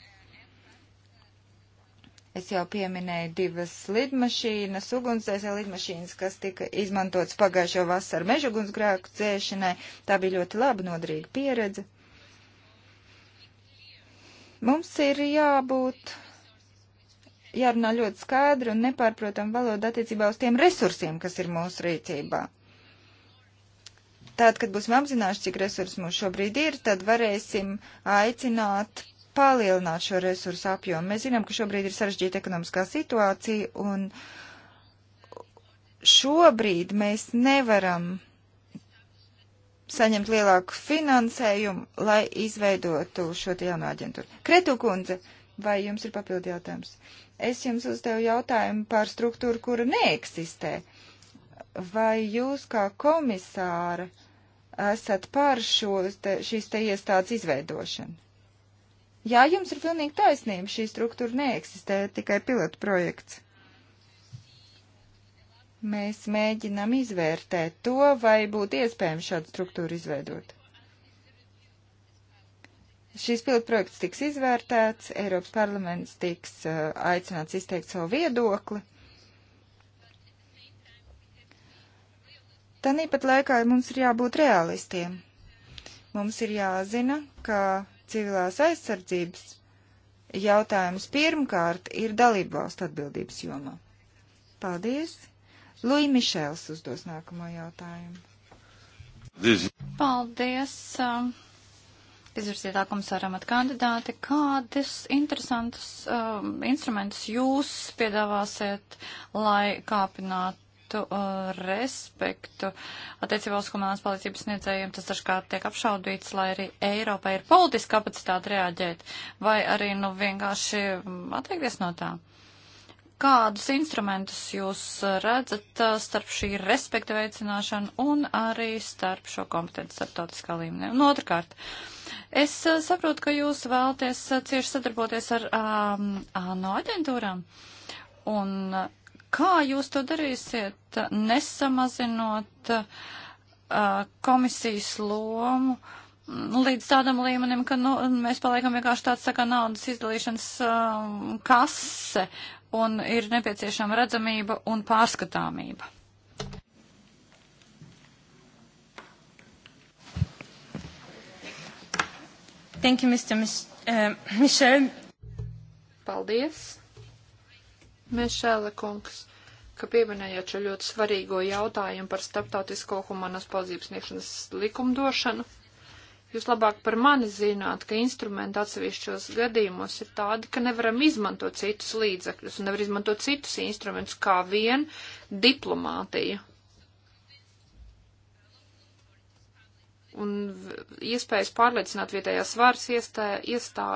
Es jau pieminēju divas lidmašīnas, ugunsdzēsē lidmašīnas, kas tika izmantotas pagājušo vasaru mežugunsgrēku dzēšanai. Tā bija ļoti laba, nodrīga pieredze. Mums ir jābūt, jārunā ļoti skaidri un nepārprotam valoda attiecībā uz tiem resursiem, kas ir mūsu rīcībā. Tātad, kad būsim apzinājuši, cik resursi mums šobrīd ir, tad varēsim aicināt palielināt šo resursu apjomu. Mēs zinām, ka šobrīd ir sarežģīta ekonomiskā situācija, un šobrīd mēs nevaram saņemt lielāku finansējumu, lai izveidotu šo te jaunu aģentūru. Kretu kundze, vai jums ir papildi jautājums? Es jums uzdevu jautājumu par struktūru, kura neeksistē. Vai jūs kā komisāra esat par šo, te, šīs te iestādes izveidošanu? Jā, jums ir pilnīgi taisnība, šī struktūra neeksistē, tikai pilotu projekts. Mēs mēģinām izvērtēt to, vai būtu iespējams šādu struktūru izveidot. Šīs pilotprojekts tiks izvērtēts, Eiropas parlaments tiks uh, aicināts izteikt savu viedokli. Tāpat laikā mums ir jābūt realistiem. Mums ir jāzina, ka civilās aizsardzības jautājums pirmkārt ir dalību valstu atbildības jomā. Paldies! Lui Mišēls uzdos nākamo jautājumu. Paldies! Um, Izvirzītā komisāra amata kandidāte, kādus interesantus um, instrumentus jūs piedāvāsiet, lai kāpinātu citu uh, respektu attiecībā uz humanās palīdzības sniedzējiem. Tas dažkārt tiek apšaudīts, lai arī Eiropai ir politiska kapacitāte reaģēt, vai arī nu, vienkārši mm, atteikties no tā. Kādus instrumentus jūs redzat uh, starp šī respekta veicināšanu un arī starp šo kompetenci starptautiskā līmenī? Un otrkārt, es uh, saprotu, ka jūs vēlaties uh, cieši sadarboties ar um, no aģentūrām. Un uh, Kā jūs to darīsiet, nesamazinot uh, komisijas lomu līdz tādam līmenim, ka nu, mēs paliekam vienkārši tāds tā kā naudas izdalīšanas uh, kase un ir nepieciešama redzamība un pārskatāmība? Thank you, Mr. Mich uh, Michel. Paldies. Mišēla kungs, ka pieminējāt šo ļoti svarīgo jautājumu par starptautisko humanās palīdzības sniegšanas likumdošanu. Jūs labāk par mani zināt, ka instrumenti atsevišķos gadījumos ir tādi, ka nevaram izmantot citus līdzekļus un nevar izmantot citus instrumentus kā vien diplomātiju. Un iespējas pārliecināt vietējās varas iestā, iestā,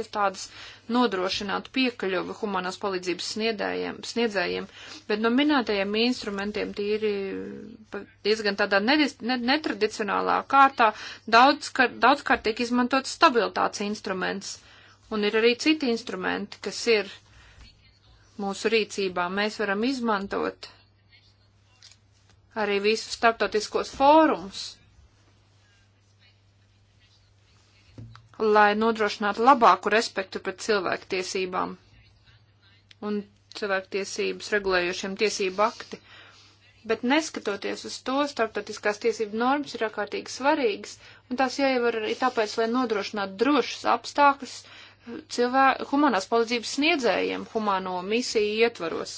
iestādes nodrošinātu piekļuvi humanās palīdzības sniedzējiem, bet no minētajiem instrumentiem tīri diezgan tādā nedis, ne, netradicionālā kārtā daudzkārt daudz, daudz tiek izmantot stabilitātes instruments, un ir arī citi instrumenti, kas ir mūsu rīcībā. Mēs varam izmantot arī visus starptautiskos fórumus lai nodrošinātu labāku respektu pret cilvēktiesībām un cilvēktiesības regulējošiem tiesību akti. Bet neskatoties uz to, starptautiskās tiesību normas ir ārkārtīgi svarīgas, un tās jāievar arī tāpēc, lai nodrošinātu drošas apstākļus cilvēku humanās palīdzības sniedzējiem humano misiju ietvaros.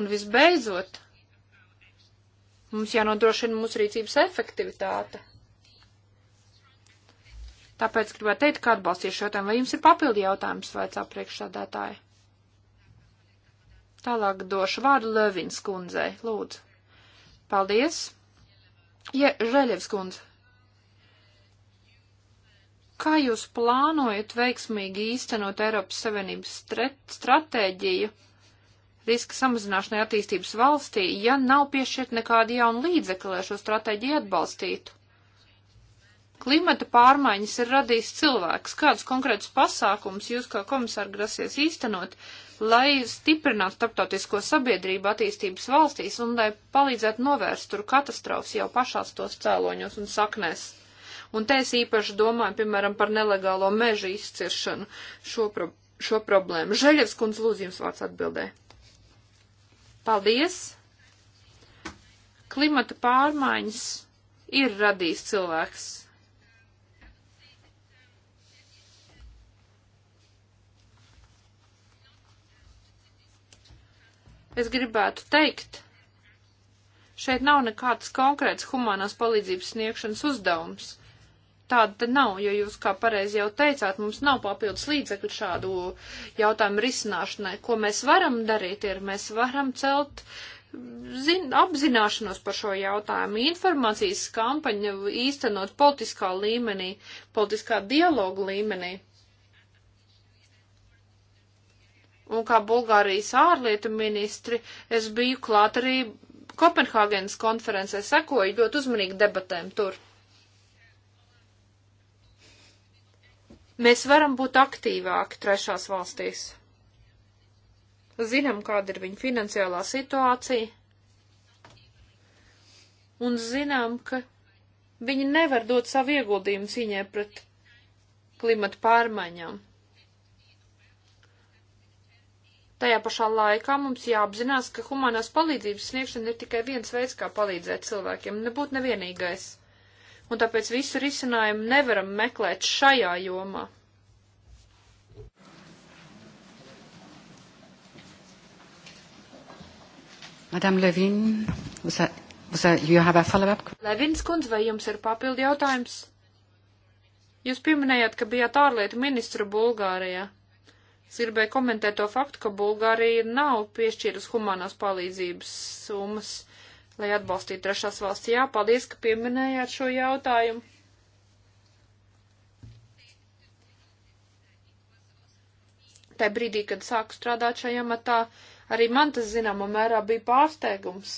Un visbeidzot, mums jānodrošina mūsu rīcības efektivitāte. Tāpēc gribētu teikt, ka atbalstīšu jautājumu. Vai jums ir papildi jautājums, vaicā priekšsādātāji? Tālāk došu vārdu Levins kundzei. Lūdzu. Paldies. Ja, Žēļevs kundze. Kā jūs plānojat veiksmīgi īstenot Eiropas Savienības stratēģiju riska samazināšanai attīstības valstī, ja nav piešķirt nekādi jauni līdzekļi, lai šo stratēģiju atbalstītu? klimata pārmaiņas ir radījis cilvēks? Kādus konkrētus pasākumus jūs kā komisāri grasies īstenot, lai stiprinātu starptautisko sabiedrību attīstības valstīs un lai palīdzētu novērst tur katastrofas jau pašās tos cēloņos un saknēs? Un te es īpaši domāju, piemēram, par nelegālo mežu izciršanu šo, pro šo problēmu. Žaļevs kundz lūdzu jums vārds atbildē. Paldies! Klimata pārmaiņas ir radījis cilvēks Es gribētu teikt, šeit nav nekāds konkrēts humanās palīdzības sniegšanas uzdevums. Tāda te nav, jo jūs, kā pareizi jau teicāt, mums nav papildus līdzekļu šādu jautājumu risināšanai. Ko mēs varam darīt, ir mēs varam celt zin, apzināšanos par šo jautājumu, informācijas kampaņu īstenot politiskā līmenī, politiskā dialoga līmenī un kā Bulgārijas ārlietu ministri, es biju klāt arī Kopenhāgenes konferencē, sekoju ļoti uzmanīgi debatēm tur. Mēs varam būt aktīvāki trešās valstīs. Zinām, kāda ir viņa finansiālā situācija, un zinām, ka viņi nevar dot savu ieguldījumu cīņai pret klimatu pārmaiņām. Tajā pašā laikā mums jāapzinās, ka humanās palīdzības sniegšana ir tikai viens veids, kā palīdzēt cilvēkiem, nebūtu nevienīgais. Un tāpēc visu risinājumu nevaram meklēt šajā jomā. Madame Levin, was that, was that, you have a follow-up? Levins kundze, vai jums ir papildi jautājums? Jūs pieminējāt, ka bijāt ārlietu ministru Bulgārijā. Es gribēju komentēt to faktu, ka Bulgārija nav piešķīrusi humanās palīdzības summas, lai atbalstītu trešās valsts. Jā, paldies, ka pieminējāt šo jautājumu. Tā brīdī, kad sāku strādāt šajā matā, arī man tas zināmā mērā bija pārsteigums,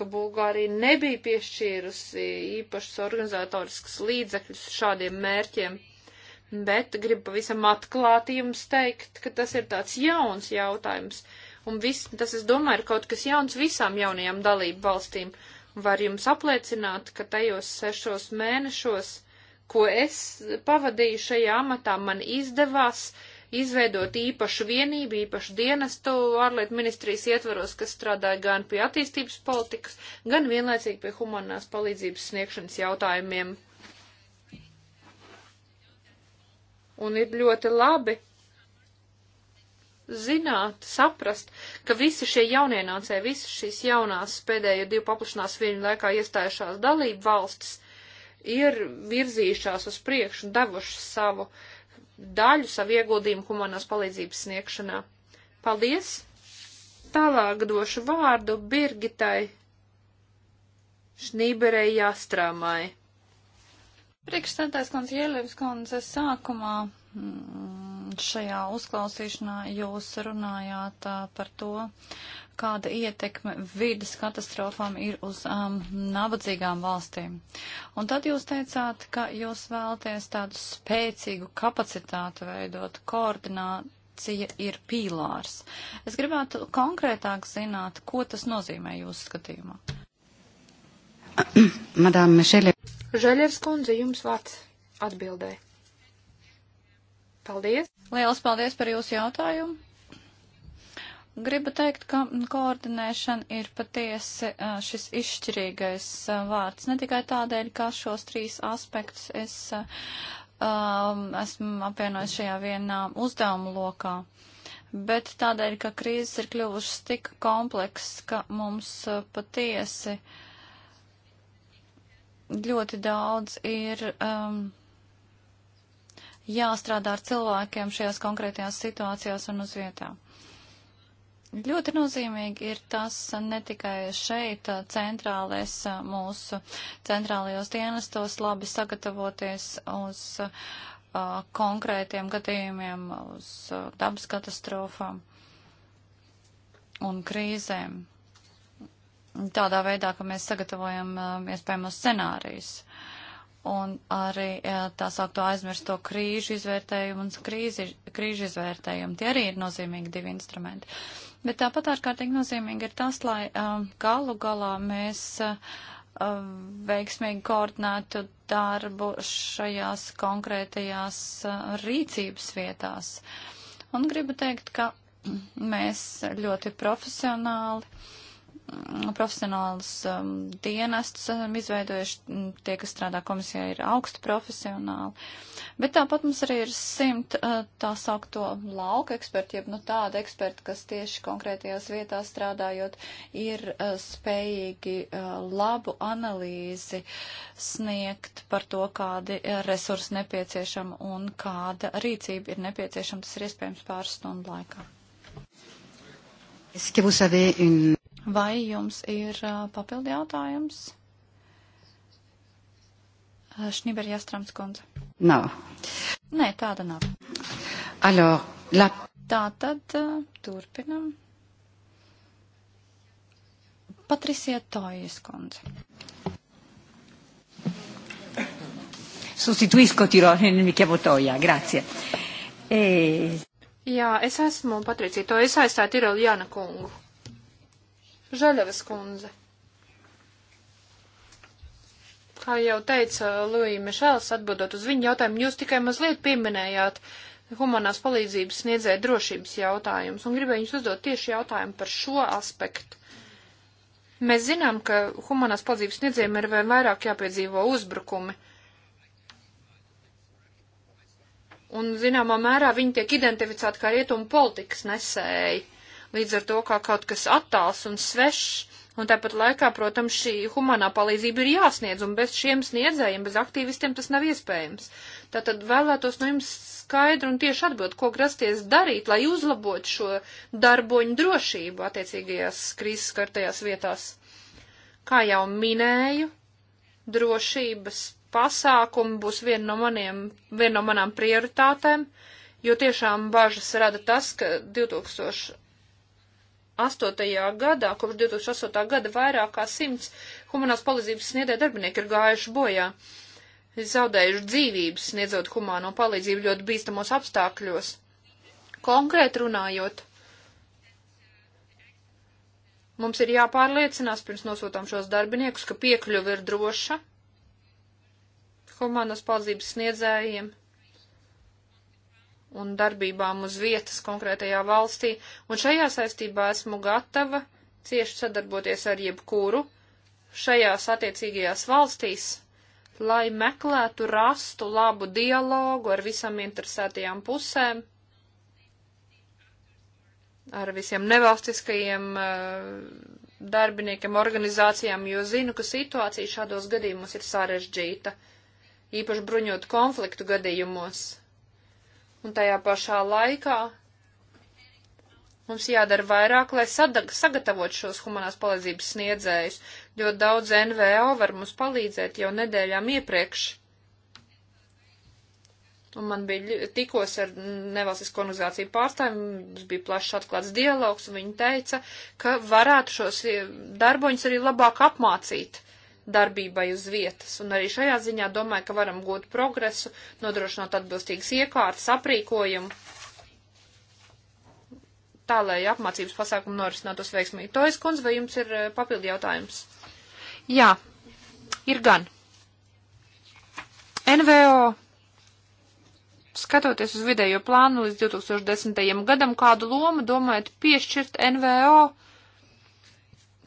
ka Bulgārija nebija piešķīrusi īpašas organizatoriskas līdzekļus šādiem mērķiem bet gribu pavisam atklāti jums teikt, ka tas ir tāds jauns jautājums. Un viss, tas, es domāju, ir kaut kas jauns visām jaunajām dalību valstīm. Var jums apliecināt, ka tajos sešos mēnešos, ko es pavadīju šajā amatā, man izdevās izveidot īpašu vienību, īpašu dienestu ārlietu ministrijas ietvaros, kas strādāja gan pie attīstības politikas, gan vienlaicīgi pie humanās palīdzības sniegšanas jautājumiem. Un ir ļoti labi zināt, saprast, ka visi šie jaunienācēji, visas šīs jaunās pēdējo divu paplašanās viļņu laikā iestājušās dalību valstis ir virzījušās uz priekšu un devušas savu daļu, savu ieguldījumu humanās palīdzības sniegšanā. Paldies! Tālāk došu vārdu Birgitai Šnīberei Jastrāmai. Priekšstādājs kundze Ielības kundze sākumā mm, šajā uzklausīšanā jūs runājāt par to, kāda ietekme vidas katastrofām ir uz um, nabadzīgām valstīm. Un tad jūs teicāt, ka jūs vēlaties tādu spēcīgu kapacitātu veidot, koordinācija ir pīlārs. Es gribētu konkrētāk zināt, ko tas nozīmē jūsu skatījumā. Madām Mišeļa. Žaļevs kundze, jums vārds atbildē. Paldies! Lielas paldies par jūsu jautājumu! Gribu teikt, ka koordinēšana ir patiesi šis izšķirīgais vārds. Ne tikai tādēļ, ka šos trīs aspektus es um, esmu apvienojis šajā vienā uzdevumu lokā, bet tādēļ, ka krīzes ir kļuvušas tik kompleks, ka mums patiesi uh, ļoti daudz ir um, jāstrādā ar cilvēkiem šajās konkrētajās situācijās un uz vietām. Ļoti nozīmīgi ir tas ne tikai šeit uh, centrālais uh, mūsu centrālajos dienestos labi sagatavoties uz uh, konkrētiem gadījumiem, uz uh, dabas katastrofām un krīzēm tādā veidā, ka mēs sagatavojam um, iespējamos scenārijus. Un arī jā, tā sākto aizmirst to krīžu izvērtējumu un krīzi, krīžu izvērtējumu. Tie arī ir nozīmīgi divi instrumenti. Bet tāpat ārkārtīgi nozīmīgi ir tas, lai um, galu galā mēs uh, veiksmīgi koordinētu darbu šajās konkrētajās uh, rīcības vietās. Un gribu teikt, ka mēs ļoti profesionāli Mm, profesionāls um, dienests esam izveidojuši, mm, tie, kas strādā komisijā, ir augsti profesionāli. Bet tāpat mums arī ir simt uh, tā saukto lauka eksperti, jeb nu tāda eksperta, kas tieši konkrētajās vietās strādājot, ir uh, spējīgi uh, labu analīzi sniegt par to, kādi resursi nepieciešama un kāda rīcība ir nepieciešama. Tas ir iespējams pāris stundu laikā. Est-ce que vous savez une... Vai jums ir papildi jautājums? Šniber Jastrams kundze. Nav. Nē, tāda nav. Alo, lab. Tā tad turpinam. Patricija Tojas kundze. Sostituisco Tirone, mi chiamo Toja, grazie. E... Jā, es esmu Patricija Toja, es aizstāju Tiroli Jana kungu. Žaļavas kundze. Kā jau teica Lūija Mišēls, atbildot uz viņu jautājumu, jūs tikai mazliet pieminējāt humanās palīdzības sniedzēja drošības jautājumus un gribēju jums uzdot tieši jautājumu par šo aspektu. Mēs zinām, ka humanās palīdzības sniedzējiem ir vēl vairāk jāpiedzīvo uzbrukumi. Un, zināmā mērā, viņi tiek identificēti kā rietumu politikas nesēji līdz ar to kā kaut kas attāls un svešs. Un tāpat laikā, protams, šī humanā palīdzība ir jāsniedz, un bez šiem sniedzējiem, bez aktīvistiem tas nav iespējams. Tātad vēlētos no jums skaidru un tieši atbild, ko grasties darīt, lai uzlabotu šo darboņu drošību attiecīgajās krīzes skartajās vietās. Kā jau minēju, drošības pasākumi būs viena no, maniem, viena no manām prioritātēm, jo tiešām bažas rada tas, ka 2000 2008. gadā, kopš 2008. gada vairāk kā simts humanās palīdzības sniedzēja darbinieki ir gājuši bojā, zaudējuši dzīvības, sniedzot humāno palīdzību ļoti bīstamos apstākļos. Konkrēt runājot, mums ir jāpārliecinās, pirms nosūtām šos darbiniekus, ka piekļuva ir droša humanās palīdzības sniedzējiem un darbībām uz vietas konkrētajā valstī, un šajā saistībā esmu gatava cieši sadarboties ar jebkuru šajās attiecīgajās valstīs, lai meklētu rastu labu dialogu ar visām interesētajām pusēm, ar visiem nevalstiskajiem eh, darbiniekiem, organizācijām, jo zinu, ka situācija šādos gadījumos ir sarežģīta, īpaši bruņot konfliktu gadījumos un tajā pašā laikā mums jādara vairāk, lai sagatavot šos humanās palīdzības sniedzējus, jo daudz NVO var mums palīdzēt jau nedēļām iepriekš. Un man bija tikos ar nevalstisko organizāciju pārstāvjiem, mums bija plašs atklāts dialogs, un viņi teica, ka varētu šos eh, darboņus arī labāk apmācīt darbībai uz vietas. Un arī šajā ziņā domāju, ka varam gūt progresu, nodrošinot atbilstīgas iekārtas, aprīkojumu, tā, lai apmācības pasākumu norisinātos veiksmīgi. To es, kundze, vai jums ir eh, papildi jautājums? Jā, ir gan. NVO, skatoties uz vidējo plānu līdz 2010. gadam, kādu lomu domājat piešķirt NVO?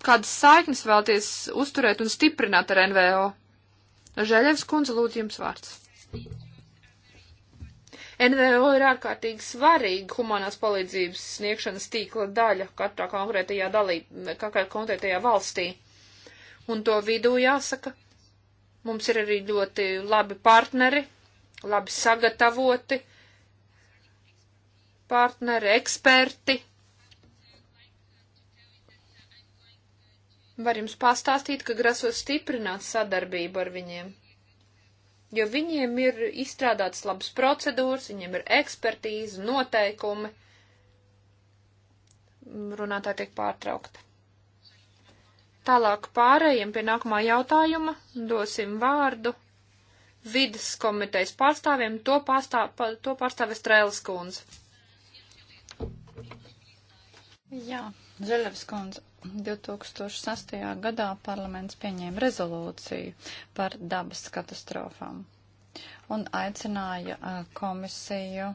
kādas saiknes vēlties uzturēt un stiprināt ar NVO? Žēļevs kundze, lūdzu jums vārds. NVO ir ārkārtīgi svarīga humanās palīdzības sniegšanas tīkla daļa katrā konkrētajā dalī, katrā konkrētajā valstī. Un to vidū jāsaka, mums ir arī ļoti labi partneri, labi sagatavoti partneri, eksperti, Var jums pastāstīt, ka grasos stiprināt sadarbību ar viņiem, jo viņiem ir izstrādāts labs procedūras, viņiem ir ekspertīze, noteikumi. Runātāji tiek pārtraukta. Tālāk pārējiem pie nākamā jautājuma dosim vārdu vidas komitejas pārstāvjiem, to, pārstāv, to pārstāvēs Trēlis kundze. Jā, Želevs kundze, 2008. gadā parlaments pieņēma rezolūciju par dabas katastrofām un aicināja komisiju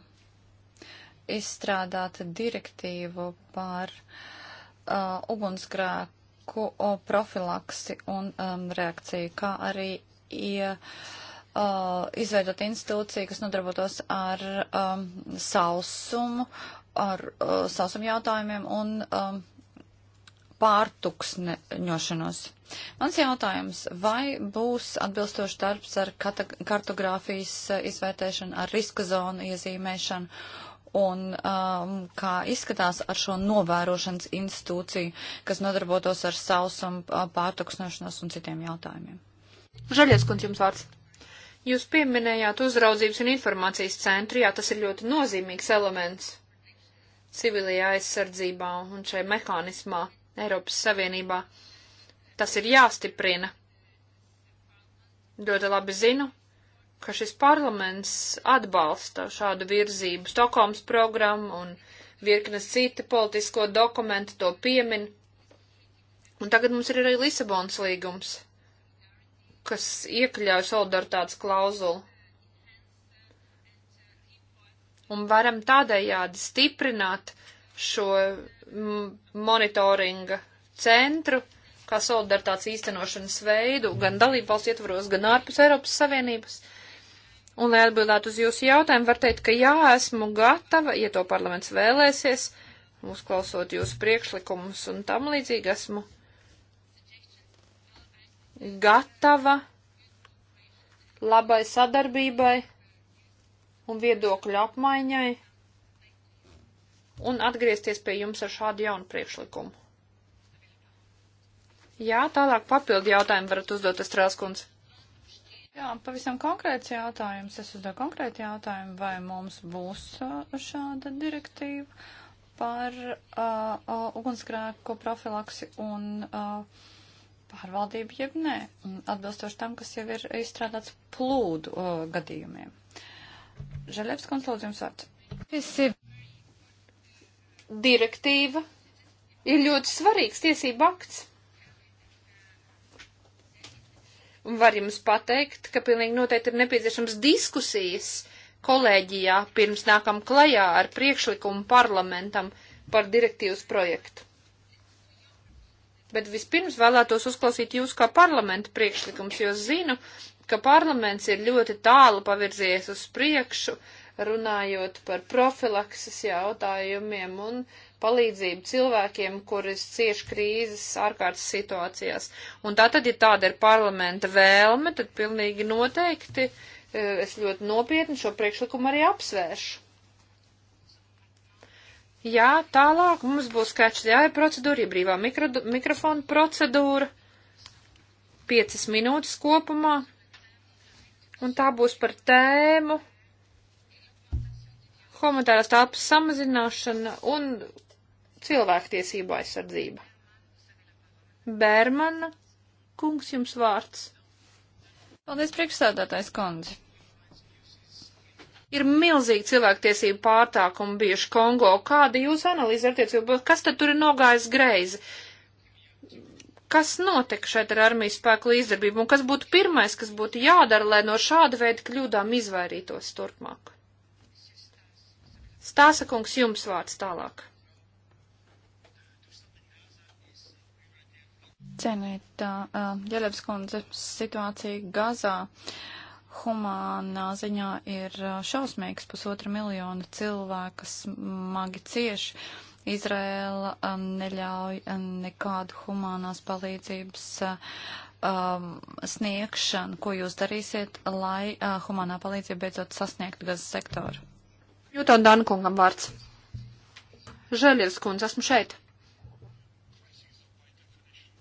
izstrādāt direktīvu par uh, ugunsgrēku profilaksi un um, reakciju, kā arī ie, uh, izveidot institūciju, kas nodarbotos ar um, sausumu, ar uh, sausuma jautājumiem un um, pārtuksņošanos. Mans jautājums, vai būs atbilstoši darbs ar kartogrāfijas eh, izvērtēšanu, ar riska zonu iezīmēšanu un um, kā izskatās ar šo novērošanas institūciju, kas nodarbotos ar sausumu uh, pārtuksņošanos un citiem jautājumiem? Žaļies, kundz, jums vārds. Jūs pieminējāt uzraudzības un informācijas centru, jā, tas ir ļoti nozīmīgs elements civilajā aizsardzībā un šai mehānismā. Eiropas Savienībā. Tas ir jāstiprina. Ļoti labi zinu, ka šis parlaments atbalsta šādu virzību. Stokholmas programmu un virknes cita politisko dokumentu to piemin. Un tagad mums ir arī Lisabonas līgums, kas iekļauj solidaritātes klauzulu. Un varam tādējādi stiprināt šo monitoringa centru, kā solidaritātes īstenošanas veidu, gan dalībvalsts ietvaros, gan ārpus Eiropas Savienības. Un, lai atbildētu uz jūsu jautājumu, var teikt, ka jā, esmu gatava, ja to parlaments vēlēsies, uzklausot jūsu priekšlikumus un tam līdzīgi esmu gatava labai sadarbībai un viedokļu apmaiņai un atgriezties pie jums ar šādu jaunu priekšlikumu. Jā, tālāk papildu jautājumu varat uzdot Estrēlskundze. Jā, pavisam konkrēts jautājums. Es uzdevu konkrēti jautājumu, vai mums būs uh, šāda direktīva par uh, uh, ugunsgrēku profilaksi un uh, pārvaldību, jeb nē, atbilstoši tam, kas jau ir izstrādāts plūdu uh, gadījumiem. Žaļevs konsultējums vārds. Visi direktīva ir ļoti svarīgs tiesība akts. Un var jums pateikt, ka pilnīgi noteikti ir nepieciešams diskusijas kolēģijā pirms nākam klajā ar priekšlikumu parlamentam par direktīvas projektu. Bet vispirms vēlētos uzklausīt jūs kā parlamenta priekšlikums, jo zinu, ka parlaments ir ļoti tālu pavirzies uz priekšu uh, runājot par profilakses jautājumiem un palīdzību cilvēkiem, kuris cieš krīzes ārkārtas situācijās. Un tātad, ja tāda ir parlamenta vēlme, tad pilnīgi noteikti e, es ļoti nopietni šo priekšlikumu arī apsvēršu. Jā, tālāk mums būs skačļāja procedūra, ja brīvā mikro, mikrofona procedūra, piecas minūtes kopumā, un tā būs par tēmu humanitārās tāpas samazināšana un cilvēktiesību aizsardzība. Bērmana, kungs jums vārds. Paldies, priekšsēdētājs kundze. Ir milzīgi cilvēktiesību pārtākumi bijuši Kongo. Kāda jūs analīze attiecībā? Kas tad tur ir nogājis greizi? Kas notika šeit ar armijas spēku līdzdarbību? Un kas būtu pirmais, kas būtu jādara, lai no šāda veida kļūdām izvairītos turpmāk? Stāsa kungs, jums vārds tālāk. Cienīt, uh, Jelebs kundze, situācija Gazā humānā ziņā ir šausmīgs pusotra miljona cilvēku smagi cieši. Izraela um, neļauj nekādu humānās palīdzības um, sniegšanu. Ko jūs darīsiet, lai uh, humānā palīdzība beidzot sasniegtu Gazas sektoru? Jūto Dankungam vārds. Žēļies kundze, esmu šeit.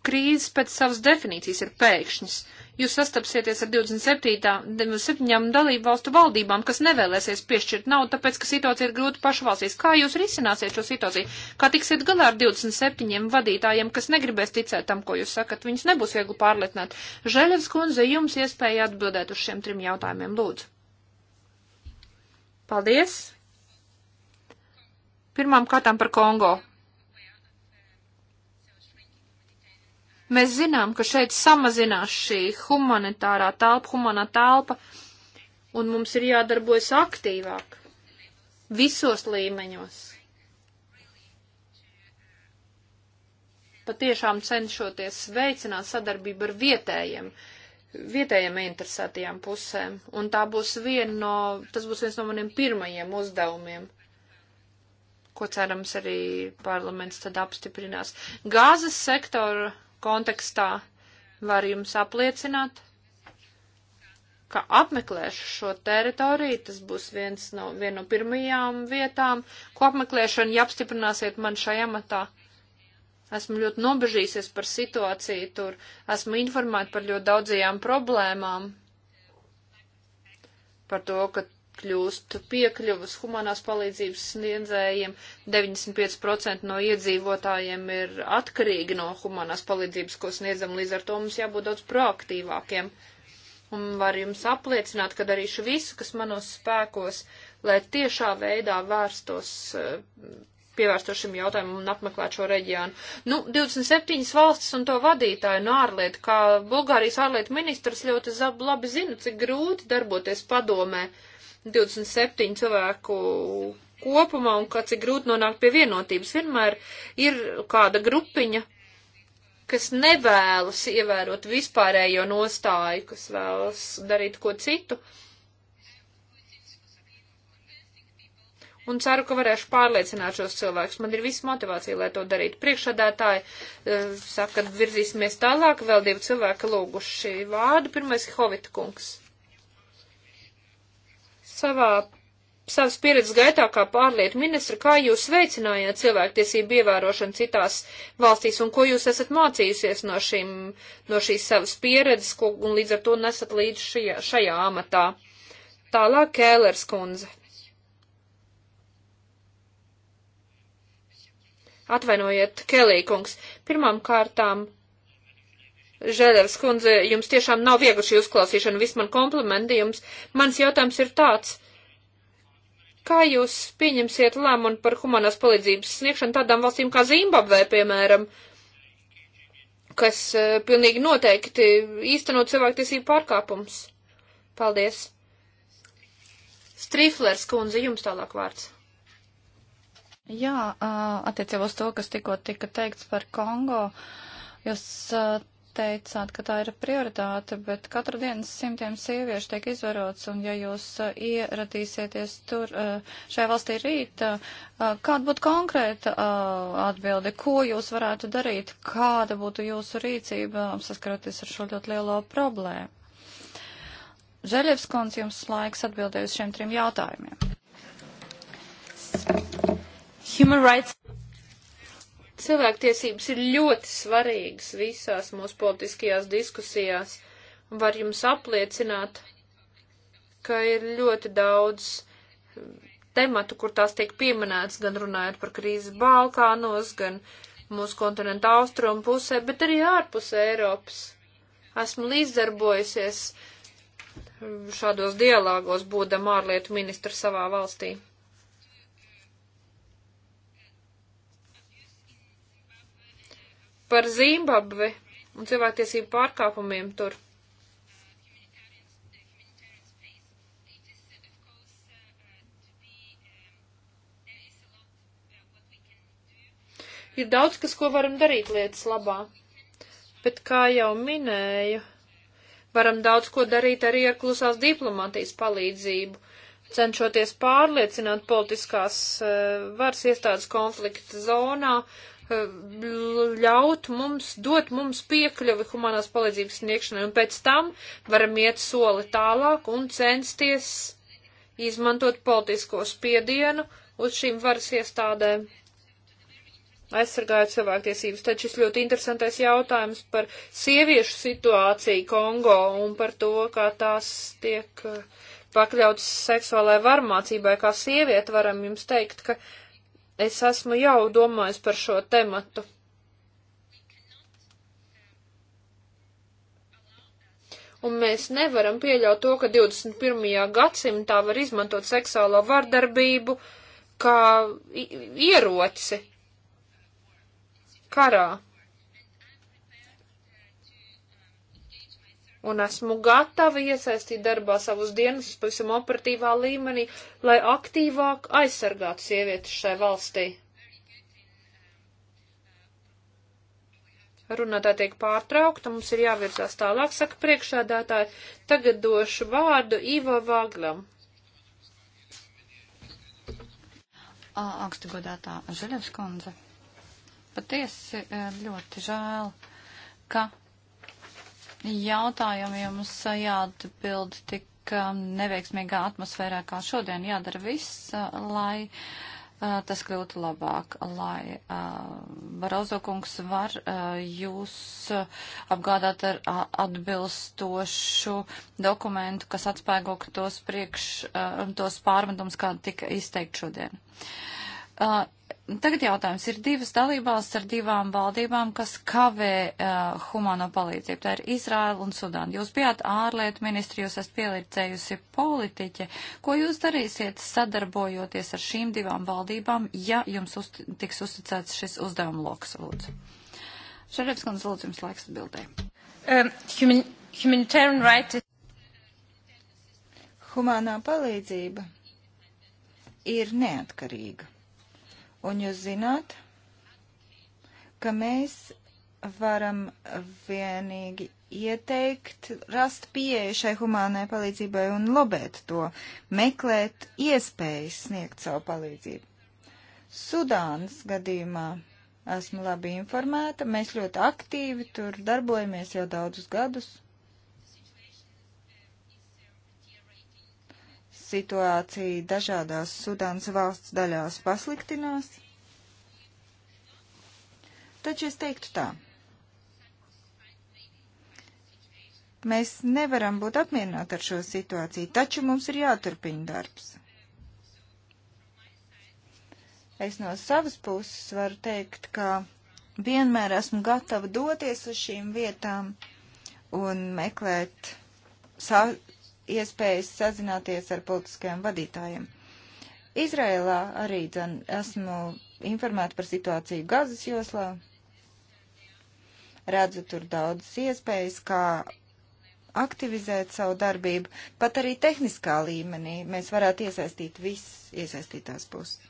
Krīzes pēc savas definīcijas ir pēkšņas. Jūs sastapsieties ar 27, 27 dalību valstu valdībām, kas nevēlēsies piešķirt naudu, tāpēc, ka situācija ir grūta pašvalstīs. Kā jūs risināsiet šo situāciju? Kā tiksiet galā ar 27 vadītājiem, kas negribēs ticēt tam, ko jūs sakat? Viņus nebūs viegli pārliecināt. Žēļevs kundze, jums iespēja atbildēt uz šiem trim jautājumiem, lūdzu. Paldies! Pirmām kārtām par Kongo. Mēs zinām, ka šeit samazinās šī humanitārā telpa, humanā telpa, un mums ir jādarbojas aktīvāk visos līmeņos. Patiešām cenšoties veicināt sadarbību ar vietējiem, vietējiem interesētajām pusēm, un tā būs viena no, tas būs viens no maniem pirmajiem uzdevumiem ko cerams arī parlaments tad apstiprinās. Gāzes sektoru kontekstā var jums apliecināt, ka apmeklēšu šo teritoriju, tas būs viens no, viena no pirmajām vietām, ko apmeklēšana, ja apstiprināsiet man šajā amatā. Esmu ļoti nobežīsies par situāciju tur, esmu informēta par ļoti daudzajām problēmām, par to, ka kļūst piekļuvas humanās palīdzības sniedzējiem. 95% no iedzīvotājiem ir atkarīgi no humanās palīdzības, ko sniedzam, līdz ar to mums jābūt daudz proaktīvākiem. Un var jums apliecināt, ka darīšu visu, kas manos spēkos, lai tiešā veidā vērstos, eh, pievērstos šim jautājumam un apmeklētu šo reģionu. Nu, 27 valstis un to vadītāju no nu, ārlietu, kā Bulgārijas ārlietu ministrs ļoti labi zina, cik grūti darboties padomē 27 cilvēku kopumā un kā cik grūti nonākt pie vienotības. Vienmēr ir kāda grupiņa, kas nevēlas ievērot vispārējo nostāju, kas vēlas darīt ko citu. un ceru, ka varēšu pārliecināt šos cilvēkus. Man ir viss motivācija, lai to darītu. Priekšādātāji eh, saka, virzīsimies tālāk, vēl divi cilvēki lūguši vārdu. Pirmais ir Hovita kungs savā savas pieredzes gaitā kā pārlietu ministra, kā jūs veicinājāt cilvēktiesību ievērošanu citās valstīs un ko jūs esat mācījusies no, šim, no šīs savas pieredzes ko, un līdz ar to nesat līdz šajā, šajā amatā. Tālāk Kēlers kundze. Atvainojiet, Kelī kungs. Pirmām kārtām Žēlēvs kundze, jums tiešām nav viegli šī uzklausīšana, vismaz komplimenti jums. Mans jautājums ir tāds. Kā jūs pieņemsiet lēmumu par humanās palīdzības sniegšanu tādām valstīm kā Zimbabvē, piemēram, kas uh, pilnīgi noteikti īstenot cilvēktiesību pārkāpums? Paldies. Strīflers kundze, jums tālāk vārds. Jā, attiecībā uz to, kas tikko tika teikts par Kongo, jūs teicāt, ka tā ir prioritāte, bet katru dienu simtiem sieviešu tiek izvarots, un ja jūs uh, ieradīsieties tur uh, šajā valstī rīt, uh, kāda būtu konkrēta uh, atbilde, ko jūs varētu darīt, kāda būtu jūsu rīcība saskaroties ar šo ļoti lielo problēmu? Žeļevskons jums laiks atbildēju uz šiem trim jautājumiem. Human rights. Cilvēktiesības ir ļoti svarīgas visās mūsu politiskajās diskusijās. Var jums apliecināt, ka ir ļoti daudz mm, tematu, kur tās tiek pieminēts, gan runājot par krīzi Balkānos, gan mūsu kontinenta austrumu pusē, bet arī ārpus Eiropas. Esmu līdzdarbojusies šādos dialogos, būdam ārlietu ministru savā valstī. par Zimbabvi un cilvēktiesību pārkāpumiem tur. Ir daudz, kas, ko varam darīt lietas labā, bet, kā jau minēju, varam daudz ko darīt arī ar klusās diplomātijas palīdzību, cenšoties pārliecināt politiskās uh, varas iestādes konflikta zonā, Eh, ļaut mums, dot mums piekļuvi humanās palīdzības sniegšanai, un pēc tam varam iet soli tālāk un censties izmantot politisko spiedienu uz šīm varas iestādēm, aizsargājot cilvēktiesības. Taču šis ļoti interesantais jautājums par sieviešu situāciju Kongo un par to, kā tās tiek eh, pakļautas seksuālai varmācībai, kā sievieti varam jums teikt, ka uh, Es esmu jau domājis par šo tematu. Un mēs nevaram pieļaut to, ka 21. gadsimtā var izmantot seksuālo vardarbību kā ieroci karā. un esmu gatava iesaistīt darbā savus dienas pavisam operatīvā līmenī, lai aktīvāk aizsargātu sievietes šai valstī. Runātāja tiek pārtraukta, mums ir jāvirzās tālāk, saka priekšādātāja. Tagad došu vārdu Ivo Vāglam. Augstu godātā Žaļevskundze. Patiesi e, ļoti žēl, ka jautājumiem mums jāatbild tik um, neveiksmīgā atmosfērā kā šodien. Jādara viss, uh, lai uh, tas kļūtu labāk, lai uh, Barozo kungs var jūs apgādāt ar atbilstošu dokumentu, kas atspēgo tos, priekš, tos pārmetumus, kādi tika izteikt šodien tagad jautājums ir divas dalībvalsts ar divām valdībām, kas kavē uh, humano palīdzību. Tā ir Izrēla un Sudāna. Jūs bijāt ārlietu ministri, jūs esat pielīdzējusi politiķe. Ko jūs darīsiet sadarbojoties ar šīm divām valdībām, ja jums uzt tiks uzticēts šis uzdevuma lokus, lūdzu? Šarevskundze, lūdzu, jums laiks atbildē. Um, human, humanitarian right. Humānā palīdzība ir neatkarīga. Un jūs zināt, ka mēs varam vienīgi ieteikt, rast pieeju šai humānai palīdzībai un lobēt to, meklēt iespējas sniegt savu palīdzību. Sudānas gadījumā esmu labi informēta, mēs ļoti aktīvi tur darbojamies jau daudzus gadus. situācija dažādās Sudānas valsts daļās pasliktinās. Taču es teiktu tā. Mēs nevaram būt apmierināti ar šo situāciju, taču mums ir jāturpina darbs. Es no savas puses varu teikt, ka vienmēr esmu gatava doties uz šīm vietām un meklēt sa iespējas sazināties ar politiskajiem vadītājiem. Izrēlā arī dzen, esmu informēta par situāciju Gazas joslā. Redzu tur daudzas iespējas, kā aktivizēt savu darbību, pat arī tehniskā līmenī mēs varētu iesaistīt visas iesaistītās puses.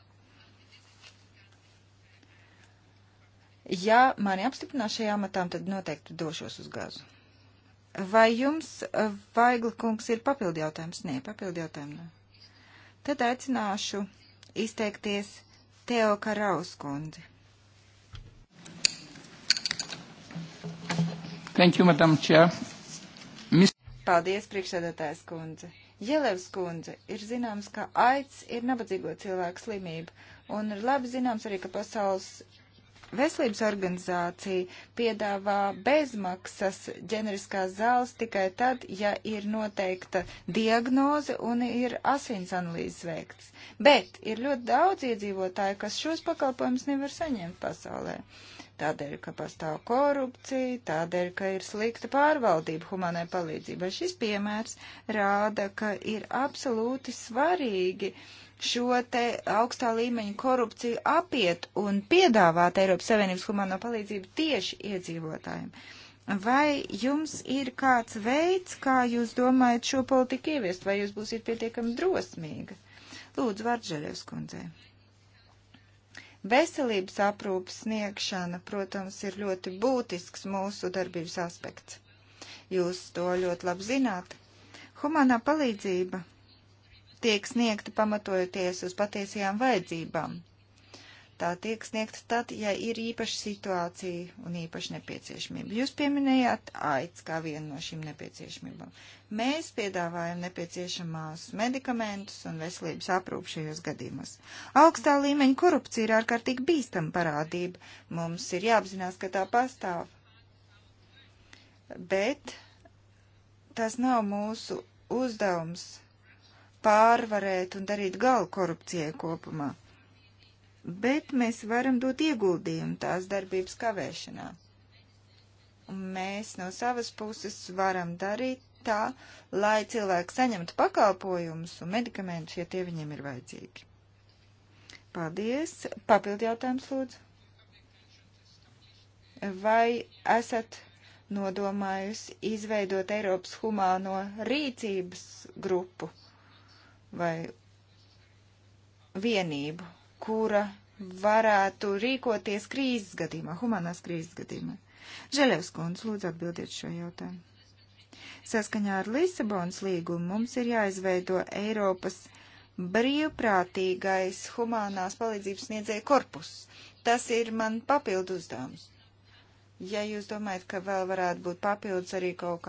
Ja mani apstiprinās šajā amatām, tad noteikti došos uz gazu. Vai jums, eh, Vaigla kungs, ir papildi jautājums? Nē, papildi jautājumu. Tad aicināšu izteikties Teo Karaus kundzi. Thank you, Madam Chair. Mis Paldies, priekšsēdētājs kundze. Jelevs kundze ir zināms, ka aids ir nabadzīgo cilvēku slimība, un ir labi zināms arī, ka pasaules Veselības organizācija piedāvā bezmaksas ģeneriskās zāles tikai tad, ja ir noteikta diagnoze un ir asins analīzes veikts. Bet ir ļoti daudz iedzīvotāju, kas šos pakalpojumus nevar saņemt pasaulē. Uh, Tādēļ, ka pastāv korupcija, tādēļ, ka ir slikta pārvaldība humanai palīdzībai. Šis piemērs rāda, ka ir absolūti svarīgi šo te augstā līmeņa korupciju apiet un piedāvāt Eiropas Savienības humano palīdzību tieši iedzīvotājiem. Vai jums ir kāds veids, kā jūs domājat šo politiku ieviest, vai jūs būsiet pietiekami drosmīga? Lūdzu, Vārdžaļevs kundzei. Veselības aprūpas sniegšana, protams, ir ļoti būtisks mūsu darbības aspekts. Jūs to ļoti labi zināt. Humanā palīdzība tiek sniegta pamatojoties uz patiesajām vajadzībām. Tā tiek sniegta tad, ja ir īpaša situācija un īpaša nepieciešamība. Jūs pieminējāt aids kā vienu no šīm nepieciešamībām. Mēs piedāvājam nepieciešamās medikamentus un veselības aprūpu šajos gadījumos. Augstā līmeņa korupcija ir ārkārtīgi bīstama parādība. Mums ir jāapzinās, ka tā pastāv. Bet tas nav mūsu uzdevums pārvarēt un darīt galu korupcijai kopumā bet mēs varam dot ieguldījumu tās darbības kavēšanā. Un mēs no savas puses varam darīt tā, lai cilvēki saņemtu pakalpojumus un medikamentus, ja tie viņiem ir vajadzīgi. Paldies. Papildi jautājums, lūdzu. Vai esat nodomājusi izveidot Eiropas humāno rīcības grupu vai vienību, kura varētu rīkoties krīzes gadījumā, humanās krīzes gadījumā? Želevs kundze, lūdzu atbildiet šo jautājumu. Saskaņā ar Lisabonas līgumu mums ir jāizveido Eiropas brīvprātīgais humanās palīdzības sniedzēja korpus. Tas ir man papildu uzdevums. Ja jūs domājat, ka vēl varētu būt papildus arī kaut,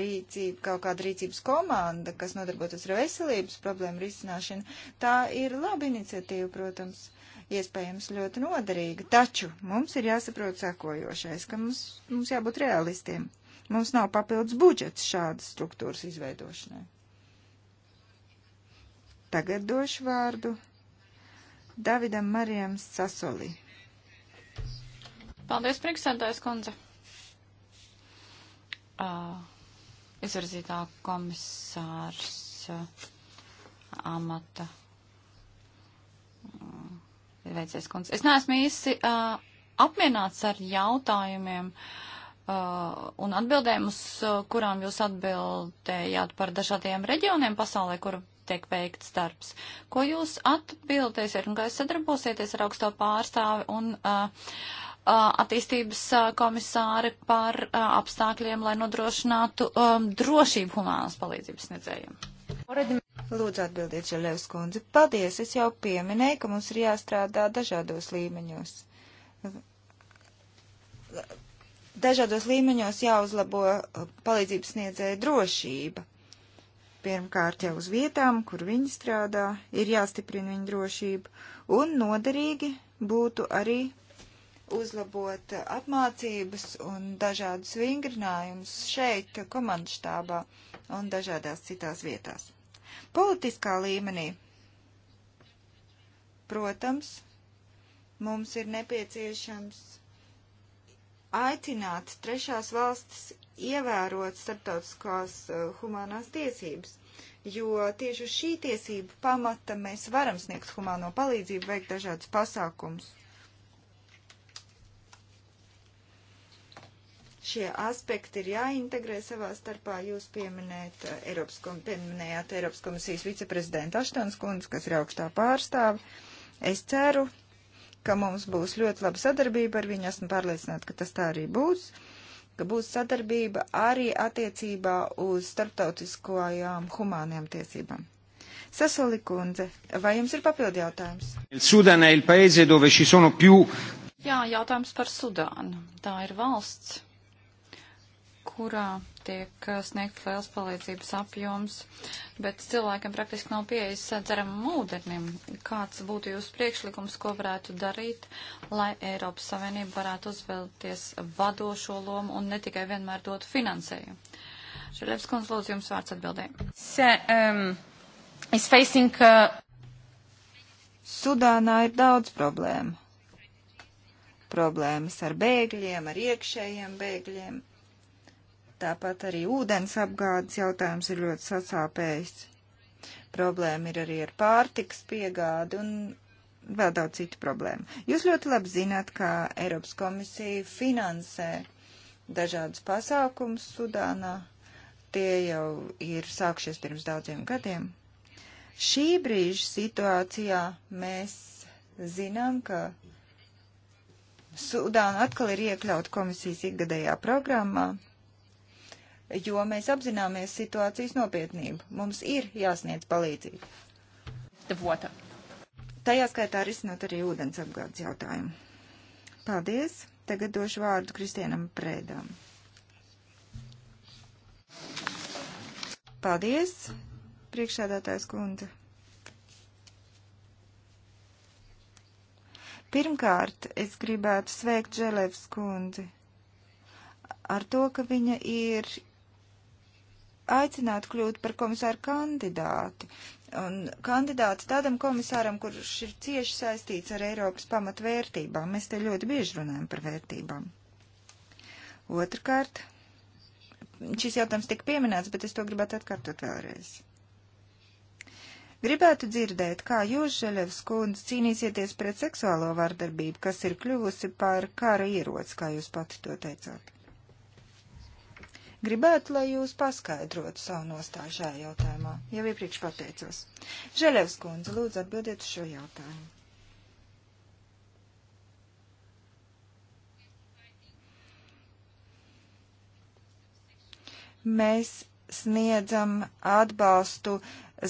rīcība, kaut kāda rīcības komanda, kas nodarbotos ar veselības problēmu risināšanu, tā ir laba iniciatīva, protams, iespējams ļoti noderīga. Taču mums ir jāsaprot sekojošais, ka mums, mums jābūt realistiem. Mums nav papildus budžets šādas struktūras izveidošanai. Tagad došu vārdu Davidam Marijam Sasolī. Paldies, priekšsēdājas kundze. Uh, izvirzītā komisārs uh, amata uh, veicies kundze. Es neesmu īsi uh, apmierināts ar jautājumiem. Uh, Uh, un atbildēm, uz uh, kurām jūs atbildējāt par dažādiem reģioniem pasaulē, kur tiek veikts darbs. Ko jūs atbildēsiet un kā jūs sadarbosieties ar augsto pārstāvi un uh, attīstības komisāri par apstākļiem, lai nodrošinātu um, drošību humānas palīdzības sniedzējiem. Lūdzu atbildiet, Želevs kundze. Paldies, es jau pieminēju, ka mums ir jāstrādā dažādos līmeņos. Dažādos līmeņos jāuzlabo palīdzības sniedzēja drošība. Pirmkārt jau uz vietām, kur viņi strādā, ir jāstiprina viņa drošība, un noderīgi būtu arī uzlabot apmācības un dažādus vingrinājumus šeit, komandas štābā un dažādās citās vietās. Politiskā līmenī, protams, mums ir nepieciešams aicināt trešās valstis ievērot starptautiskās uh, humanās tiesības, jo tieši uz šī tiesību pamata mēs varam sniegt humāno palīdzību, veikt dažādus pasākumus Šie aspekti ir jāintegrē savā starpā. Jūs pieminēt, eh, Eiropas, pieminējāt Eiropas komisijas viceprezidentu Aštons kundzi, kas ir augstā pārstāve. Es ceru, ka mums būs ļoti laba sadarbība ar viņu. Esmu pārliecināta, ka tas tā arī būs ka būs sadarbība arī attiecībā uz starptautiskajām humānajām tiesībām. Sasoli kundze, vai jums ir papildi jautājums? Sudāna ir paese, dove ci sono più. Jā, jautājums par Sudānu. Tā ir valsts, kurā tiek eh, sniegts liels palīdzības apjoms, bet cilvēkiem praktiski nav pieejas dzeramam ūdenim. Kāds būtu jūsu priekšlikums, ko varētu darīt, lai Eiropas Savienība varētu uzvēlties vadošo lomu un ne tikai vienmēr dotu finansējumu? Šerlēps Kunz, lūdzu, jums vārds atbildēja. Se, um, es facing, uh... Sudānā ir daudz problēmu. Problēmas ar bēgļiem, ar iekšējiem bēgļiem Tāpat arī ūdens apgādes jautājums ir ļoti sasāpējis. Problēma ir arī ar pārtiks piegādi un vēl daudz citu problēmu. Jūs ļoti labi zināt, ka Eiropas komisija finansē dažādus pasākumus Sudānā. Tie jau ir sākušies pirms daudziem gadiem. Šī brīža situācijā mēs zinām, ka Sudāna atkal ir iekļauta komisijas ikgadējā programmā jo mēs apzināmies situācijas nopietnību. Mums ir jāsniedz palīdzība. Tajā skaitā risinot arī ūdens apgādes jautājumu. Paldies! Tagad došu vārdu Kristienam Prēdām. Paldies, priekšsēdētājs kundze. Pirmkārt, es gribētu sveikt Želevs kundzi ar to, ka viņa ir aicinātu kļūt par komisāru kandidāti. Un kandidāts tādam komisāram, kurš ir cieši saistīts ar Eiropas pamatvērtībām. Mēs te ļoti bieži runājam par vērtībām. Otrakārt, šis jautājums tika pieminēts, bet es to gribētu atkārtot vēlreiz. Gribētu dzirdēt, kā jūs, Želevs kundze, cīnīsieties pret seksuālo vardarbību, kas ir kļuvusi par kara ieroci, kā jūs pati to teicāt. Gribētu, lai jūs paskaidrotu savu nostāju šajā jautājumā. Jau iepriekš pateicos. Želevs kundze, lūdzu atbildiet uz šo jautājumu. Mēs sniedzam atbalstu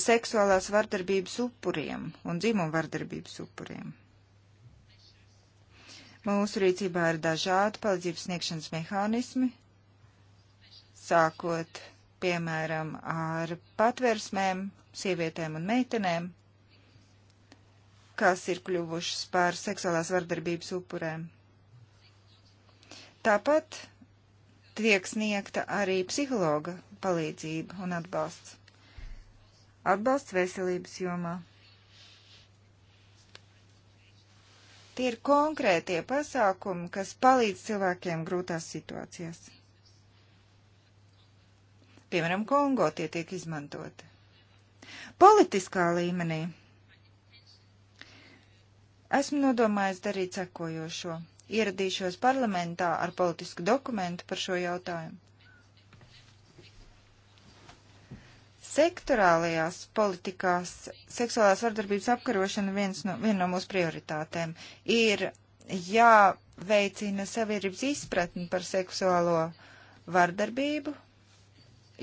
seksuālās vardarbības upuriem un dzimumu vardarbības upuriem. Mūsu rīcībā ir dažādi palīdzības sniegšanas mehānismi, sākot, piemēram, ar patversmēm, sievietēm un meitenēm, kas ir kļuvušas par seksuālās vardarbības upurēm. Tāpat tiek sniegta arī psihologa palīdzība un atbalsts. Atbalsts veselības jomā. Tie ir konkrētie pasākumi, kas palīdz cilvēkiem grūtās situācijās. Piemēram, Kongo tie tiek izmantoti. Politiskā līmenī esmu nodomājis darīt sekojošo. Ieradīšos parlamentā ar politisku dokumentu par šo jautājumu. sektorālajās politikās seksuālās vardarbības apkarošana viens no, viena no mūsu prioritātēm ir jāveicina sabiedrības izpratni par seksuālo vardarbību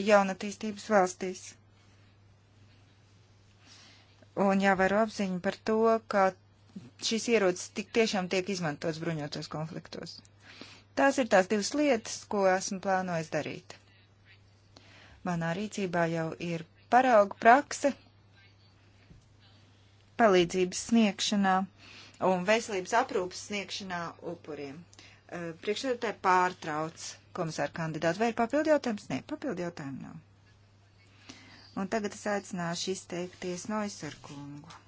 jaunatīstības valstīs. Un jāvēro apziņa par to, ka šis ierocis tik tiešām tiek izmantots bruņotos konfliktos. Tās ir tās divas lietas, ko esmu plānojis darīt. Manā rīcībā jau ir paraugu prakse palīdzības sniegšanā un veselības aprūpas sniegšanā upuriem. Eh, priekšsēdētāji pārtrauc komisāra kandidātu. Vai ir papildi jautājums? Nē, papildi jautājumu nav. Un tagad es aicināšu izteikties Noiserkungu.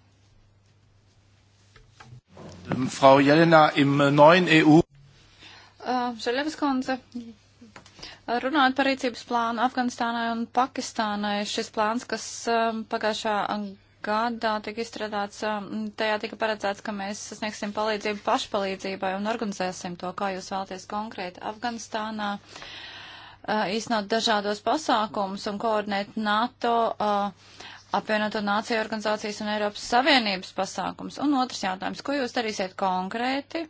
Um, Frau Jelena, im neuen EU. Uh, Žaļevs kundze, Runājot par rīcības plānu Afganistānai un Pakistānai, šis plāns, kas um, pagājušā gadā tika izstrādāts, um, tajā tika paredzēts, ka mēs sasniegsim palīdzību pašpalīdzībai un organizēsim to, kā jūs vēlaties konkrēti Afganistānā uh, īstenot dažādos pasākumus un koordinēt NATO, uh, apvienoto nāciju organizācijas un Eiropas Savienības pasākumus. Un otrs jautājums, ko jūs darīsiet konkrēti,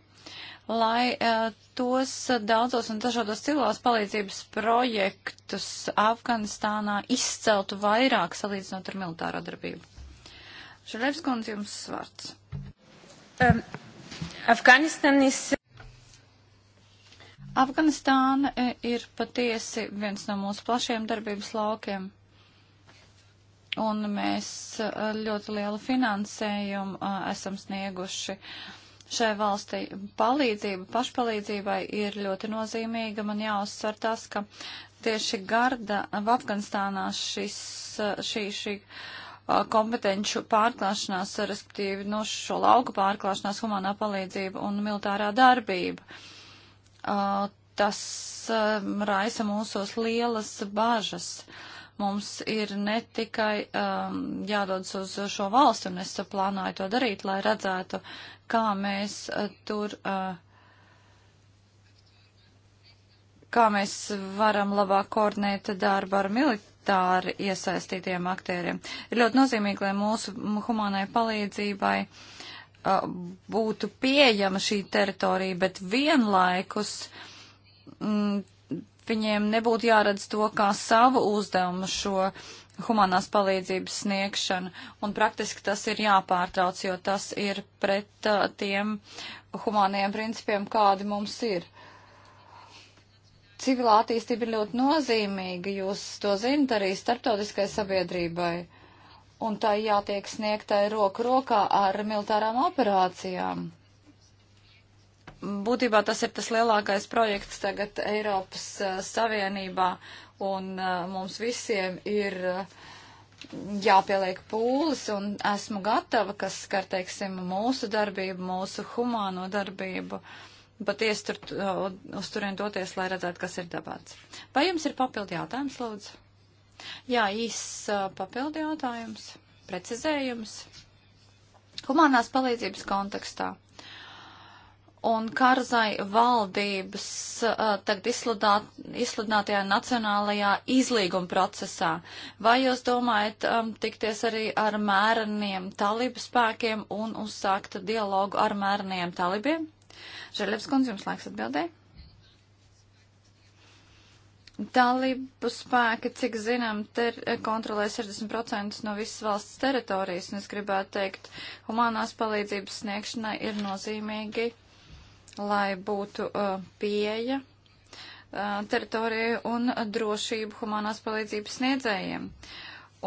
lai uh, tos daudzos un dažādos civilās palīdzības projektus Afganistānā izceltu vairāk salīdzinot ar militāro darbību? Šarevskons jums svārds. Um, Afganistanis. Afganistāna e, ir patiesi viens no mūsu plašiem darbības laukiem. Un mēs e, ļoti lielu finansējumu e, esam snieguši šai valstī. Palīdzība pašpalīdzībai ir ļoti nozīmīga. Man jāuzsver tas, ka tieši garda Afganistānā šis, šī, šī Uh, kompetenču pārklāšanās, respektīvi no šo lauku pārklāšanās humanā palīdzība un militārā darbība. Uh, tas uh, raisa mūsos lielas bažas mums ir ne tikai um, jādodas uz šo valsti, un es plānoju to darīt, lai redzētu, kā mēs uh, tur, uh, kā mēs varam labāk koordinēt darbu ar milit humanitāri iesaistītiem aktieriem. Ir ļoti nozīmīgi, lai mūsu humanai palīdzībai uh, būtu pieejama šī teritorija, bet vienlaikus mm, viņiem nebūtu jāredz to kā savu uzdevumu šo humanās palīdzības sniegšanu, un praktiski tas ir jāpārtrauc, jo tas ir pret uh, tiem humāniem principiem, kādi mums ir. Uh, civilā attīstība ir ļoti nozīmīga, jūs to zinat arī starptautiskai sabiedrībai, un tā jātiek sniegtai roku rokā ar militārām operācijām. Būtībā tas ir tas lielākais projekts tagad Eiropas uh, Savienībā, un uh, mums visiem ir uh, jāpieliek pūles, un esmu gatava, kas skar, teiksim, mūsu darbību, mūsu humāno darbību. Uh, patiesi tur, uz turien doties, lai redzētu, kas ir dabāts. Vai jums ir papildi jautājums, lūdzu? Jā, īss papildi jautājums, precizējums. Humanās palīdzības kontekstā. Un Karzai valdības uh, tagad izsludāt, izsludinātajā nacionālajā izlīguma procesā. Vai jūs domājat um, tikties arī ar mēreniem talibu spēkiem un uzsākt dialogu ar mēreniem talibiem? Žēlēps kundze, jums laiks atbildē. Dalību spēki, cik zinām, ter, kontrolē 60% no visas valsts teritorijas, un es gribētu teikt, humanās palīdzības sniegšanai ir nozīmīgi, lai būtu uh, pieeja uh, teritoriju un drošību humanās palīdzības sniedzējiem. Uh,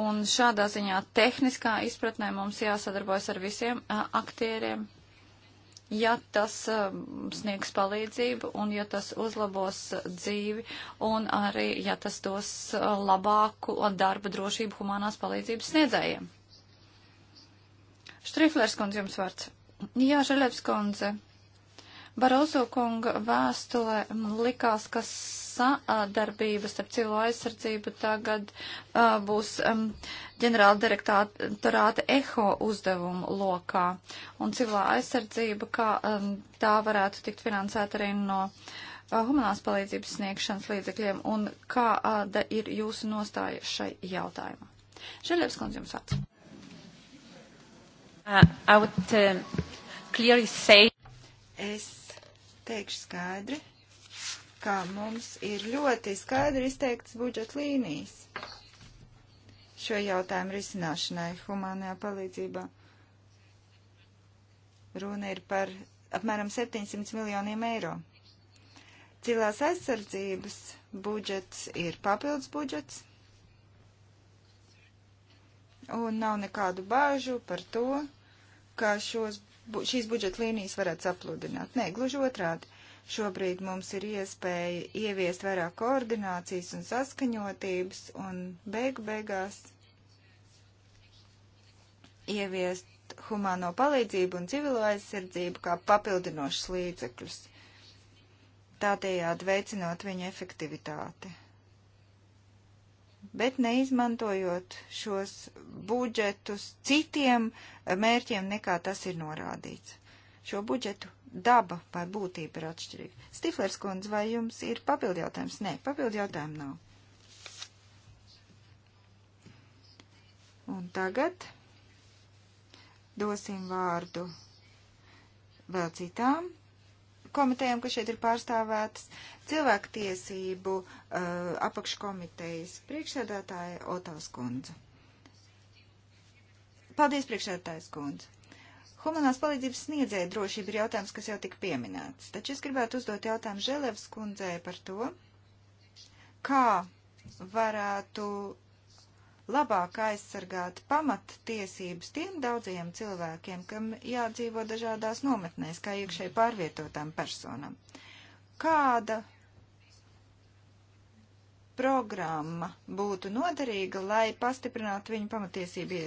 Un šādā ziņā tehniskā izpratnē mums jāsadarbojas ar visiem a, uh, aktieriem, ja tas um, sniegs palīdzību un ja tas uzlabos uh, dzīvi un arī, ja tas dos uh, labāku darba drošību humanās palīdzības sniedzējiem. Štriflers kundze jums vārds. Jā, Želevs kundze. Barozo kunga vēstulē likās, kas sadarbības ar civilo aizsardzību tagad uh, būs um, ģenerāla direktorāta EHO uzdevuma lokā. Un civilā aizsardzība, kā um, tā varētu tikt finansēta arī no uh, humanās palīdzības sniegšanas līdzekļiem, un kāda ir jūsu nostāja šai jautājumā? Žaļevs kundze jums vārds. Uh, I would uh, clearly say. Es teikšu skaidri, ka mums ir ļoti skaidri izteikts budžeta līnijas šo jautājumu risināšanai humānajā palīdzībā. Runa ir par apmēram 700 miljoniem eiro. Cilvēks aizsardzības budžets ir papildus budžets, un nav nekādu bāžu par to, ka šos, bu, šīs budžeta līnijas varētu sapludināt. Nē, gluži otrādi. Šobrīd mums ir iespēja ieviest vairāk koordinācijas un saskaņotības un beigu beigās ieviest humāno palīdzību un civilo aizsardzību kā papildinošus līdzekļus, tādējādi veicinot viņu efektivitāti bet neizmantojot šos budžetus citiem mērķiem, nekā tas ir norādīts. Šo budžetu daba vai būtība ir atšķirīga. Stiflers kundze, vai jums ir papildi jautājums? Nē, papildi jautājumu nav. Un tagad dosim vārdu vēl citām komitejām, kas šeit ir pārstāvētas. Cilvēktiesību uh, apakškomitejas priekšsēdētāja Otavas kundze. Paldies, priekšsēdētājs kundze. Humanās palīdzības sniedzēja drošība ir jautājums, kas jau tik pieminēts, taču es gribētu uzdot jautājumu Želevs kundzei par to, kā varētu labāk aizsargāt pamattiesības tiem daudzajiem cilvēkiem, kam jādzīvo dažādās nometnēs, kā iekšēji pārvietotām personām. Kāda programma būtu noderīga, lai pastiprinātu viņu pamatiesību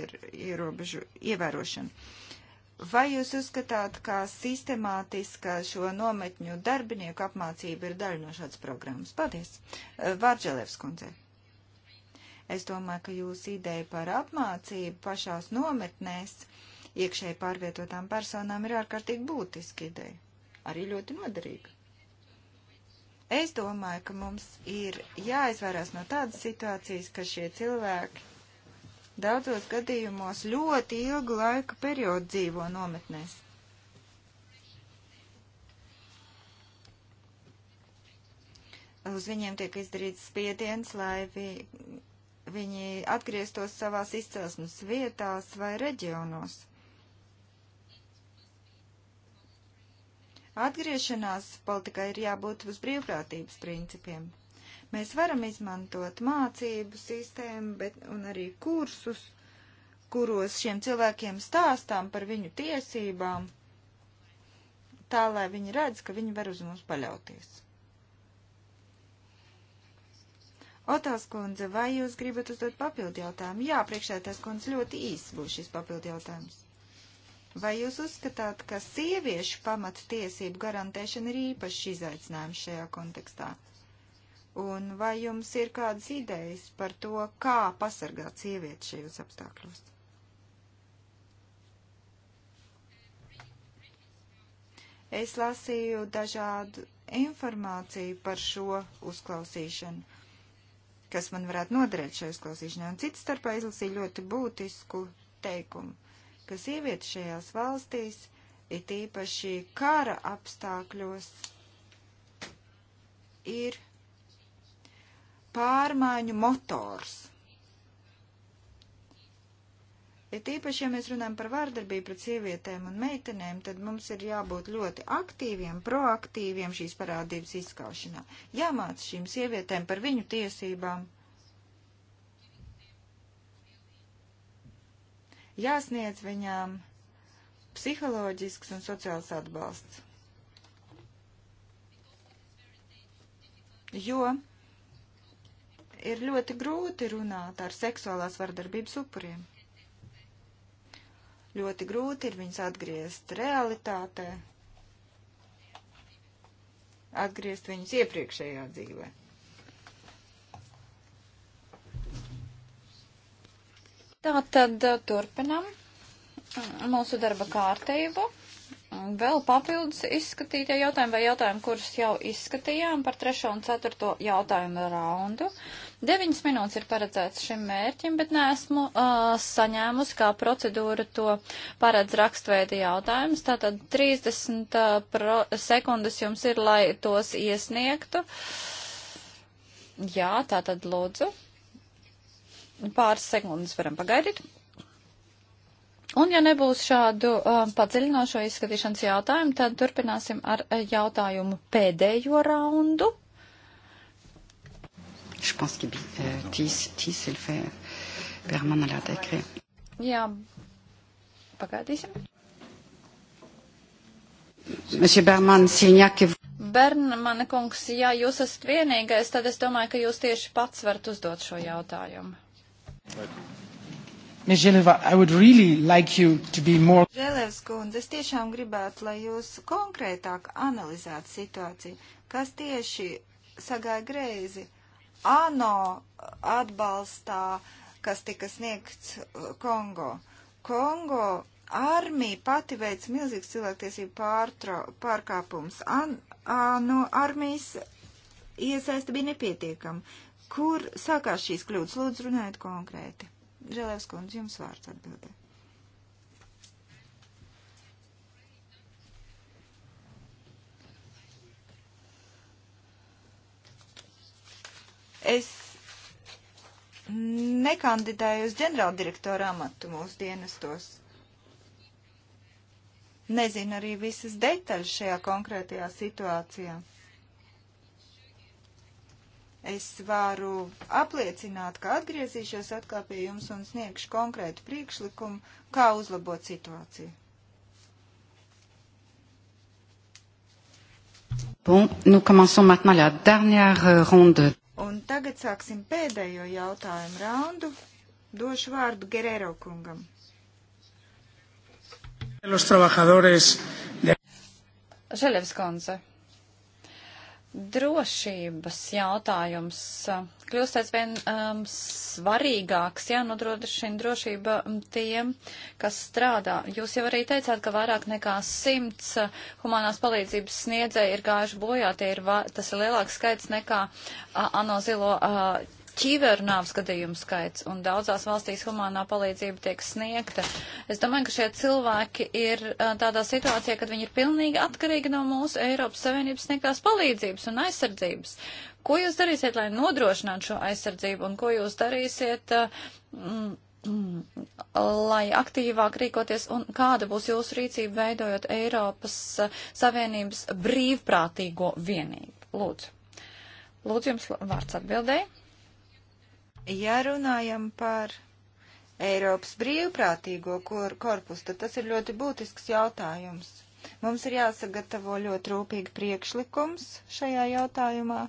ierobežu ievērošanu? Vai jūs uzskatāt, ka sistemātiska šo nometņu darbinieku apmācība ir daļa no šādas programmas? Paldies! Eh, Vārģelevs kundze. Es domāju, ka jūsu ideja par apmācību pašās nometnēs iekšēji pārvietotām personām ir ārkārtīgi būtiska ideja. Arī ļoti noderīga. Es domāju, ka mums ir jāizvairās no tādas situācijas, ka šie cilvēki daudzos gadījumos ļoti ilgu laika periodu dzīvo nometnēs. Uz viņiem tiek izdarīts spiediens, lai vi, viņi atgrieztos savās izcelsmes vietās vai reģionos. Atgriešanās politikai ir jābūt uz brīvprātības principiem. Mēs varam izmantot mācību sistēmu bet, un arī kursus, kuros šiem cilvēkiem stāstām par viņu tiesībām, tā lai viņi redz, ka viņi var uz mums paļauties. Otās kundze, vai jūs gribat uzdot papildu jautājumu? Jā, priekšētās kundze ļoti īsts būs šis papildu jautājums. Vai jūs uzskatāt, ka sieviešu pamata tiesību garantēšana ir īpašs izaicinājums šajā kontekstā? Un vai jums ir kādas idejas par to, kā pasargāt sievietes šajos apstākļos? Es lasīju dažādu informāciju par šo uzklausīšanu, kas man varētu noderēt šajā uzklausīšanā. Un cits starpā izlasīju ļoti būtisku teikumu, ka sievietes šajās valstīs ir tīpaši kara apstākļos ir pārmaiņu motors. Ja tīpaši, ja mēs runājam par vārdarbību pret sievietēm un meitenēm, tad mums ir jābūt ļoti aktīviem, proaktīviem šīs parādības izskaušanā. Jāmāc šīm sievietēm par viņu tiesībām. Jāsniedz viņām psiholoģisks un sociāls atbalsts. Jo ir ļoti grūti runāt ar seksuālās vardarbības upuriem. Ļoti grūti ir viņus atgriezt realitātē, atgriezt viņus iepriekšējā dzīvē. Tā tad uh, turpinam uh, mūsu darba kārtību. Vēl papildus izskatītie jautājumi vai jautājumi, kurus jau izskatījām par trešo un ceturto jautājumu raundu. Deviņas minūtes ir paredzēts šim mērķim, bet neesmu uh, saņēmusi, kā procedūra to paredz rakstveida jautājums. Tātad 30 uh, pro, sekundes jums ir, lai tos iesniegtu. Jā, tātad lūdzu. Pāris sekundes varam pagaidīt. Un, ja nebūs šādu uh, padziļinošo izskatīšanas jautājumu, tad turpināsim ar uh, jautājumu pēdējo raundu. Je pense que TIS, TIS ir fair. Par man arā teikri. Jā, pagaidīsim. Monsieur Berman, Signac. Bernmane kungs, ja jūs esat vienīgais, tad es domāju, ka jūs tieši pats varat uzdot šo jautājumu. Želeva, really like more... Želevs kundze, es tiešām gribētu, lai jūs konkrētāk analizētu situāciju, kas tieši sagāja greizi ANO atbalstā, kas tika sniegts uh, Kongo. Kongo armija pati veic milzīgs cilvēktiesību pārkāpums. An, ANO armijas iesaista bija nepietiekama. Kur sākās šīs kļūdas? Lūdzu, runājiet konkrēti. Žēlēvs kundze, jums vārds atbildēt. Es nekandidēju uz ģenerāldirektora amatu mūsu dienestos. Nezinu arī visas detaļas šajā konkrētajā situācijā. Es varu apliecināt, ka atgriezīšos atkal pie jums un sniegšu konkrētu priekšlikumu, kā uzlabot situāciju. Bon, nous commençons maintenant la dernière euh, ronde. Un tagad sāksim pēdējo jautājumu raundu. Došu vārdu Gerero kungam. Želevs konce drošības jautājums eh, kļūst aizvien um, svarīgāks, jā, nodrošina drošība tiem, kas strādā. Jūs jau arī teicāt, ka vairāk nekā simts eh, humanās palīdzības sniedzēji ir gājuši bojā, tie ir, tas ir lielāks skaits nekā uh, ANO zilo uh, ķīvernāvs gadījumu skaits, un daudzās valstīs humānā palīdzība tiek sniegta. Es domāju, ka šie cilvēki ir tādā situācijā, kad viņi ir pilnīgi atkarīgi no mūsu Eiropas Savienības sniegtās palīdzības un aizsardzības. Ko jūs darīsiet, lai nodrošinātu šo aizsardzību, un ko jūs darīsiet, mm, mm, lai aktīvāk rīkoties, un kāda būs jūsu rīcība veidojot Eiropas Savienības brīvprātīgo vienību? Lūdzu. Lūdzu, jums vārds atbildēja. Ja runājam par Eiropas brīvprātīgo korpusu, tad tas ir ļoti būtisks jautājums. Mums ir jāsagatavo ļoti rūpīgi priekšlikums šajā jautājumā.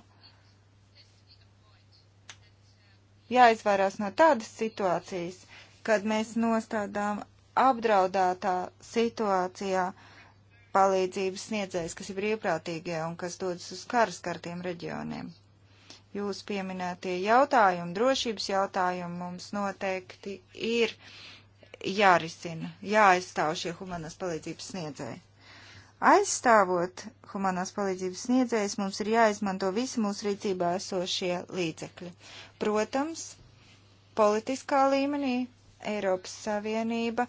Jāizvairās no tādas situācijas, kad mēs nostādām apdraudētā situācijā palīdzības sniedzējs, kas ir brīvprātīgie un kas dodas uz karaskartiem reģioniem. Jūs pieminētie jautājumi, drošības jautājumi mums noteikti ir jārisina, jāaizstāv šie humanās palīdzības sniedzēji. Aizstāvot humanās palīdzības sniedzējus, mums ir jāizmanto visi mūsu rīcībā esošie līdzekļi. Protams, politiskā līmenī Eiropas Savienība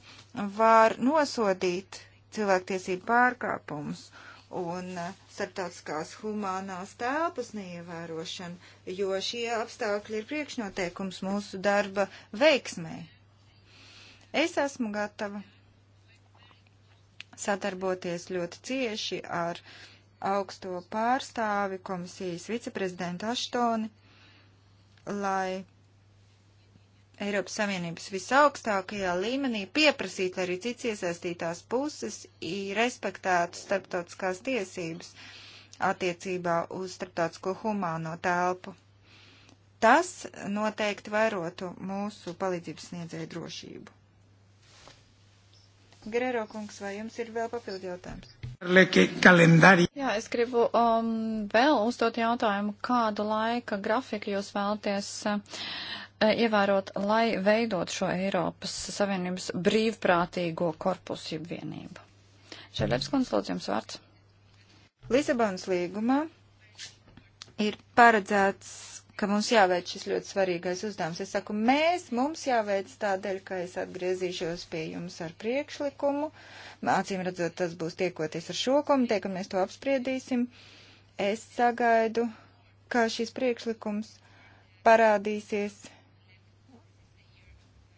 var nosodīt cilvēktiesību pārkāpumus un starptautiskās humānās telpas neievērošanu, jo šie apstākļi ir priekšnoteikums mūsu darba veiksmē. Es esmu gatava sadarboties ļoti cieši ar augsto pārstāvi komisijas viceprezidentu Aštoni, lai Eiropas Savienības visaugstākajā līmenī pieprasīt, lai arī cits iesaistītās puses respektētu starptautiskās tiesības attiecībā uz starptautisko humāno telpu. Tas noteikti vairotu mūsu palīdzības sniedzēju drošību. Gerero kungs, vai jums ir vēl papildu jautājums? Jā, es gribu um, vēl uzdot jautājumu, kādu laika grafiku jūs vēlaties uh, E, ievērot, lai veidot šo Eiropas Savienības brīvprātīgo korpusu jeb vienību. Šeļevskundz, lūdzu, jums vārds. Lisabonas līgumā ir paredzēts, ka mums jāveic šis ļoti svarīgais uzdevums. Es saku, mēs, mums jāveic tādēļ, ka es atgriezīšos pie jums ar priekšlikumu. Mācīm redzot, tas būs tiekoties ar šo komiteju, ka mēs to apspriedīsim. Es sagaidu, ka šis priekšlikums parādīsies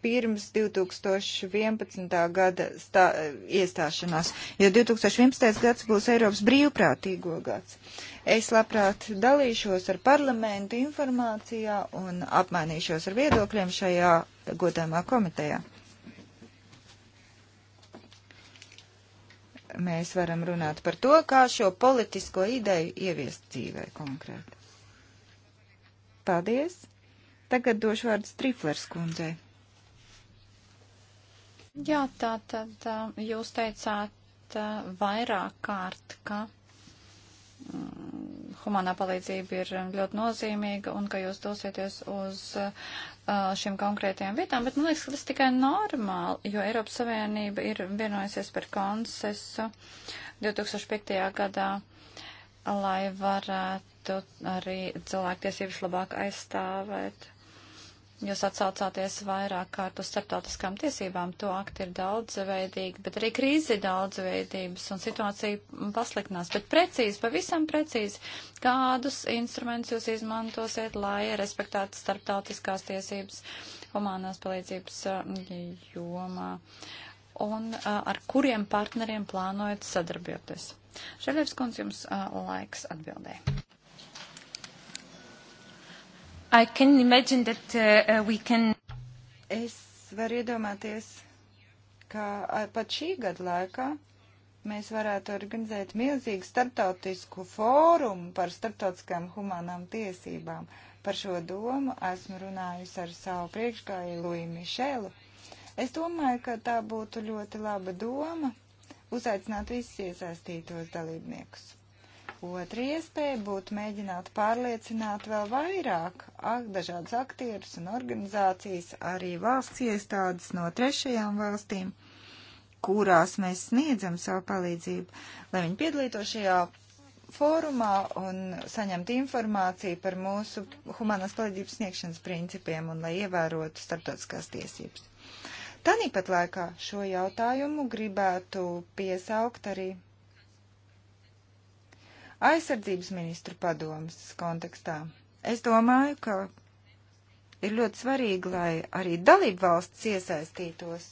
pirms 2011. gada stā, iestāšanās, jo 2011. gads būs Eiropas brīvprātīgo gads. Es labprāt dalīšos ar parlamentu informācijā un apmainīšos ar viedokļiem šajā godāmā komitejā. Mēs varam runāt par to, kā šo politisko ideju ieviest dzīvē konkrēti. Paldies! Tagad došu vārdu Striflers kundzei. Jā, tā tad um, jūs teicāt uh, vairāk kārt, ka mm, humanā palīdzība ir um, ļoti nozīmīga un ka jūs dosieties uz uh, šīm konkrētajām vietām, bet man liekas, ka tas tikai normāli, jo Eiropas Savienība ir vienojusies par konsesu 2005. gadā, lai varētu arī cilvēktiesības labāk aizstāvēt. Jūs atsaucāties vairāk kārt uz starptautiskām tiesībām. To akti ir daudzveidīgi, bet arī krīze ir daudzveidības un situācija pasliknās. Bet precīzi, pavisam precīzi, kādus instrumentus jūs izmantosiet, lai respektētu starptautiskās tiesības humanās palīdzības eh, jomā un eh, ar kuriem partneriem plānojat sadarboties? Šeļevs kundze jums eh, laiks atbildēja. I can imagine that uh, uh, we can. Es varu iedomāties, ka pat šī gada laikā mēs varētu organizēt milzīgu startautisku fórumu par startautiskām humanām tiesībām. Par šo domu esmu runājusi ar savu priekšgāju Luiju Mišelu. Es domāju, ka tā būtu ļoti laba doma uzaicināt visus iesaistītos dalībniekus. Otra iespēja būtu mēģināt pārliecināt vēl vairāk dažādas aktierus un organizācijas, arī valsts iestādes no trešajām valstīm, kurās mēs sniedzam savu palīdzību, lai viņi piedalītos šajā fórumā un saņemtu informāciju par mūsu humanās palīdzības sniegšanas principiem un lai ievērotu starptautiskās tiesības. Tāpat laikā šo jautājumu gribētu piesaukt arī Aizsardzības ministru padomas kontekstā es domāju, ka ir ļoti svarīgi, lai arī dalību valsts iesaistītos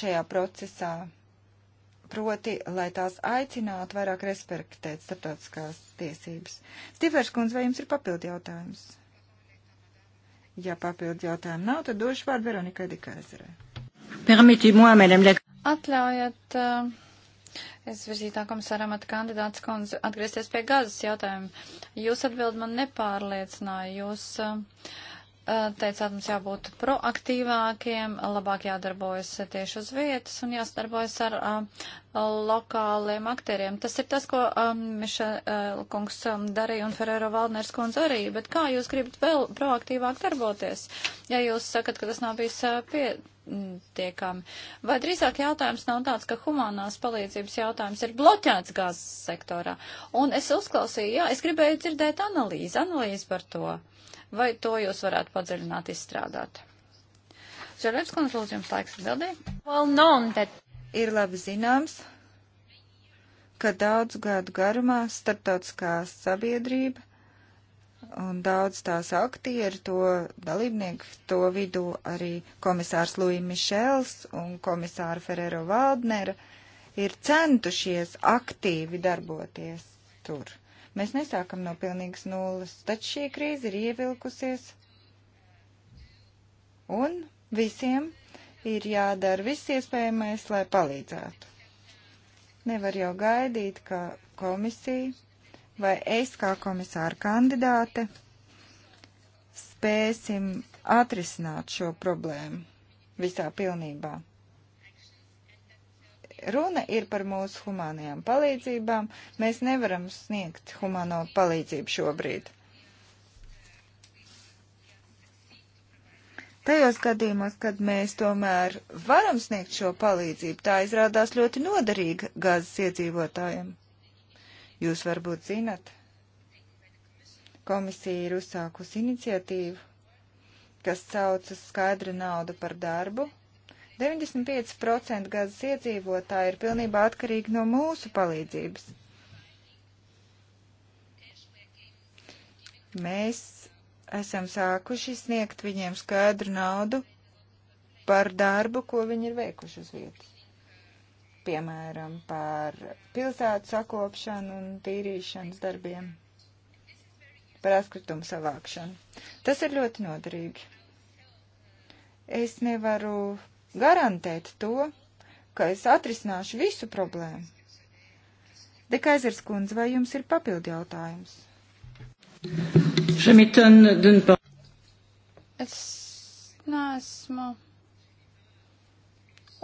šajā procesā, proti, lai tās aicinātu vairāk respektēt starptautiskās tiesības. Stīvērš kundze, vai jums ir papildi jautājums? Ja papildi jautājumu nav, tad došu vārdu Veronikai Dikaizerai. Atļaujiet, uh, Es virzītā komisāra amata kandidāts kundze atgriezties pie gazas jautājuma. Jūs atbild man nepārliecināja. Jūs uh, Eh, teicāt, mums jābūt proaktīvākiem, labāk jādarbojas tieši uz vietas un jāsadarbojas ar uh, lokāliem aktieriem. Tas ir tas, ko um, eh, Mišela kungs um, darīja un Ferrero Valdners kundze arī, bet kā jūs gribat vēl proaktīvāk darboties, ja jūs sakat, ka tas nav bijis uh, pie. Tiekami. Vai drīzāk jautājums nav tāds, ka humanās palīdzības jautājums ir bloķēts gāzes sektorā? Un es uzklausīju, jā, es gribēju dzirdēt analīzi, analīzi par to. Uh, Vai to jūs varētu padziļināt, izstrādāt? Žēlēps konsults jums laiks atbildēt? Well known that. Ir labi zināms, ka daudzu gadu garumā starptautiskā sabiedrība un daudz tās aktieri, to dalībnieku, to vidū arī komisārs Lui Mišels un komisāra Ferrero Valdnera ir centušies aktīvi darboties tur. Mēs nesākam no pilnīgas nulles, taču šī krīze ir ievilkusies. Un visiem ir jādara viss iespējamais, lai palīdzētu. Nevar jau gaidīt, ka komisija vai es kā komisāra kandidāte spēsim atrisināt šo problēmu visā pilnībā. Runa ir par mūsu humānajām palīdzībām. Mēs nevaram sniegt humāno palīdzību šobrīd. Tajos gadījumos, kad mēs tomēr varam sniegt šo palīdzību, tā izrādās ļoti noderīga gazas iedzīvotājiem. Jūs varbūt zinat, komisija ir uzsākusi iniciatīvu, kas saucas skaidra nauda par darbu, 95% Gazas iedzīvotāji ir pilnībā atkarīgi no mūsu palīdzības. Mēs esam sākuši sniegt viņiem skaidru naudu par darbu, ko viņi ir veikuši uz vietas. Piemēram, par pilsētu sakopšanu un tīrīšanas darbiem, par atkritumu savākšanu. Tas ir ļoti noderīgi. Es nevaru garantēt to, ka es atrisināšu visu problēmu. Dekaizers kundze, vai jums ir papildi jautājums? Es neesmu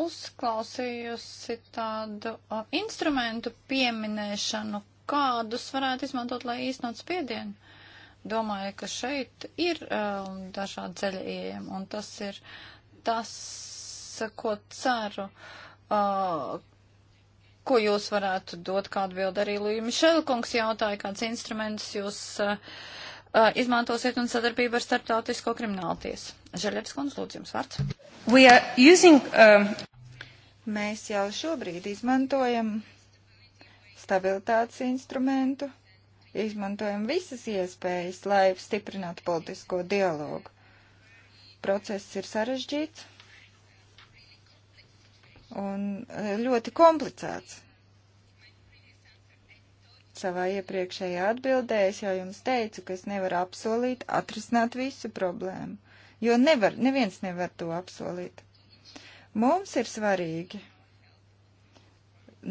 uzklausījusi tādu o, instrumentu pieminēšanu, kādus varētu izmantot, lai īstenot spiedienu. Domāju, ka šeit ir um, dažādi ceļi ieejami, un tas ir tas, ko ceru, uh, ko jūs varētu dot kādu bildi arī Lūija Mišelkungs jautāja, kāds instruments jūs uh, uh, izmantosiet un sadarbību ar starptautisko krimināltiesu. Žaļevs kundz, lūdzu jums vārds. Using, um... Mēs jau šobrīd izmantojam stabilitātes instrumentu, izmantojam visas iespējas, lai stiprinātu politisko dialogu. Process ir sarežģīts, un e, ļoti komplicēts. Savā iepriekšējā atbildē es jau jums teicu, ka es nevaru apsolīt atrisināt visu problēmu, jo nevar, neviens nevar to apsolīt. Mums ir svarīgi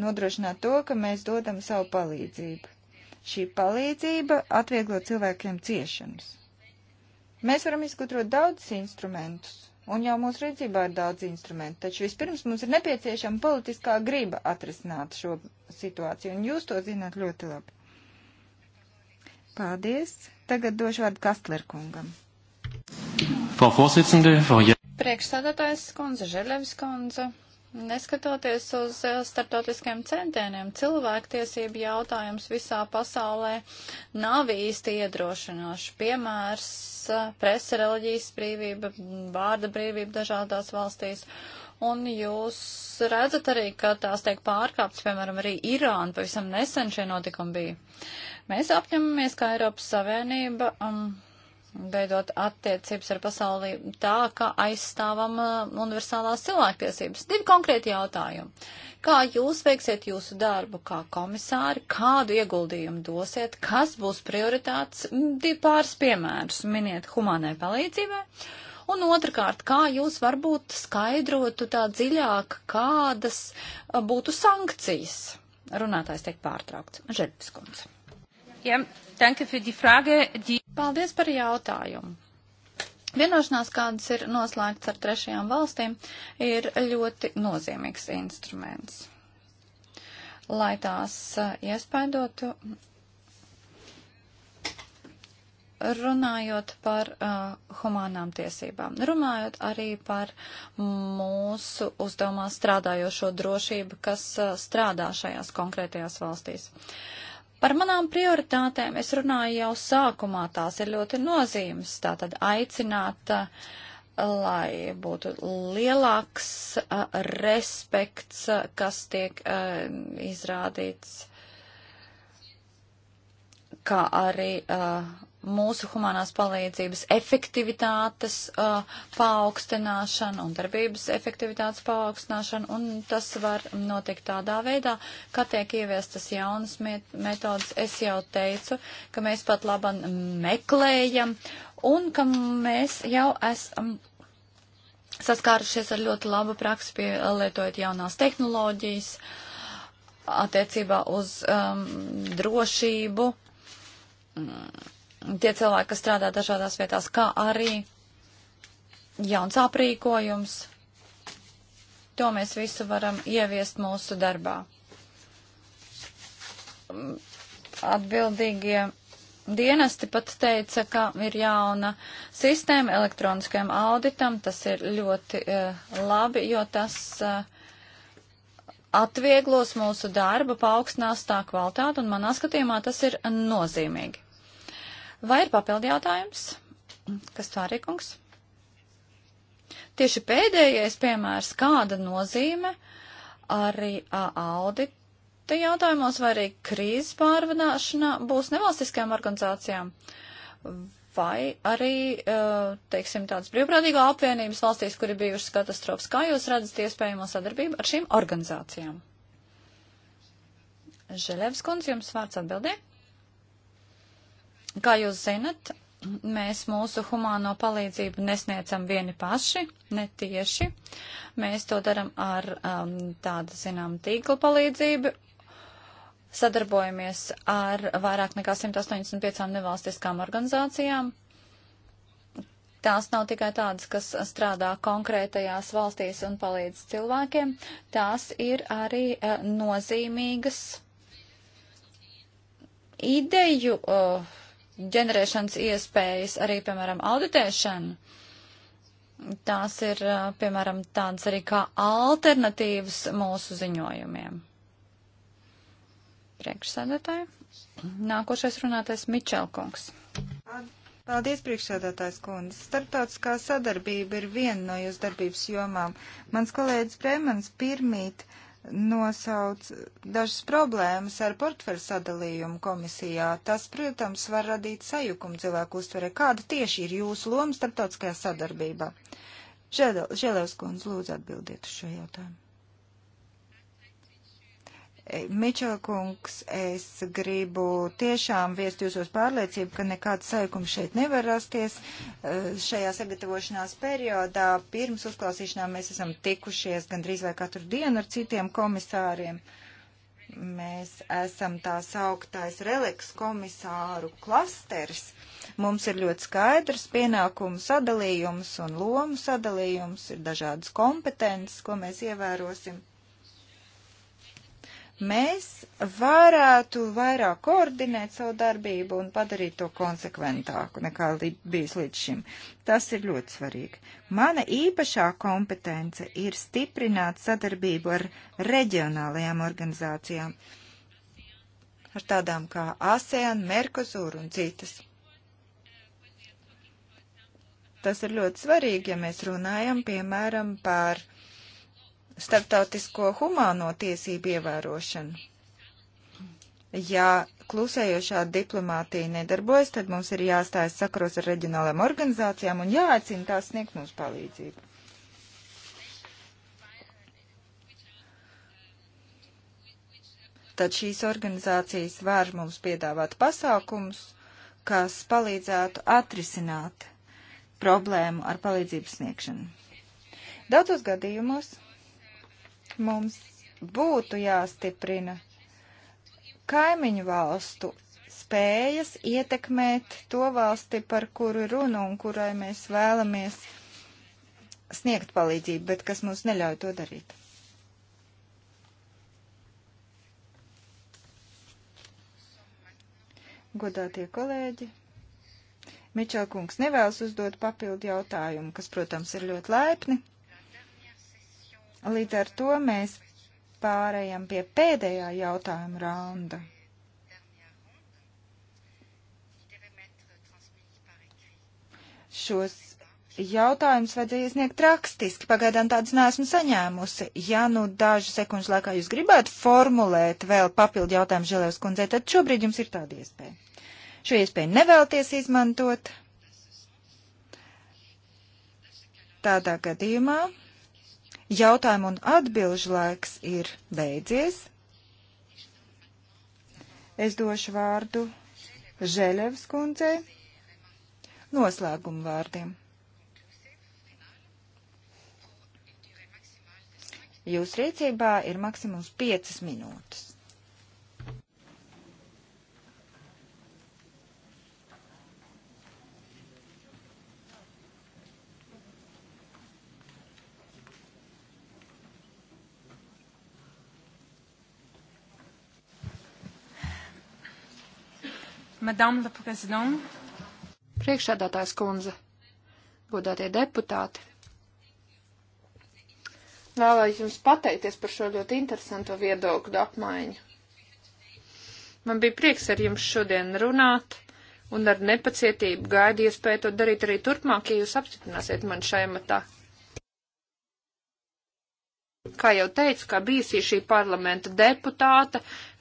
nodrošināt to, ka mēs dodam savu palīdzību. Šī palīdzība atvieglo cilvēkiem ciešanas. Mēs varam izgudrot daudzus instrumentus, Un jau mūsu rīcībā ir daudz instrumentu, taču vispirms mums ir nepieciešama politiskā griba atrisināt šo situāciju, un jūs to zināt ļoti labi. Paldies. Tagad došu vārdu Kastlerkungam. Frau Vorsitzende, Frau Priekšstādātājs skundze, Želevs skundze, Neskatoties uz eh, startautiskiem centieniem, cilvēktiesību jautājums visā pasaulē nav īsti iedrošinoši. Piemērs eh, - presa, reliģijas brīvība, vārda brīvība dažādās valstīs. Un jūs redzat arī, ka tās tiek pārkāptas, piemēram, arī Irāna. Pavisam nesen šie notikumi bija. Mēs apņemamies, kā Eiropas Savienība. Um, veidot attiecības ar pasaulī tā, ka aizstāvam uh, universālās cilvēktiesības. Divi konkrēti jautājumi. Kā jūs veiksiet jūsu darbu kā komisāri, kādu ieguldījumu dosiet, kas būs prioritāts, mm, divi pāris piemērus miniet humanai palīdzībai. Un otrkārt, kā jūs varbūt skaidrotu tā dziļāk, kādas uh, būtu sankcijas? Runātājs tiek pārtraukts. Žēlpskundze. Ja, danke für die Frage. Die... Paldies par jautājumu. Vienošanās, kādas ir noslēgts ar trešajām valstīm, ir ļoti nozīmīgs instruments. Lai tās eh, iespaidotu, runājot par uh, eh, humānām tiesībām, runājot arī par mūsu uzdevumā strādājošo drošību, kas uh, strādā šajās konkrētajās valstīs. Uh, Par manām prioritātēm es runāju jau sākumā, tās ir ļoti nozīmes, tātad aicināt, uh, lai būtu lielāks uh, respekts, uh, kas tiek izrādīts kā arī uh, mūsu humanās palīdzības efektivitātes uh, paaugstināšanu un darbības efektivitātes paaugstināšanu, un tas var notikt tādā veidā, ka tiek ieviestas jaunas metodas. Es jau teicu, ka mēs pat laban meklējam, un ka mēs jau esam saskārušies ar ļoti labu praksi, pielietojot jaunās tehnoloģijas attiecībā uz um, drošību. Mm tie cilvēki, kas strādā dažādās vietās, kā arī jauns aprīkojums. To mēs visu varam ieviest mūsu darbā. Atbildīgie dienesti pat teica, ka ir jauna sistēma elektroniskajam auditam. Tas ir ļoti uh, labi, jo tas uh, atvieglos mūsu darbu, paaugstinās tā kvalitāti, un manā skatījumā tas ir nozīmīgi. Vai ir papildi jautājums? Kas tā arī, kungs? Tieši pēdējais piemērs, kāda nozīme arī audita jautājumos vai arī krīzes pārvadāšanā būs nevalstiskajām organizācijām vai arī, teiksim, tādas brīvprātīgo apvienības valstīs, kur ir bijušas katastrofas. Kā jūs redzat iespējamo sadarbību ar šīm organizācijām? Želevs kundze, jums vārds atbildē. Kā jūs zinat, mēs mūsu humāno palīdzību nesniedzam vieni paši, netieši. Mēs to daram ar um, tādu, zinām, tīkla palīdzību. Sadarbojamies ar vairāk nekā 185 nevalstiskām organizācijām, Tās nav tikai tādas, kas strādā konkrētajās valstīs un palīdz cilvēkiem, tās ir arī uh, nozīmīgas ideju uh, ģenerēšanas iespējas, arī, piemēram, auditēšana. Tās ir, piemēram, tādas arī kā alternatīvas mūsu ziņojumiem. Priekšsēdētāji. Nākošais runātais Mičelkungs. Paldies, priekšsēdētājs kundze. Startautiskā sadarbība ir viena no jūsu darbības jomām. Mans kolēģis Prēmans pirmīt nosauc dažas problēmas ar portfeļu sadalījumu komisijā. Tas, protams, var radīt sajukumu cilvēku uztverē. Kāda tieši ir jūsu loma starptautiskajā sadarbībā? Želevs kundze, lūdzu atbildiet uz šo jautājumu. Mičela kungs, es gribu tiešām viest jūsos pārliecību, ka nekāds saikums šeit nevar rasties. Eh, šajā sagatavošanās periodā pirms uzklausīšanām mēs esam tikušies gandrīz vai katru dienu ar citiem komisāriem. Mēs esam tā sauktais releks komisāru klasteris. Mums ir ļoti skaidrs pienākumu sadalījums un lomu sadalījums, ir dažādas kompetences, ko mēs ievērosim mēs varētu vairāk koordinēt savu darbību un padarīt to konsekventāku nekā bijis līdz šim. Tas ir ļoti svarīgi. Mana īpašā kompetence ir stiprināt sadarbību ar reģionālajām organizācijām, ar tādām kā ASEAN, Merkozūru un citas. Tas ir ļoti svarīgi, ja mēs runājam, piemēram, par starptautisko humāno tiesību ievērošanu. Ja klusējošā diplomātija nedarbojas, tad mums ir jāstājas sakaros ar reģionālām organizācijām un jāaicina tās sniegt mums palīdzību. Tad šīs organizācijas var mums piedāvāt pasākumus, kas palīdzētu atrisināt problēmu ar palīdzības sniegšanu. Daudzos gadījumos Mums būtu jāstiprina kaimiņu valstu spējas ietekmēt to valsti, par kuru runu un kurai mēs vēlamies sniegt palīdzību, bet kas mums neļauj to darīt. Godātie kolēģi, Mičel kungs nevēlas uzdot papildu jautājumu, kas, protams, ir ļoti laipni. Līdz ar to mēs pārējām pie pēdējā jautājuma raunda. Šos jautājumus vajadzēja iesniegt rakstiski. Pagaidām tādas neesmu saņēmusi. Ja nu dažu sekundžu laikā jūs gribētu formulēt vēl papildu jautājumu Želevs kundzei, tad šobrīd jums ir tāda iespēja. Šo iespēju nevēlties izmantot. Tādā gadījumā Jautājumu un atbilžu laiks ir beidzies. Es došu vārdu Želevs kundzei noslēgumu vārdiem. Jūsu rīcībā ir maksimums 5 minūtes. Madame la Présidente. Priekšsēdātājs kundze, godātie deputāti. Vēlēju jums pateikties par šo ļoti interesanto viedokļu apmaiņu. Man bija prieks ar jums šodien runāt un ar nepacietību gaidu iespēju to darīt arī turpmāk, ja jūs apstiprināsiet man šai matā. Kā jau teicu, kā bijusi šī parlamenta deputāte,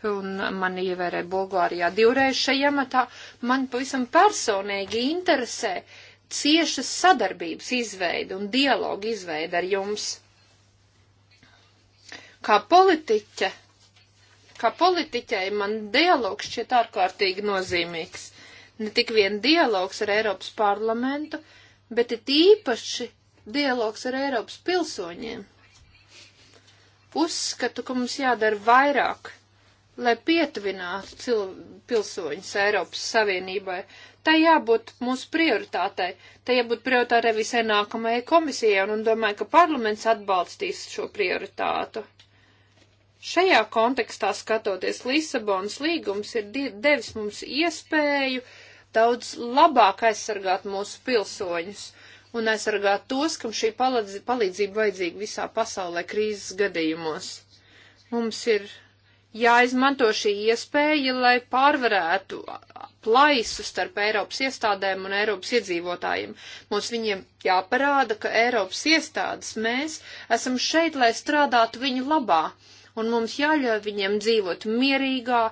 un man ievērēja Bulgārijā divreiz šajā amatā, man pavisam personīgi interesē ciešas sadarbības izveida un dialogu izveida ar jums. Kā politiķe, kā politiķei man dialogs šķiet ārkārtīgi nozīmīgs. Ne tik vien dialogs ar Eiropas parlamentu, bet ir īpaši dialogs ar Eiropas pilsoņiem. Uzskatu, ka mums jādara vairāk, lai pietuvinātu cil... pilsoņus Eiropas Savienībai. Tā jābūt mūsu prioritātei, tā jābūt prioritātei visai nākamajai komisijai, un, un domāju, ka parlaments atbalstīs šo prioritātu. Šajā kontekstā skatoties, Lisabonas līgums ir devis mums iespēju daudz labāk aizsargāt mūsu pilsoņus un aizsargāt tos, kam šī palīdzība vajadzīga visā pasaulē krīzes gadījumos. Mums ir jāizmanto šī iespēja, lai pārvarētu plaisu starp Eiropas iestādēm un Eiropas iedzīvotājiem. Mums viņiem jāparāda, ka Eiropas iestādes mēs esam šeit, lai strādātu viņu labā un mums jāļauj viņiem dzīvot mierīgā,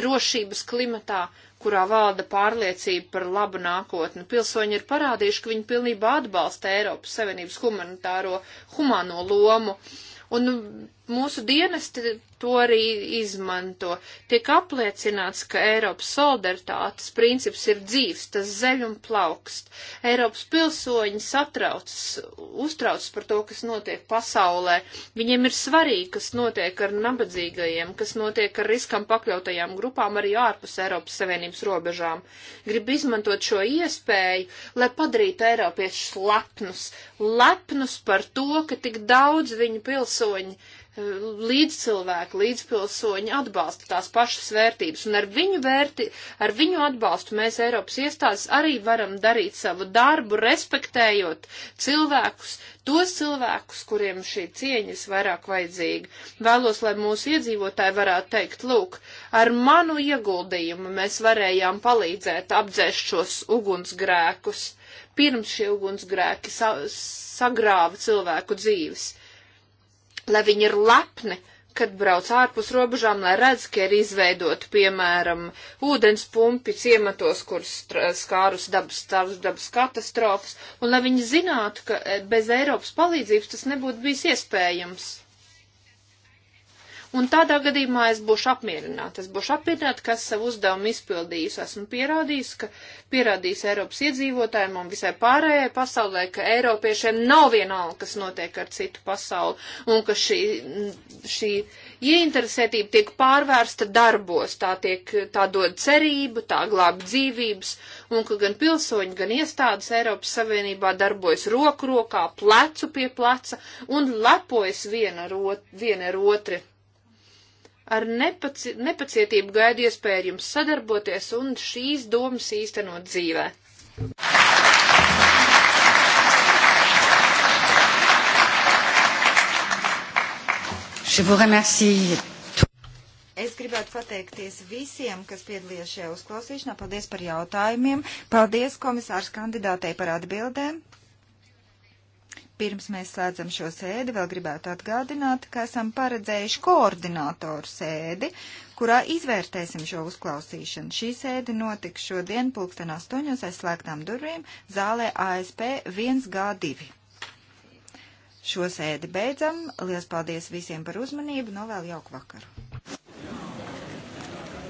drošības klimatā kurā valda pārliecība par labu nākotni. Pilsoņi ir parādījuši, ka viņi pilnībā atbalsta Eiropas Savienības humanitāro humano lomu. Un mūsu dienesti to arī izmanto. Tiek apliecināts, ka Eiropas solidaritātes princips ir dzīves, tas zeļ un plaukst. Eiropas pilsoņi satrauc, uztrauc par to, kas notiek pasaulē. Viņiem ir svarīgi, kas notiek ar nabadzīgajiem, kas notiek ar riskam pakļautajām grupām arī ārpus Eiropas Savienības robežām. Grib izmantot šo iespēju, lai padarītu Eiropiešus lepnus, lepnus par to, ka tik daudz viņu pilsoņi līdzcilvēki, līdzpilsoņi atbalsta tās pašas vērtības, un ar viņu, vērti, ar viņu atbalstu mēs Eiropas iestādes arī varam darīt savu darbu, respektējot cilvēkus, tos cilvēkus, kuriem šī cieņa visvairāk vajadzīga. Vēlos, lai mūsu iedzīvotāji varētu teikt, lūk, ar manu ieguldījumu mēs varējām palīdzēt apdzēst šos ugunsgrēkus, pirms šie ugunsgrēki sa sagrāva cilvēku dzīves lai viņi ir lepni, kad brauc ārpus robežām, lai redz, ka ir izveidot, piemēram, ūdens pumpi ciematos, kur skārus dabas, dabas katastrofas, un lai viņi zinātu, ka eh, bez Eiropas palīdzības tas nebūtu bijis iespējams. Un tādā gadījumā es būšu apmierināta. Es būšu apmierināta, ka es savu uzdevumu izpildījusi. Esmu pierādījusi, ka pierādījis Eiropas iedzīvotājiem un visai pārējai pasaulē, ka Eiropiešiem nav vienalga, kas notiek ar citu pasauli un ka šī, šī ieinteresētība tiek pārvērsta darbos, tā, tiek, tā dod cerību, tā glāb dzīvības un ka gan pilsoņi, gan iestādes Eiropas Savienībā darbojas roku rokā, plecu pie pleca un lepojas viena ar, ot viena ar otru ar nepaci nepacietību gaidu iespēju ar jums sadarboties un šīs domas īstenot dzīvē. Es gribētu pateikties visiem, kas piedalījās šajā uzklausīšanā. Paldies par jautājumiem. Paldies komisārs kandidātei par atbildēm. Pirms mēs slēdzam šo sēdi, vēl gribētu atgādināt, ka esam paredzējuši koordinātoru sēdi, kurā izvērtēsim šo uzklausīšanu. Šī sēde notiks šodien pulksten astoņos aizslēgtām durvīm zālē ASP 1G2. Šo sēdi beidzam. Lielas paldies visiem par uzmanību. Novēl jauku vakaru!